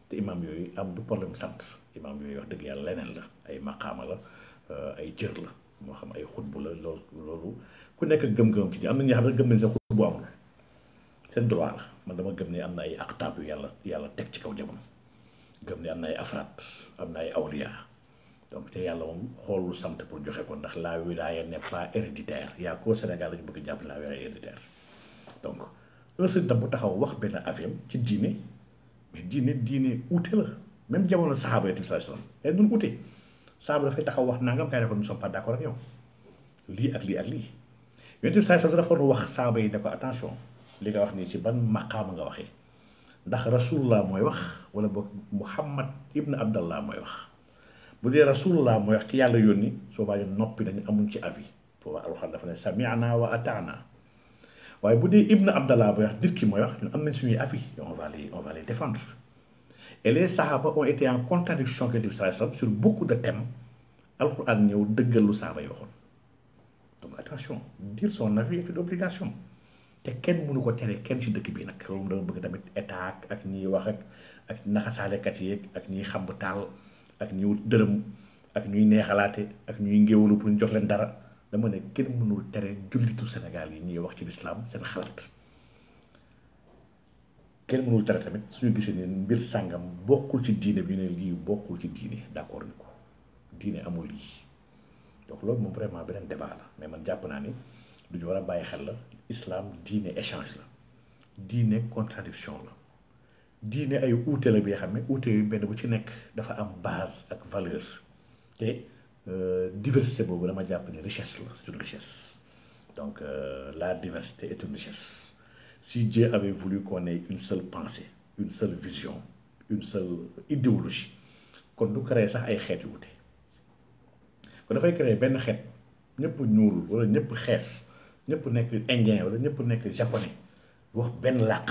te imam yooyu am du problème sant imam yooyu wax dëgg yàlla leneen la ay maqaama la euh, ay cër la moo xam ay xutbu la loolu loolu ku nekk gëm-gëm ci di am xam ne gëm nañ seen xutbu amul seen droit la man dama gëm ne am na ay aqtaab yu yàlla yàlla teg ci kaw jamono gëm ne am na ay afraat am na ay awliya donc té yalla mom xolul sant pour joxé ko ndax la wilaya n'est pas héréditaire ya ko Sénégal lañu bëgg japp la wilaya héréditaire donc un seul sëriñ bu taxaw wax ben affaire ci diiné mais diiné diiné outé la même jamono sahaba yi sallallahu alayhi wasallam dañ doon uute saxaaba dafay taxaw wax nangam kay dafa ñu sopp d'accord ak yow li ak li ak li yéne bi sallallahu alayhi wasallam dafa doon wax sahaba yi ne attention li nga wax ni ci ban maqam nga waxé ndax rasulullah moy wax wala boog Muhammad ibn abdullah moy wax bu dee rasulullah mooy ki yàlla yónni soo bàyyi noppi nañu amuñ ci avis booba alxuraan dafa ne samiana wa ataana waaye bu dee ibn abdallah booy wax dir ki mooy wax ñun am nañ suñuy avis on va les on va les défendre et les sahaba ont été en contradiction que Nabi sallallahu alayhi wa sallam sur beaucoup de thèmes alxuraan ñëw dëggal lu saaba yi waxoon donc attention dire son avis est une obligation te kenn mënu ko tere kenn ci dëkk bi nag loolu dama bëgg tamit état ak ñiy wax ak ak naxasaalekat yi ak ñiy xamb taal ak ñu dërëm ak ñuy neexalaate ak ñuy ngéwalu pour ñu jox leen dara dama ne kenn mënul tere jullitu Sénégal yi ñuy wax ci lislaam seen xalaat kenn mënul tere tamit suñu gisee ne mbir sàngam bokkul ci diine bi ne lii bokkul ci diine d'accord ni ko diine amul lii donc loolu moom vraiment beneen débat la mais man jàpp naa ni du ñu war a bàyyi xel la islam diine échange la diine contradiction la diine ay uute la bi nga xam ne uute yu benn bu ci nekk dafa am base ak valeur te euh, diversité boobu dama jàpp ne richesse la c'est une richesse donc euh, la diversité est une richesse si Dieu avait voulu qu'on ait une seule pensée une seule vision une seule idéologie kon du créer sax ay xeet yu wuute kon dafay créer benn xeet ñëpp ñuul wala ñëpp xees ñëpp nekk indien wala ñëpp nekk japonais wax benn làq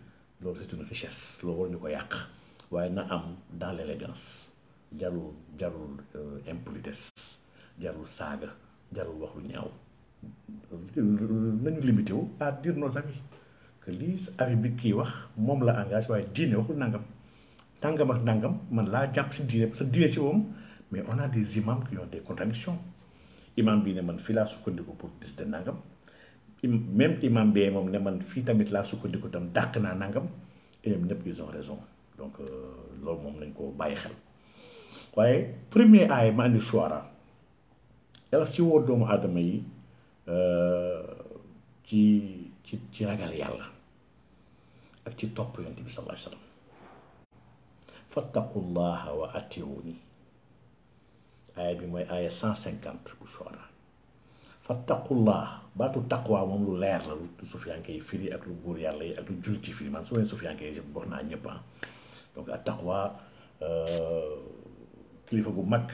loolu c'est une richesse loolu ñu ko yàq waaye na am dans l'élégance jarul jarul euh, impolitesse jarul saaga jarul wax lu ñaaw nañu limité wu à dire nos avis que lii avis bi kii wax moom la engage waaye diine waxul nangam nangam ak nangam man laa jàpp si diine parce que diine si moom mais on a des imams qui ont des contradictions imam bii ne man fii laa sukkandiku pour dis de nangam même imam bi mom ne man fi tamit laa sukkandiku tam dak na nangam ñom ñep ils ont raison donc euh, lool mom lañ ko baye xel waye premier ay ma andi suara yàlla ci wo doomu adama yi euh ci ci ci ragal yalla ak ci top yonent bi sallallahu alayhi wasallam fattaqullaha wa atiuni ay bi moy ay 150 bu suara fattaqullaha baatu taqwa moom lu leer la lu sufiyanke yi firi ak lu buur yàlla yi ak lu jullit yi man su ma sufiyanke yi wax naa ñëpp ah donc ak taqwa euh, kilifa gu mag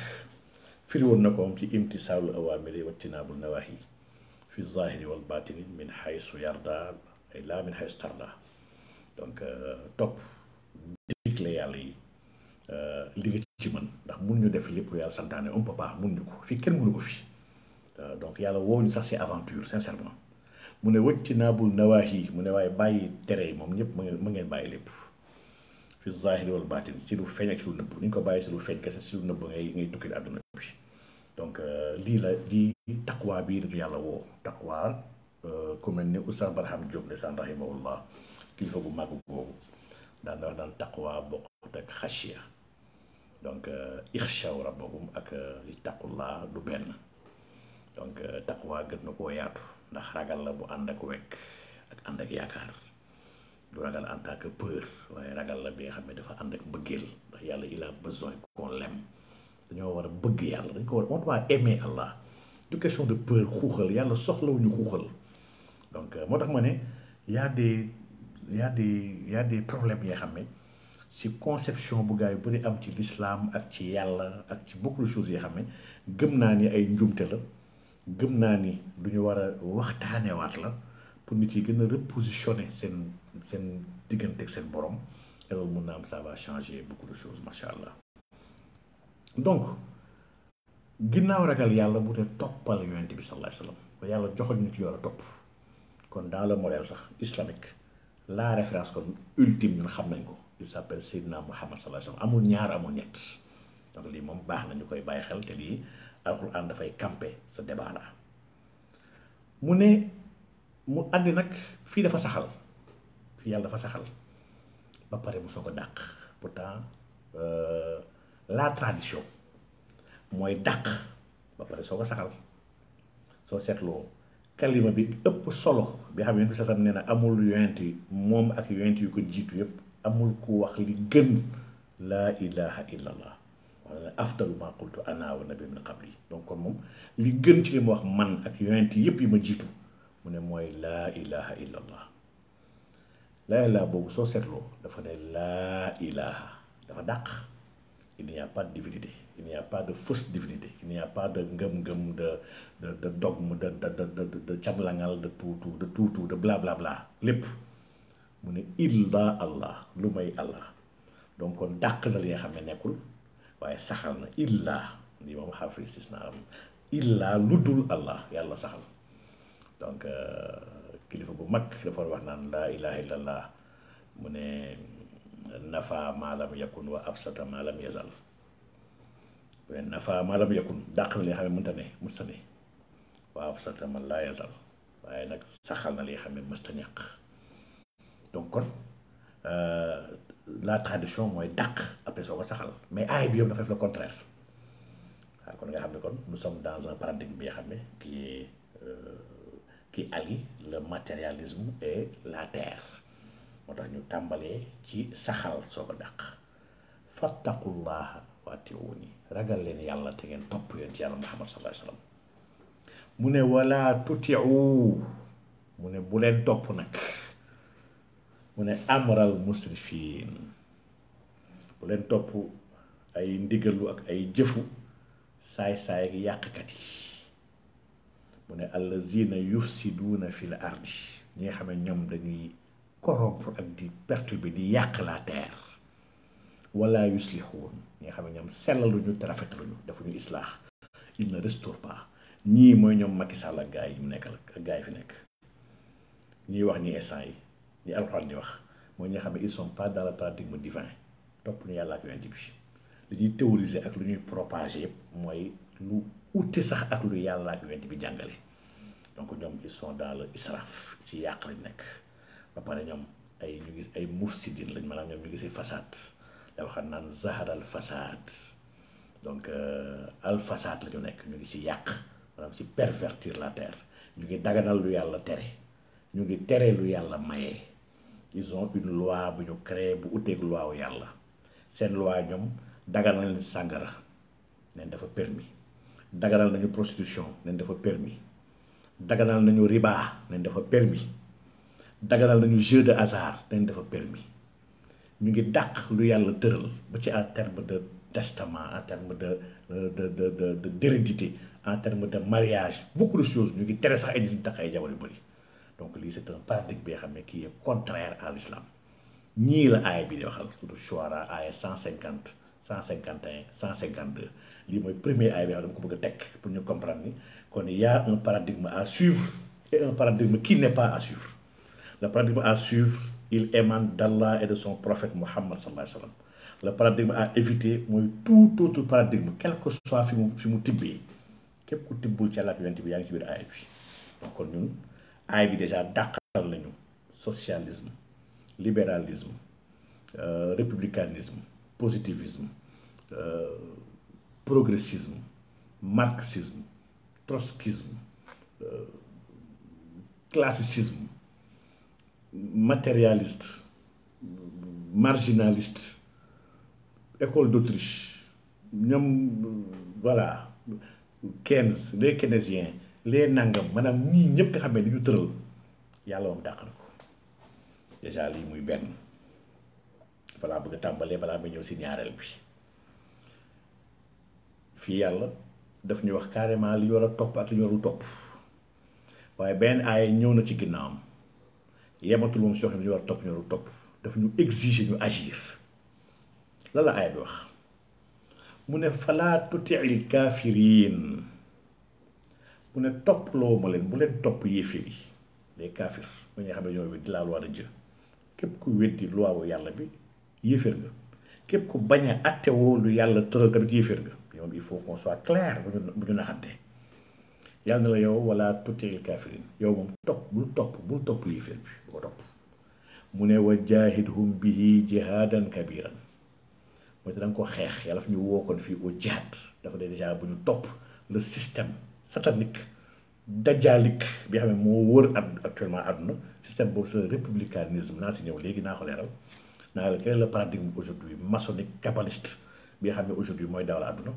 firi na ko ci imtisaalul awaamiri wa tinaabul nawaahi fi zahiri wal baatini min xaysu yarda ay laa min xaysu tarda donc euh, topp digle yàlla yi euh, li ci man ndax mun ñu def lépp yàlla santaane on peut pas mun ñu ko fii kenn mënu ko fi Euh, donc yàlla woo ñu sax si aventure sincèrement mu ne wëcc naabul nawaahi mu ne waaye bàyyi tere yi moom ñëpp mu ngeen bàyyi lépp fi zahiri wal baatin ci lu feeñ ak si lu nëbb ni ko bàyyi si lu feeñ kese si lu nëbb ngay ngay tukki àdduna bi donc euh, lii la lii taqwa bii dañu yàlla woo taqwa euh, ku mel ni Oustaz Barham Diop ndeysaan rahimahullah kilifa gu màgg googu daan da wax daan taqwa bokkut ak xasiya donc ixshaw rabbakum ak li taqullah du benn donc euh, taqwa gën na koo yaatu ndax ragal la bu ànd ak wekk ak ànd ak yaakaar du ragal en tant que peur waaye ragal la bi nga xam ne dafa ànd ak bëggeel ndax yàlla il a besoin qu'on l'aime dañoo war a bëgg yàlla dañ ko war on doit aimer Allah du question de peur xuuxal yàlla soxlawuñu xuuxal donc euh, moo tax ma ne y a des problème a des xam ne ci conception bu gaa yu bari am ci lislaam ak ci yàlla ak ci bokkul de choses yoo xam ne gëm naa ni ay njuumte la gëm naa ni lu ñu war a waxtaanewaat la pour nit yi gën a repositionner seen seen diggante ak seen borom alors mun naa am ça va bu beaucoup de choses macha allah donc ginnaaw ragal yàlla bu te toppal yonent bi sallallahu alayhi wasallam ba yàlla joxal nit yoo a topp kon daal le modèle sax islamique la référence kon ultime ñun xam nañ ko il s'appelle Seydina Muhammad sallallahu alayhi wasallam amul ñaar amul ñett donc lii moom baax na ñu koy bàyyi xel te lii. alquran fay camper sa débat la mu ne mu àndi fi fii dafa saxal fii yàlla dafa saxal ba paré mu soko dak pourtant euh la tradition moy dak, ba paré soko saxal so setlo kalima bi ëpp solo bi xam ñu sasam na amul yonent yi moom ak yonent yu ko jitu yëpp amul ku wax li gën la ilaha illallah afdalu ma qultu ana wa nabi min qabli donc kon mom li gën ci li wax man ak yonent yep yi ma ilaha illa allah la ilaha serlo, so setlo dafa ne la ilaha dafa Ini il n'y a pas de divinité il n'y a pas de fausse divinité il n'y a pas de ngam ngam de de de dogme de de de de de de de de bla bla bla lip. Mune illa allah lumay allah donc kon dak na li nga nekul waaye saxal na illaa lii moom xarfu istisna am illaa lu dul allah yàlla saxal donc euh, kilifa bu mag dafa wax naan laa ilaha illallah mu ne nafa maalam yakun wa absata maalam yazal mu ne nafa maalam yakun dàq na li nga xam ne mënta ne mësta ne wa absata man laa yazal waaye nag saxal na li nga xam ne mësta ñàkk donc kon euh, la tradition moy dak après soo saxal mais ay bi yow dafa def le contraire kon nga xamné kon nous sommes dans un paradigme bi xamné qui est euh, qui allie le matérialisme et la terre moo ñu tambalé ci saxal soo dak dàq fattaqullaha waatiuni ragal leen yalla te ngeen topp yéen ci yalla muhammad sallallahu alayhi wasallam mune wala tutiu mune bu leen top nak mune amral musrifin bu len top ay ndigalu ak ay jefu say say ak kat yi mune allazina yufsiduna fil ardi ñi xamé ñom dañuy corrompre ak di perturber di yak la terre wala yuslihun ñi nga xam ne ñoom sellaluñu ñu rafetaluñu ñu islah il ne restaure pas ñi moy ñom makissala gaay ak gaa yi mu nekk la fi nekk ñi wax ñi instant ni alquran di wax mooy ñi xamé ils sont pas dans le paradigme divin top ni yalla ak yonent bi li ñuy théoriser ak lu ñuy propager moy lu outé sax ak lu yalla ak yonent bi jangalé donc ñom ils sont dans le israf ci yaq lañ nek ba paré ñom ay ñu gis ay mufsidin lañ manam ñom ñu gis si fasaad da wax nan zahar al fasad donc euh, al fasad la nek ñu gis ci yaq manam si pervertir la terre ñu ngi daganal lu yalla téré ñu ngi téré lu yalla mayé ils ont une loi bu ñu créé bu uteeg loi wu yàlla seen loi ñom dagalal nañ sangara neen dafa permis dagalal nañu prostitution neen dafa permis dagalal nañu riba neen dafa permis dagalal nañu jeu de hasard neen dafa permis ñu ngi dàq lu yalla teural ba ci en terme de testament en terme de de de de d'hérédité en terme de mariage beaucoup de choses ñu ngi téré sax ay taxay ñu bari donc c'est un paradigme qui est contraire à l'islam. ni la 151, 152. premier pour comprendre y' a un paradigme à suivre et un paradigme qui n'est pas à suivre le paradigme à suivre il émane d'Allah et de son prophète Muhammad le paradigme à éviter tout autre paradigme quel que soit fi mu a bi déjà dàqatal nañu republicanismo positivismo euh, républicanisme euh, progressismo marxismo trotskismo trotskisme euh, classicisme matérialiste marginaliste école d'Autriche ñoom voilà Keynes les keynésiens lee nangam manaam ñii ñëpp nga xam ne li ñu tëral yàlla moom dàq ko dèjà muy benn balaa bëgg tàmbalee balaa muy ñëw si ñaareel bi fii yàlla daf ñu wax carrément li ñu war a topp ak li ñu waaye benn aaya ñëw na ci ginnaawam yematul moom si wax ne ñu war a topp ñu ñu exiger ñu agir lan aaya bi wax mu ne falaa tutiil kaafiriin mu ne topp loo ma leen bu leen topp yéeféer yi les kaafir ba nga xam ne ñoo laa loi de képp ku weddi loi yàlla bi yéeféer nga képp ku bañ a atte woo lu yàlla tëral tamit yéeféer nga ñoom il faut qu'on la yow wala yow moom topp bul topp bul topp yéeféer bi bu topp mu ne wa jaahidhum bihi jihaadan kabiran mooy te da nga ko xeex yàlla fi ñu wookoon fii o jihaad dafa dee déjà bu ñu topp le système satanique dajalique, bi est actuellement dans actuellement système de républicanisme qui est le paradigme aujourd'hui maçonnique kabbaliste bi xam aujourd'hui moi daawal àdduna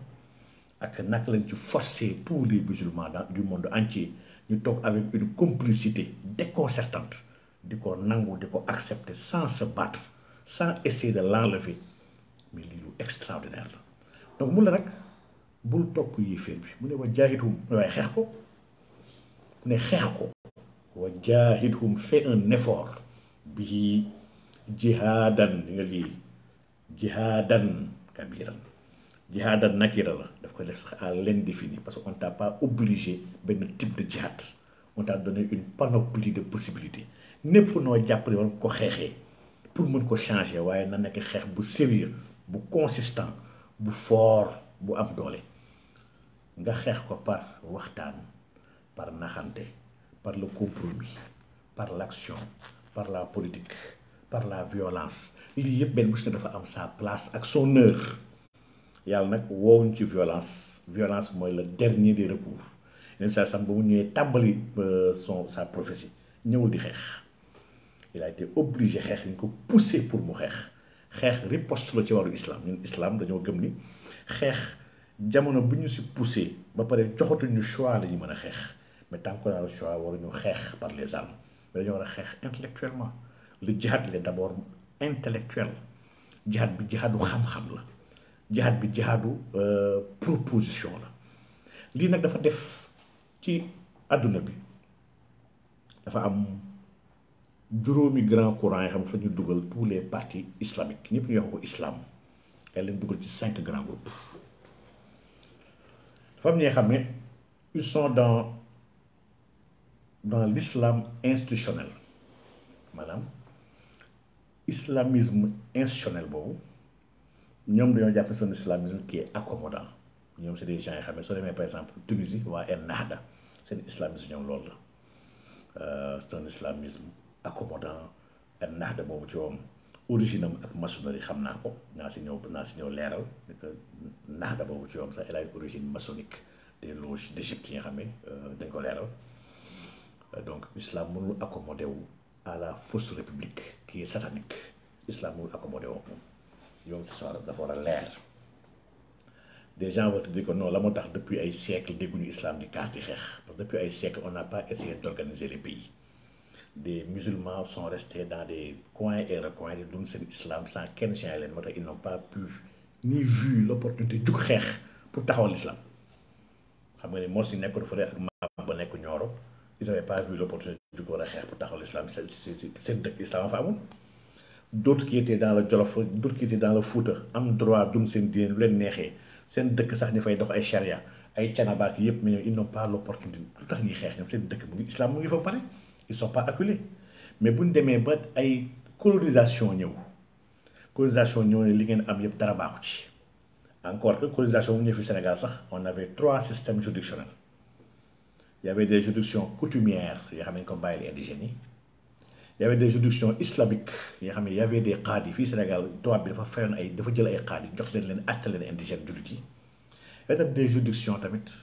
ak naka lañ ci forcer pour les musulmans du monde entier nous avec une complicité déconcertante de quoi nangu de accepter sans se battre sans essayer de l'enlever mais c'est extraordinaire donc mun bul topp yéeféer bi mu ne wa way xex ko mu ne xex ko wa jaahidhum fait un effort bi jihadan, ngeli. nga kabiran Jihadan nakira la daf ko def sax à l'indéfini parce qu'on t'a pas obligé ben type de jihad on t'a donné une panoplie de possibilités Ne noo jàpp ne ko xexé pour mën ko changer waye na nekk xeex bu sérieux bu consistant bu fort bu am doole nga xex ko par waxtaan par naxante par le compromis par l'action par la politique par la violence lii yeb ben bu dafa am sa place ak son heure yàlla nag woowuñ ci violence violence moy le dernier des recours yeneen saa sax ba ñewé ñëwee euh, son sa prophétie ñewul di xex il a été obligé xex ñu ko poussé pour mu xex xeex riposte lo ci waru islam ñun islam dañu gëm ni xex jamono bu ñu si poussé ba pare joxatuñu choix la ñu mën a xeex mais tant que daal choix waruñu xeex par les armes mais dañoo war a xeex intellectuellement le jihad il est d' abord intellectuel jihad bi jihadu xam-xam la jihad bi jihadu euh, proposition la lii nag dafa def ci àdduna bi dafa am juróomi grand courant yi xam nga fa ñu dugal tous les partis islamiques ñëpp ñu wax ko islam yaa leen duggal ci cinq grands groupes. ils sont dans, dans l'islam institutionnel. Madame, islamisme institutionnel, nous avons un islamisme qui est accommodant. Nous c'est des gens qui sont, par exemple, Tunisie ou Nahda. C'est un islamisme, euh, c'est un islamisme accommodant. Nahda, origine am ak maçonnerie xam ko naa si ñëw naa si ñëw leeral ne que naaga boobu ci yoon sax elle a une origine maçonnique des loges d'Égypte yi nga xam ne euh, dañ ko euh, donc l'islam mënul accommodé wu à la fausse république qui est satanique l'islam mënul accommodé wu yoon sa soir da war a des gens vont te dire que non la montagne depuis ay siècles dégguñu islam di casse di parce que depuis ay siècles on n'a pas essayé d'organiser les pays des musulmans sont restés dans des coins et recoins de Dunsen Islam sans qu'un chien moo tax ils n'ont pas pu ni vu l'opportunité du xeex pour taxawal l'islam xam nga ne mos yi nekkoon fële ak ba nekk ils n'avaient pas vu l'opportunité du war a xeex pour taxawal l'islam seen dëkk islam fa d'autres qui étaient dans le Jolof d'autres qui étaient dans le Fouta am droit dum seen diine lu c'est neexee seen dëkk sax ñu fay dox ay charia ay canabaak yëpp mais ils n'ont pas l'opportunité de tax ni xeex ñoom seen dëkk mu ngi islam mu ngi fa sont pas acculés mais colonisation colonisation est encore que colonisation Sénégal on avait trois systèmes juridictionnels il y avait des juridictions coutumières il y y avait des juridictions islamiques il y avait des qadis, au Sénégal des juridictions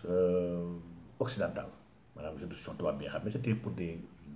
euh, occidentales c'était pour des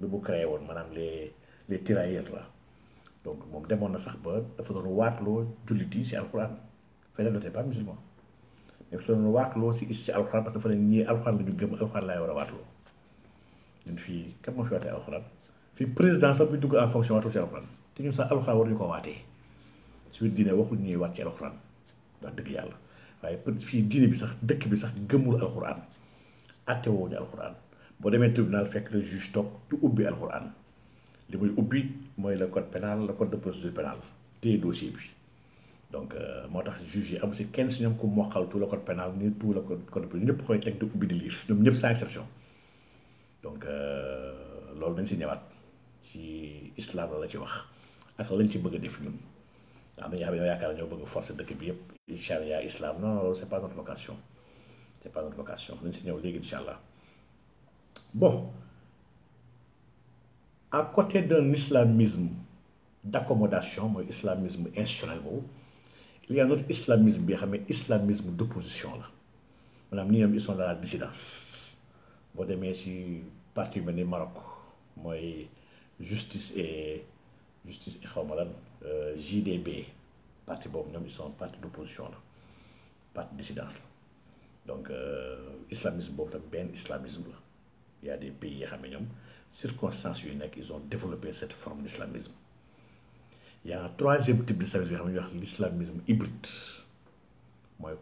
bi mu créé woon maanaam les les tirailleurs donc moom demoon na sax ba dafa doon waatloo jullit yi si alxuraan fayda dootee pas musulman mais dafa doon waatloo si si alxuraan parce que dafa ne ñu gëm laay war a fii kan moo fi waatee fii président sax bu dugg en fonction waatul si alxuraan te ñun sax alxuraan waruñu ko waatee suñu diine waxul ñuy waat ci alxuraan ndax dëgg yàlla waaye fii diine bi sax dëkk bi sax gëmul alxuraan àtte woowuñu alxuraan. boo demee tribunal fekk le juge toog du ubbi alxuraan li muy ubbi mooy le code pénal le code de procédure pénale téye dossier bi donc euh, moo tax juge yi amu si kenn si ñoom ku mokkal tout le code pénal ni tout le code code ñëpp koy teg di ubbi di lire ñoom ñëpp sans exception donc euh, loolu dañ si ñëwaat ci islam la la ci wax ak lañ ci bëgg a def ñun am na ñoo xam ne ñoo yaakaar ñoo bëgg force dëkk bi yëpp charia islam non non c'est pas notre vocation c'est si ñëw léegi incha allah Bon, à côté d'un islamisme d'accommodation un islamisme institutionnel il y a un autre islamisme un islamisme d'opposition là. la ils sont dans la dissidence Vous avez si parti du Maroc la justice et justice et euh, JDB parti ils sont parti d'opposition la parti dissidence donc euh, islamisme est un l'islamisme islamisme il y a des pays qui circonstances ils ont développé cette forme d'islamisme. il y a un troisième type d'islamisme service l'islamisme hybride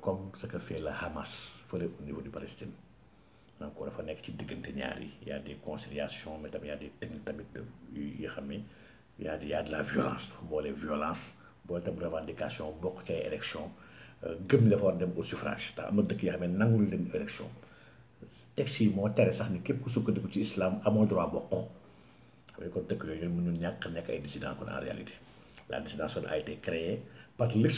comme ce que fait la Hamas au niveau du Palestine Il y a des conciliations mais il y a des techniques violence. Il y a y a de la violence il y violences des revendication revendications ci Il élection euh, gëm dafa war dem au suffrage Il y a des élections texte yi moo tere sax ni képp ku sukkandiku ci islam amoo droit bokk xam nga kon dëkk yooyu mënu ñàkk nekk ay dissidents kon en réalité la dissidence a été créée par l'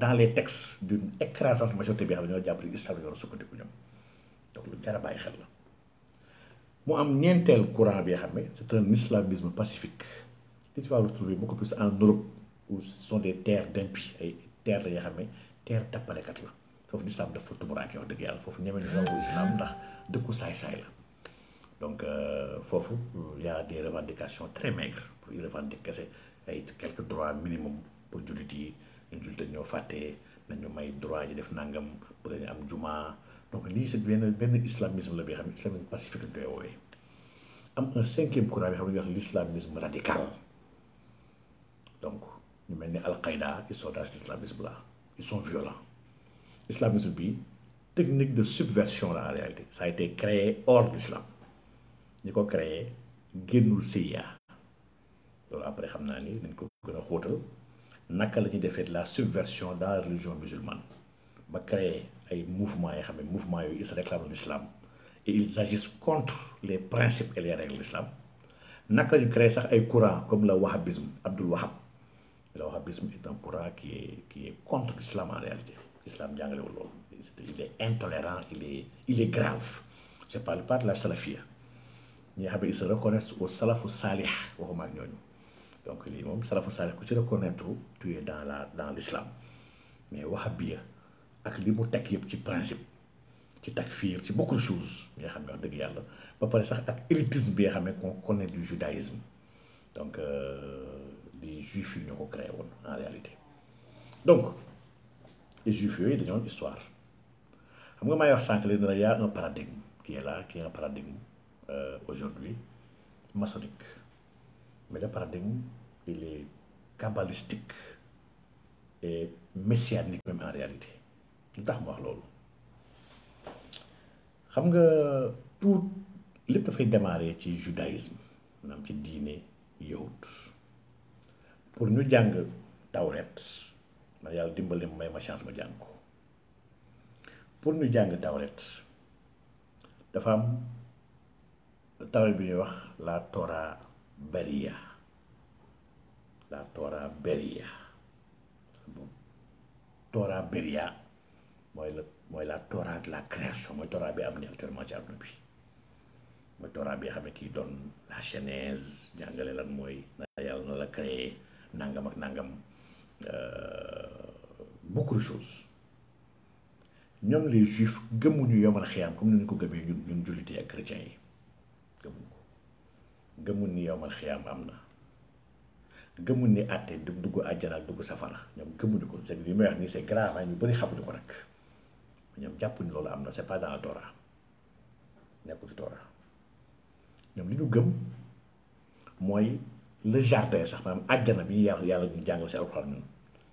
dans les textes d' une écrasante majorité bi xam ne ñoo jàpp ni islam yoon sukkandiku ñoom donc lu jar a bàyyi xel la mu am ñeenteel courant bi xam ne c' est un islamisme pacifique li tu vas retrouver beaucoup plus en Europe ou ce sont des ay terres la yoo xam ne terre tappalekat la fofu foofu lislaam dafa tumuranke wax deug yalla fofu ñemel ñu islam ndax dëkku say say la donc euh, il y a des revendications très maigres pour revendique que c'est ay quelques droits minimum pour jullit yi ñun ñoo faté nañu may droit yi def nangam pour ñu am juma donc lii c'est benn ben islamisme la bi xam islamisme pacifique lañ koy am un cinquième courant bi xam wax l'islamisme radical donc ñu melni al qaida ils sont dans islamisme là ils sont violents islam est une technique de subversion en réalité. Ça a été créé hors l'islam. Il a créé génnul Seya. donc après il ni a xóotal la subversion dans la religion musulmane ba créé ay mouvement yi mouvement ils se réclament l'islam et ils agissent contre les principes et les règles de l'islam ils ont créé sax ay courants comme le wahhabisme Abdul Wahhab le wahhabisme est un courant qui qui est contre l'islam en réalité il est intolérant il est il est grave je ne parle pas de la salafia Il ils se reconnaissent au salaf salih ñooñu donc le salaf salafu salih tu reconnais reconnaître tu es dans la dans l'islam mais au ak li mu qui yëpp ci principe ci takfir ci beaucoup de choses il y a ne wax dëgg yàlla ba pare sax ak qu'on connaît du judaïsme donc euh, les juifs ils ko créé en réalité donc les juifs ils ont une histoire xam nga il y a un paradigme qui est là qui est un paradigme euh, aujourd'hui maçonnique mais le paradigme il est kabbalistique et messianique même en réalité lu tax ma wax loolu xam nga tout qui a démarrer ci judaïsme maanaam ci pour yahut pour ñu que tawret na yalla dimbali ma may ma chance ma jang ko pour ñu jang tawret dafa am tawret bi wax la Torah Beria la Torah Beria Torah Beria moy la moy la Torah de la création moy Torah bi am ni actuellement ci àdduna bi mooy Torah bi xamé ki don la Genèse jàngale lan moy na yalla na la créer nangam ak nangam Euh, beaucoup de choses Nous, les juifs nous sommes xiyaam comme ni sommes ko gëmee ñun ñun jullit yi ak chrétien yi ni yomal xiyaam am na gëmuñ ni àtte du safara nyam gëmuñu ko c' bi li ni wax nii c' est grave ñu bëri xamuñu ko nag ñoom pas dans la Torah li ñu gëm le jardin sax bi yàlla yàlla ñu jàngal si alxuraan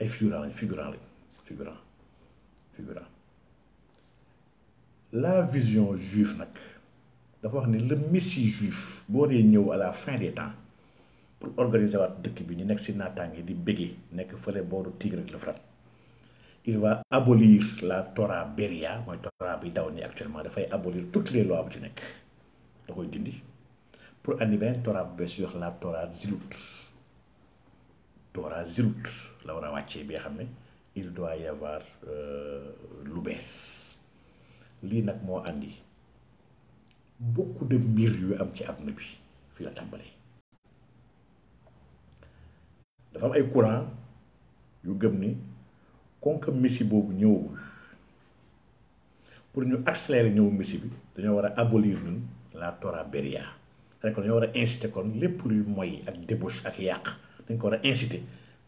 ay figurant lañ figurant lañ figurant figurant la vision juive nak dafa wax ni le messie juif bo dee à la fin des temps pour organiser wat dëkk bi ñu nek ci natangi di bégee nek fële booru Tigre ak frère. il va abolir la Torah Beria moy Torah bi daw ni actuellement fay abolir toutes les lois bu ci da koy dindi pour andi Torah bu la Torah Zilut Torah Zilut la war a bi nga il doit y avoir euh, lu bess li nak mo andi beaucoup de mbir yu am ci àdduna bi fi la tambalé dafa am ay courant yu gëm ni konka messi bobu ñëwul pour ñu accélérer ñëw messi bi dañoo abolir ñun la Torah Beria rek dañoo wara inciter kon lepp luy moy ak débauche ak yaq dañ ko wara inciter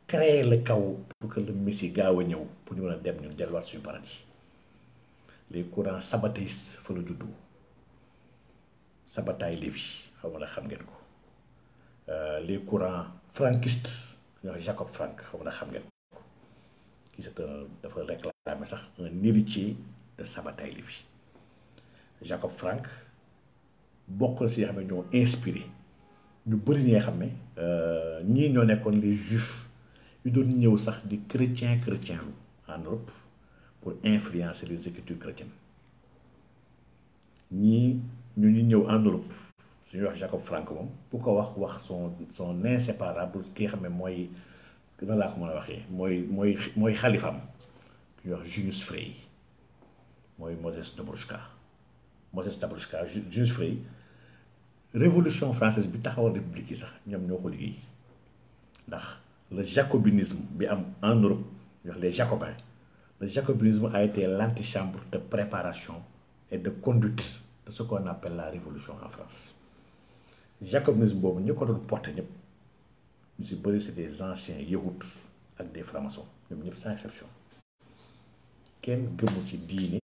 créer le kaw pour que le messie gaaw a ñëw pour ñu mën a dem ñun delluwaat suñu paradis les courants sabbatéistes fa la juddu sabataay Lévi xaw ma na xam ngeen ko euh, les courant franquistes ñoo Jacob Frank xaw ma xam ngeen ko qui c'est un sax un héritier de sabataay Lévi Jacob Frank bokk na si xam ne ñoo inspiré ñu bëri ñi nga xam ne euh, ñii ñoo nekkoon les juifs yu donne ñëw sax di chrétien chrétien en Europe pour influencer les écritures chrétiennes Ni ñu ñu en Europe suñuy wax Jacob Frank Pourquoi bu ko wax wax son son inséparable ki nga xam ne mooy moi, moi, moi, mën a waxee mooy wax Junius Frey mooy Moses Dobruschka Moses Frey révolution française bi taxawal république yi sax ñoom ñoo ko liggéey ndax le jacobinisme en Europe les jacobins le jacobinisme a été l'antichambre de préparation et de conduite de ce qu'on appelle la révolution en France Le jacobinisme nous ñu porté nous avons c'est des anciens yéhouts avec des francs-maçons sans exception kenn qui ci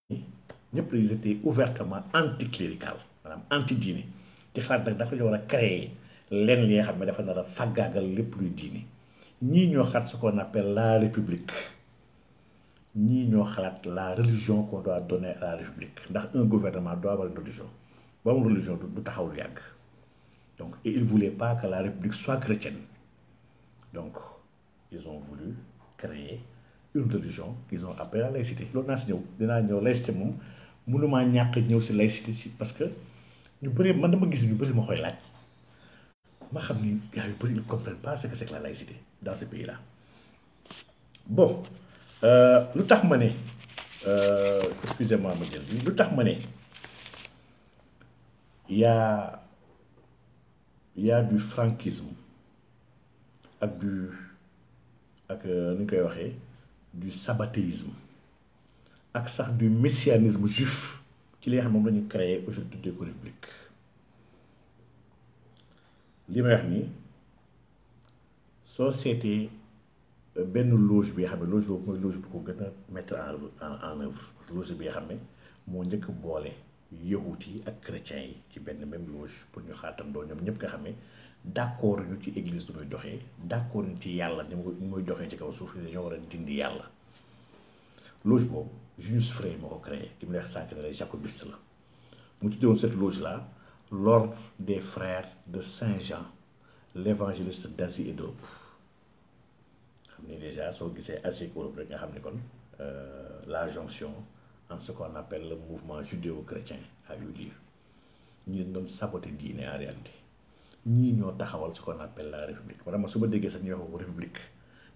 nous ils étaient ouvertement anticlérical anti diine ci xalaat dafa a créer lenn li nga xam ni ñoo xalaat ce qu'on appelle la république ni ñoo xalaat la religion qu'on doit donner à la république ndax un gouvernement doit avoir une religion boo religion du taxaw lu yàgg donc et ils voulaient pas que la république soit chrétienne donc ils ont voulu créer une religion qu'ils ont appelée la laïcité loolu naa si ñëw dinaa ñëw laïcité moom mënumaa ñàkk ñëw laïcité parce que ñu bëri man dama gis ñu bëri ma koy laaj ma xam ni gars yu bëri ils comprennent pas ce que c'est que la laïcité dans ces pays-là. Bon, euh, lu euh, excusez-moi ma jël il y a du franquisme ak du ak euh, du sabbatéisme ak du messianisme juif qui est un moment de créer aujourd'hui des républiques. li soo seetee euh, benn loge bi xam ne loge boobu mooy loge bu ko gën a mettre en en œuvre parce que loge bi xam ne moo njëkk boole yahut yi ak chrétiens yi ci benn même loge pour ñu xaatam doo ñoom ñëpp nga xam ne d'accord ñu ci église du muy doxee d'accord ñu ci yàlla ni mu muy doxee ci kaw suuf yi dañoo war a dindi yàlla loge boobu Julius Frey moo ko créé ki mu neex sànq ne la jacobiste la mu tuddewoon cette loge là l'ordre des frères de Saint Jean l'évangéliste d'Asie et d'Europe ni déjà soo gisee assez courbe rek nga xam ni kon euh, la jonction en ce qu'on appelle le mouvement judéo-chrétien a eu lieu ñu doon saboter diine en réalité ñii ñoo taxawal ce qu'on appelle la république vraiment su ma déggee sax ñu ko république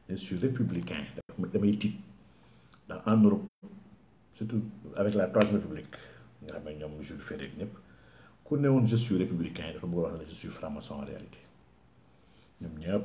je suis républicain damay tiit dans en Europe surtout avec la troisième république nga xam ne ñoom Jules Ferry ku ne je suis républicain dafa bëgg je suis franc-maçon en réalité ñoom ñëpp.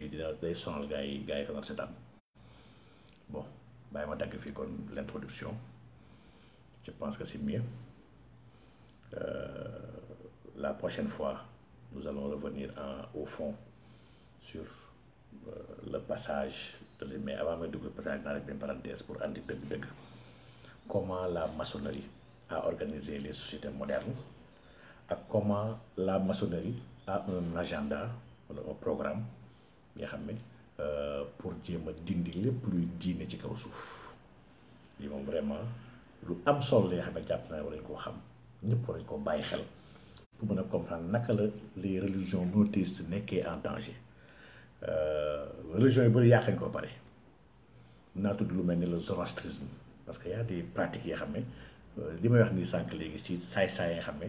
dina day gars gars sont bon je ma dagg fii comme l'introduction je pense que c'est mieux euh, la prochaine fois nous allons revenir au fond sur euh, le passage de mais avant le dugg passage naa rek une parenthèse pour andi de comment la maçonnerie a organisé les sociétés modernes et comment la maçonnerie a un agenda un programme bi nga xam ne euh, pour jéem a dindi lépp luy diine ci kaw suuf lii moom vraiment lu am sol la nga xam ne jàpp naa war nañ koo xam ñëpp war nañ koo bàyyi xel pour mën a comprendre naka la les religions monothéistes nekkee en danger euh, religion yi bëri yàq nañ ko pare naa tudd lu mel ni le zoroastrisme parce que y a des pratiques yoo xam ne euh, li may wax nii sànq léegi ci saay-saay yoo xam ne.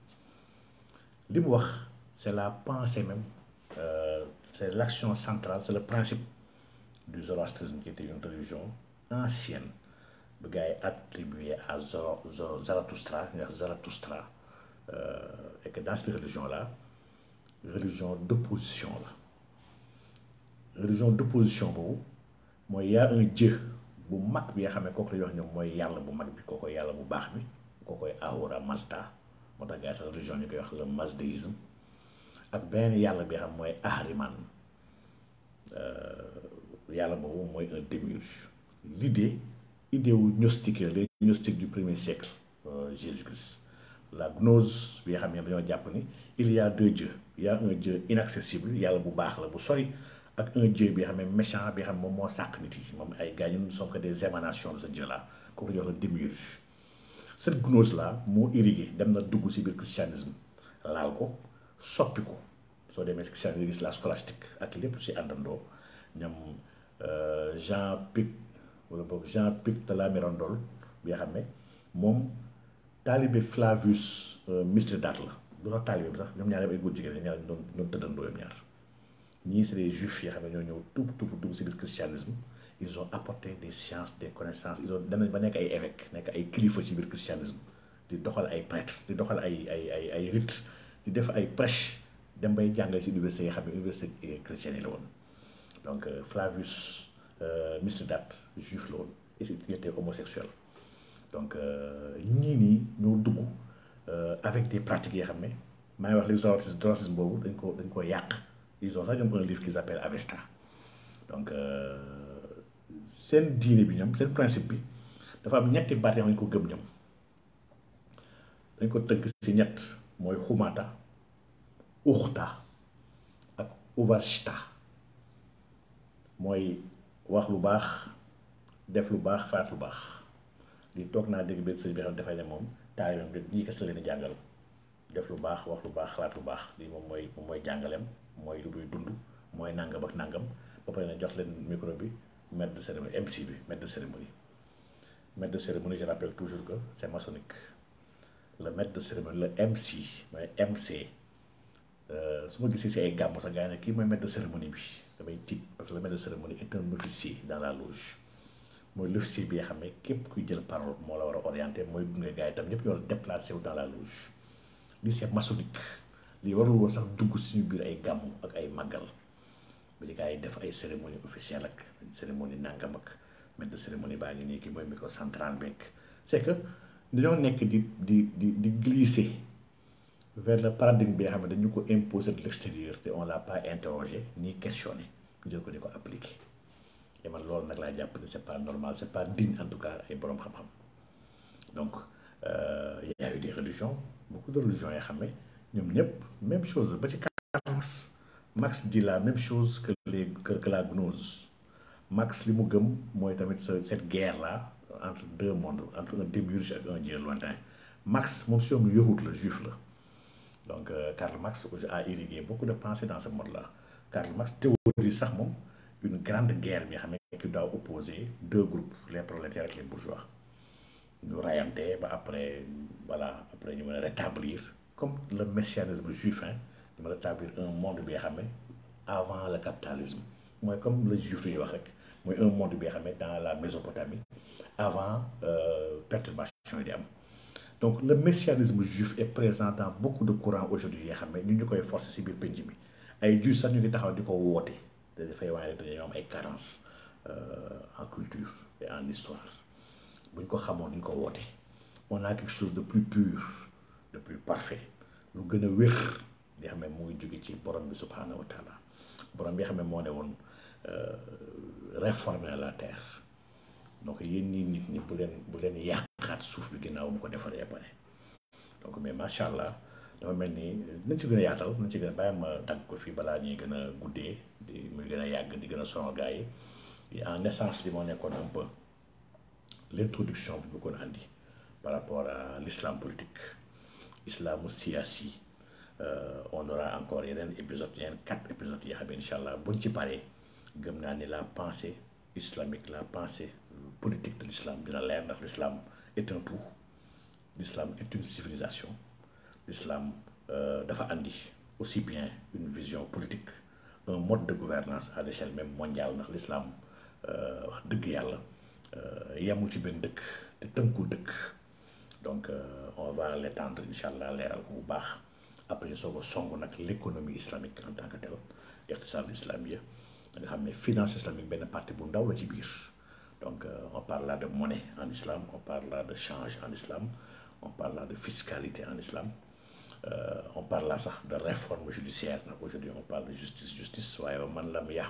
c'est la pensée même euh, c'est l'action centrale c'est le principe du zoroastrisme qui était une religion ancienne qui à Zoro Zarathustra euh, et que dans cette religion là religion d'opposition religion d'opposition il y a un dieu bu mag bi nga xam ne kooku la ñuy wax ñoom bu mag bi kooku yalla bu baax bi Ahura Mazda moo tax gars yi sax religion ñu koy wax le mazdéisme ak benn yàlla bi xam mooy ahriman euh, yàlla boobu mooy un démiurge l'idée idée wu gnostique les gnostiques du premier siècle euh, Jésus-Christ la gnose bi nga xam ne dañoo jàpp ni il y a deux dieux il y a un dieu inaccessible yàlla bu baax la bu sori ak un dieu bi nga xam ne méchant bi nga xam moom moo sàq nit yi moom ay gars ñun nous que des émanations de ce dieu là kooku ñu wax la démiurge cette gnose là mo irrigué dem na dugg si biir christianisme laal ko soppi ko so demee si christianisme la scolastique ak lépp si àndandoo ñoom euh, Jean Pic wala boog Jean Pic de la Mirandole bi nga mom ne moom taalibe Flavius euh, Mithridate la du la taalibe sax ñoom ñaar ay góor jigéen ñaar ñoom ñoom tëddandoo ñoom ñaar ni c'est les juifs yi xamé ñoo ñëw tuub tuub dugg ci bir christianisme ils ont apporté des sciences des connaissances ils ont dem nañ ba nekk ay évêques nekk ay kilifa ci biir christianisme di doxal ay prêtres di doxal ay ay ay ay rites di def ay prêches dem bay jàngale ci université yi xam chrétienne la woon donc euh, Flavius euh, Mithridate juif la et et une était homosexuel donc euh, ñii nii ñoo dugg avec des pratiques yoo xam ne maa ngi wax li zoroastisme zoroastisme boobu dañ ko dañ ko yàq ils ont sax ñoom un livre qu'ils appellent Avesta donc sen diine bi sen sen principe bi dafa am ñetti baat yoo ko gëm ñoom dañ ko tegg ci ñett moy khumata ukhta ak uvashta moy wax lu baax def lu baax faat lu baax li tok na dégg be sëñ bi xam dafay ne moom taayam bi ñii kese la leen def lu baax wax lu baax xalat lu baax mom moy moy jangalem moy lu dund nangam ak nangam ba pare na jox len micro bi maître de cérémonie MC bi maître de cérémonie maître de cérémonie je rappelle toujours que c'est maçonnique le maître de cérémonie le MC mais MC euh, su ma gisee si c'est un gars, moi, ça gagne qui est maître de cérémonie bi damay tiit parce que le maître de cérémonie est un officier dans la loge mooy l'officier bien nga xam ne képp kuy jël parole moi, la war a orienté mooy gunge gars yi tam ñëpp ñoo la dans la loge Lui, c'est maçonnique li warul woon sax dugg suñu biir ay gàmm ak ay màggal mais y a yi def ay cérémonie officielle cérémonies cérémonie nangamak, mais cérémonies de cérémonie baa micro central c'est que nous avons di di glisser vers le paradigme bi nga xam de l'extérieur et on l'a pas interrogé ni questionné Nous ko appliqué. ko appliquer Et man c'est pas normal c'est pas digne en tout cas ay borom donc il euh, y a eu des religions beaucoup de religions yoo xam ne la même chose ba ci Max dit la même chose que, les, que, la gnose. Max, li mu cette guerre là entre deux mondes entre un démiurge et un dieu lointain Max, mon si lu yahut le juif là. donc euh, Karl Marx a irrigué beaucoup de pensées dans ce monde là Karl Marx théorise sax une grande guerre qui doit opposer deux groupes les prolétaires et les bourgeois Nous réintégrer, après voilà après rétablir comme le messianisme juif hein ma rétablir un monde de nga avant le capitalisme moi comme le juif il wax rek un monde de nga dans la Mésopotamie avant euh, perturbation donc le messianisme juif est présent dans beaucoup de courants aujourd'hui yi avons une force ñu koy forcer dit que nous bi ay juif sax ñu ngi taxaw di ko euh, en culture et en histoire buñ ko xamoon duñ on a quelque chose de plus pur de plus parfait lu li xamé moy mu ci borom bi subhanahu wa taala borom bi xamé mo né won euh réformer la terre donc yéen ni nit ñi bu leen bu leen yàqaat suuf bi ginnaaw mu ko défaré pare donc mais machallah dama melni mel nañ ci gën yaatal nañ ci gën bayam bàyyi ma dagg ko fi bala ñi gëna guddé di muy gëna a di gëna a sonal gars yi en essence li moo nekkoon un peu l'introduction bi bu ko andi par rapport à l'islam politique islam siyasi euh, on aura encore une épisode, yeneen quatre épisodes il y a incha allah buñ ci la pensée islamique la pensée politique de l'islam la l'ère l'islam est un tout l'islam est une civilisation l'islam euh, dafa andi aussi bien une vision politique un mode de gouvernance à l'échelle même mondiale ndax l'islam de euh, dëgg y a ci de, dëkk te tënkul dëkk donc on va l'étendre incha allah leeral après soo ko a nag l'économie islamique en tant que tel ça islamia on a finance islamique ben partie bu ndaw la ci donc euh, on parle là de monnaie en islam on parle là de change en islam on parle là de fiscalité en islam euh, on parle là de réforme judiciaire aujourd'hui on parle de justice justice waaye man lam y a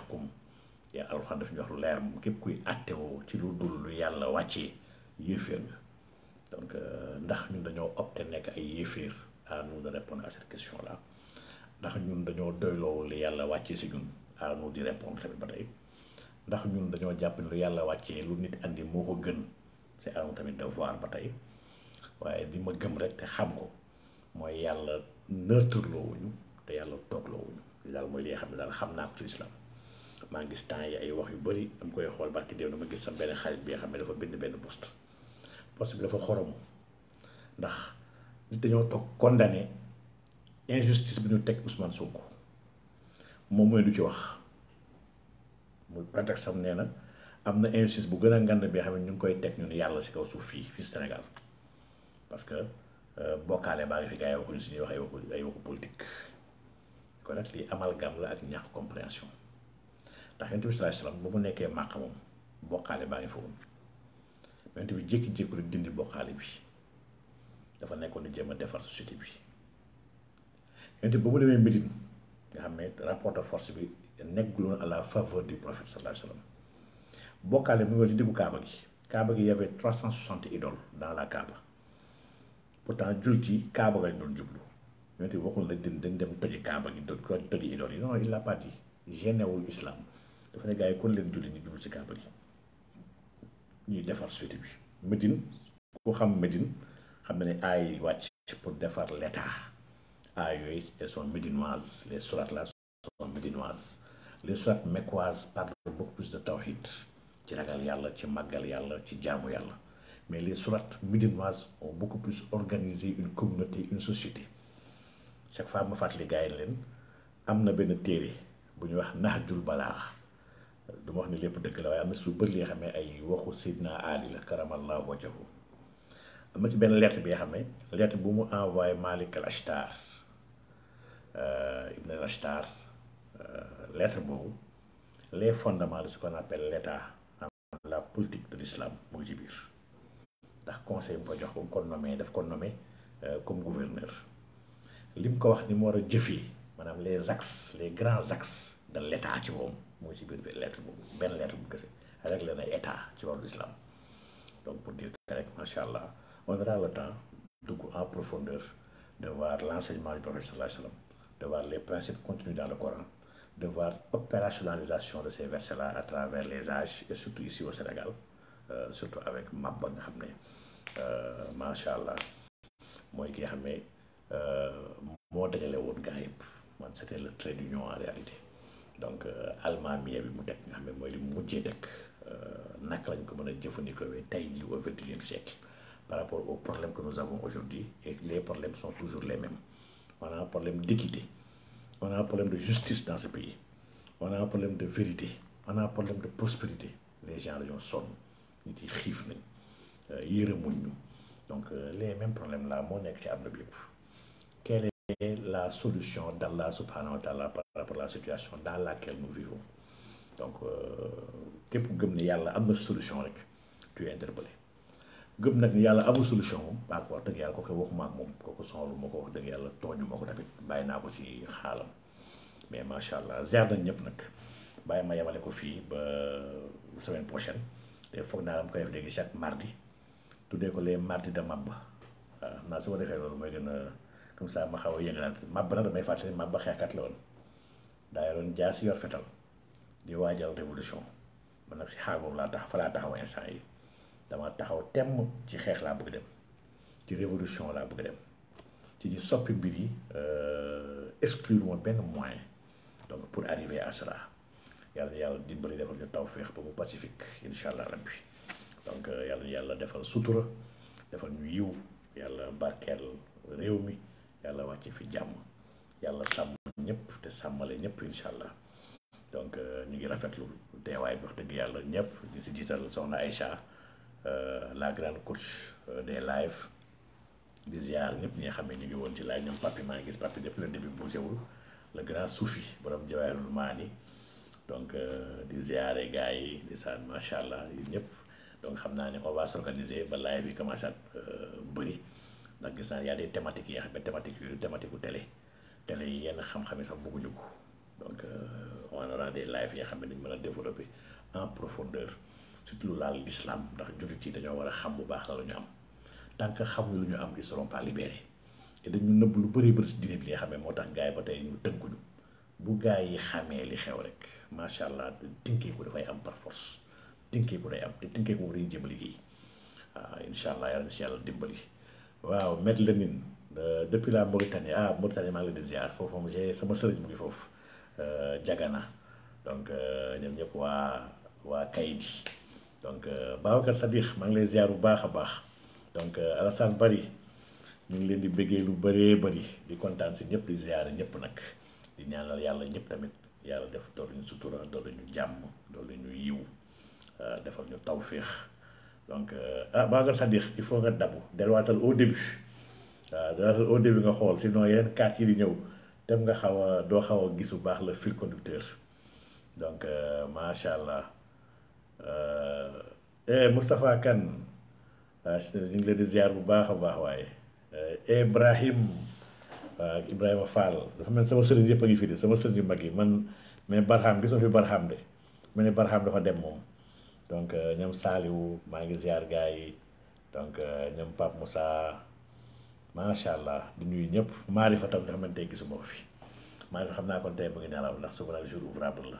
alxuraan daf ñu wax lu leer moom képp kuy attewoo ci lu dul lu donc euh, ndax ñun obtenir opté nekk ay à nous de répondre à cette question là ndax ñun dañoo doyloo li yàlla wàccee si ñun à di répondre tamit ba tey ndax ñun dañoo jàpp lu yàlla wàccee lu nit andi moo ko gën c'est à nous tamit de voir ba tey waaye li ma gëm rek te xam ko mooy yàlla nërtërloo wuñu te yàlla toogloo wuñu li daal mooy li nga xam ne daal xam naa ko ci islam maa ngi gis temps yi ay wax yu bëri am koy xool barki déew na ma gis sam benn xarit bi xam ne dafa bind benn post post bi dafa dañoo toog condamné injustice bi ñu teg Ousmane Sonko moom mooy du ci wax muy prétexte am nee na am na injustice bu gën a ngand bi xam ne ñu ngi koy teg ñun yàlla si kaw suuf fii fii Sénégal parce que euh, bokkaale baa ngi fi gars yi waxuñu suñuy wax ay waxu ay waxu politique kon nag lii amalgame la ak ñàkk compréhension ndax yonent bi sallallahu alayhi wasallam ba mu nekkee màq moom bokkaale baa ngi fa woon yonent bi jékki-jékki dindi bokkaale bi. dafa nekkoon di jéem a defar société bi yonent bi ba mu demee Médine nga xam ne rapport de force bi nekkul à la faveur du prophète sallallahu alayhi wa sallam bokkaale mu ngi ci diggu Kaaba gi Kaaba gi y avait trois cent soixante idoles dans la Kaaba pourtant jullit yi Kaaba gañ doon jublu yonent bi waxul na dañ dem toji Kaaba gi doon ko toji idoles yi non il l'a pas dit génnewul islam dafa ne gars yi kon leen julli ñu jublu ci Kaaba gi ñuy defar société bi medine ku xam medine xamné nga wacc pour défaire l'État. état et son médinoise les sourates là sont médinoises les sourates mecquoises parlent beaucoup plus de tawhid ci ragal yalla ci magal yalla ci yalla mais les sourates médinoises ont beaucoup plus organisé une communauté une société chaque fois ma fàttali gars yi leen am na benn téere wax Nahjul balagh duma wax ni lepp dëgg la way amna su si xamé ay waxu sidna Ali la karamallahu am ci benn lettre bi nga xam ne lettre bu mu envoyé Malik al Ashtar euh, Ibn al Ashtar euh, lettre boobu les fondements de ce qu'on appelle l'état la politique de l'islam mu ngi ci biir ndax conseil bu ko euh, li mu ko wax ni mu war a jëfee maanaam les axes les grands axes de l'état ci moom mu ci biir lettre boobu benn lettre bu kese rek leen ay état ci wàllu islam donc pour dire que rek macha allah. on aura le temps de en profondeur de voir l'enseignement du prophète, de voir les principes contenus dans le Coran, de voir l'opérationnalisation de ces versets-là à travers les âges, et surtout ici au Sénégal, euh, surtout avec Mabon, euh, Masha'Allah, moi qui c'était le trait d'union en réalité donc euh, euh, au siècle par rapport aux problèmes que nous avons aujourd'hui et les problèmes sont toujours les mêmes. On a un problème d'équité, on a un problème de justice dans ce pays, on a un problème de vérité, on a un problème de prospérité. Les gens ils sont ils yi euh, donc euh, les mêmes problèmes là mon nekk ci Quelle est la solution d'Allah subhanahu wa taala par rapport à la situation dans laquelle nous vivons donc euh, képp est la solution tu es interpellé. gëm nak ni yalla amu solution ba ko wax yalla ko ko waxuma ak moom ko sonlu ma ko wax deug yalla toñu mako tamit bayina ko ci xalam mais ma sha allah ziar nañ ñëpp nag bàyyi ma ko fi ba semaine prochaine té fokk na am ko def deug chaque mardi tudé ko les mardi de mabba na naa su ma defee loolu mooy comme ça ma xaw a mabba na damay faté mabba xeexkat la won da yaron jaasi yor fétal di wajal révolution man nak ci xagum la tax fa tax taxaw instant yi dama taxaw tem ci xex la bëgg dem ci révolution la bëgg dem ci ñu soppi mbir yi euh, exclure mo ben moyen donc pour arriver à cela yalla yalla dimbali defal ñu tawfiq féex ba mu pacifique inshallah rabbi donc euh, yalla yalla defal sutura defal ñu yiw yalla barkel rew mi yalla wacc fi jamm yalla sam ñëpp te samale ñëpp inshallah donc euh, ñu ngi rafetlu teewaay bi wax dëgg yalla ñëpp di si jiital soxna Aïcha Euh, la grande coach euh, des lives di ziar ñëpp ñi nga xam ne ñu ngi woon ci live ñoom papi maa gis papi depuis le début bougé wul le grand soufi borom jawaayirul maani donc euh, di ziare gars yi di saan macha allah yi ñëpp donc xam naa ne on va s'organiser ba live bi commencé at bëri ndax gis naa y a des yi nga xam ne thématique yu thématique u télé télé yi yenn xam-xam yi sax bëgguñu ko donc on aura de live yi nga xam ne dañ mën a développer en profondeur surtout lu laal l'islam ndax jullit yi dañoo war xam bu baax la lu ñu am tant que xamuñu lu ñu am ils seront pas libérés et dañu neub lu bëri bëri ci diine bi nga xamé motax gaay tax gars yi ba tey ñu tënkuñu bu gaay yi xamé li xew rek ma sha allah dinké ko dafay am par force dinké ko day am te dinké ko dañu jëm liggéey ah insha allah yàlla si yalla dimbali waaw met lenin euh, depuis la Mauritanie ah Mauritanie ma ngi leen di ziar fofu moom jé sama sëriñ mu ngi fofu euh jagana donc euh, ñoom ñep wa wa kaydi donc euh, Babacar Sadikh maa ngi lay ziar bu baax a baax donc euh, Alassane Bari ñu ngi leen di bëggee lu bëree bëri di kontaan si ñëpp di ziar ñëpp nag di ñaanal yàlla ñëpp tamit yàlla def doolu ñu sutura doolu ñu jàmm doolu ñu yiw euh, defal ñu tawféex donc ah Babacar Sadikh il faut nga dabu delluwaatal au début waaw delluwaatal au début nga xool si sinon yeneen carte yi di ñëw dem nga xaw a doo xaw a gis bu baax la fil conducteur donc macha allah. e Moustapha Kane waa ah, ñu ngi leen di ziar bu baax a baax waaye eh, Ibrahim waaw ah, Ibrahima Fall dafa mel sama sëriñ yëpp a ngi fi de sama sëriñ yu mag yi man mais Barham gisuma fi Barham de ma ni Barham dafa dem moom donc euh, ñoom Saliou maa ngi ziar gars yi donc euh, ñoom Pape Moussa macha allah di nuyu ñëpp maarifa tam nga xamante ne gisuma ko fi a xam naa kon tey mu ngi nelaw ndax suba nag jour ouvrable la.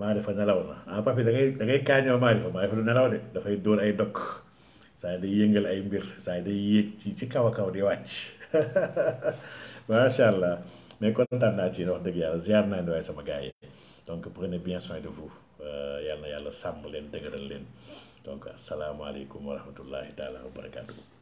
maa defa nelaw na ah papi da ngay da ngay kaañoo maa dafa maa dafa du nelaw de dafay dóor ay dog saa day yëngal ay mbir saa day yéeg ci ci kaw a kaw di wàcc [laughs] macha allah mais kontaan naa ci wax dëgg yàlla ziar naa ni waaye sama gars yi donc prenez bien soin de vous euh, yàlla yàlla sàmm leen dëgëral leen donc asalaamaaleykum wa rahmatullahi taala wa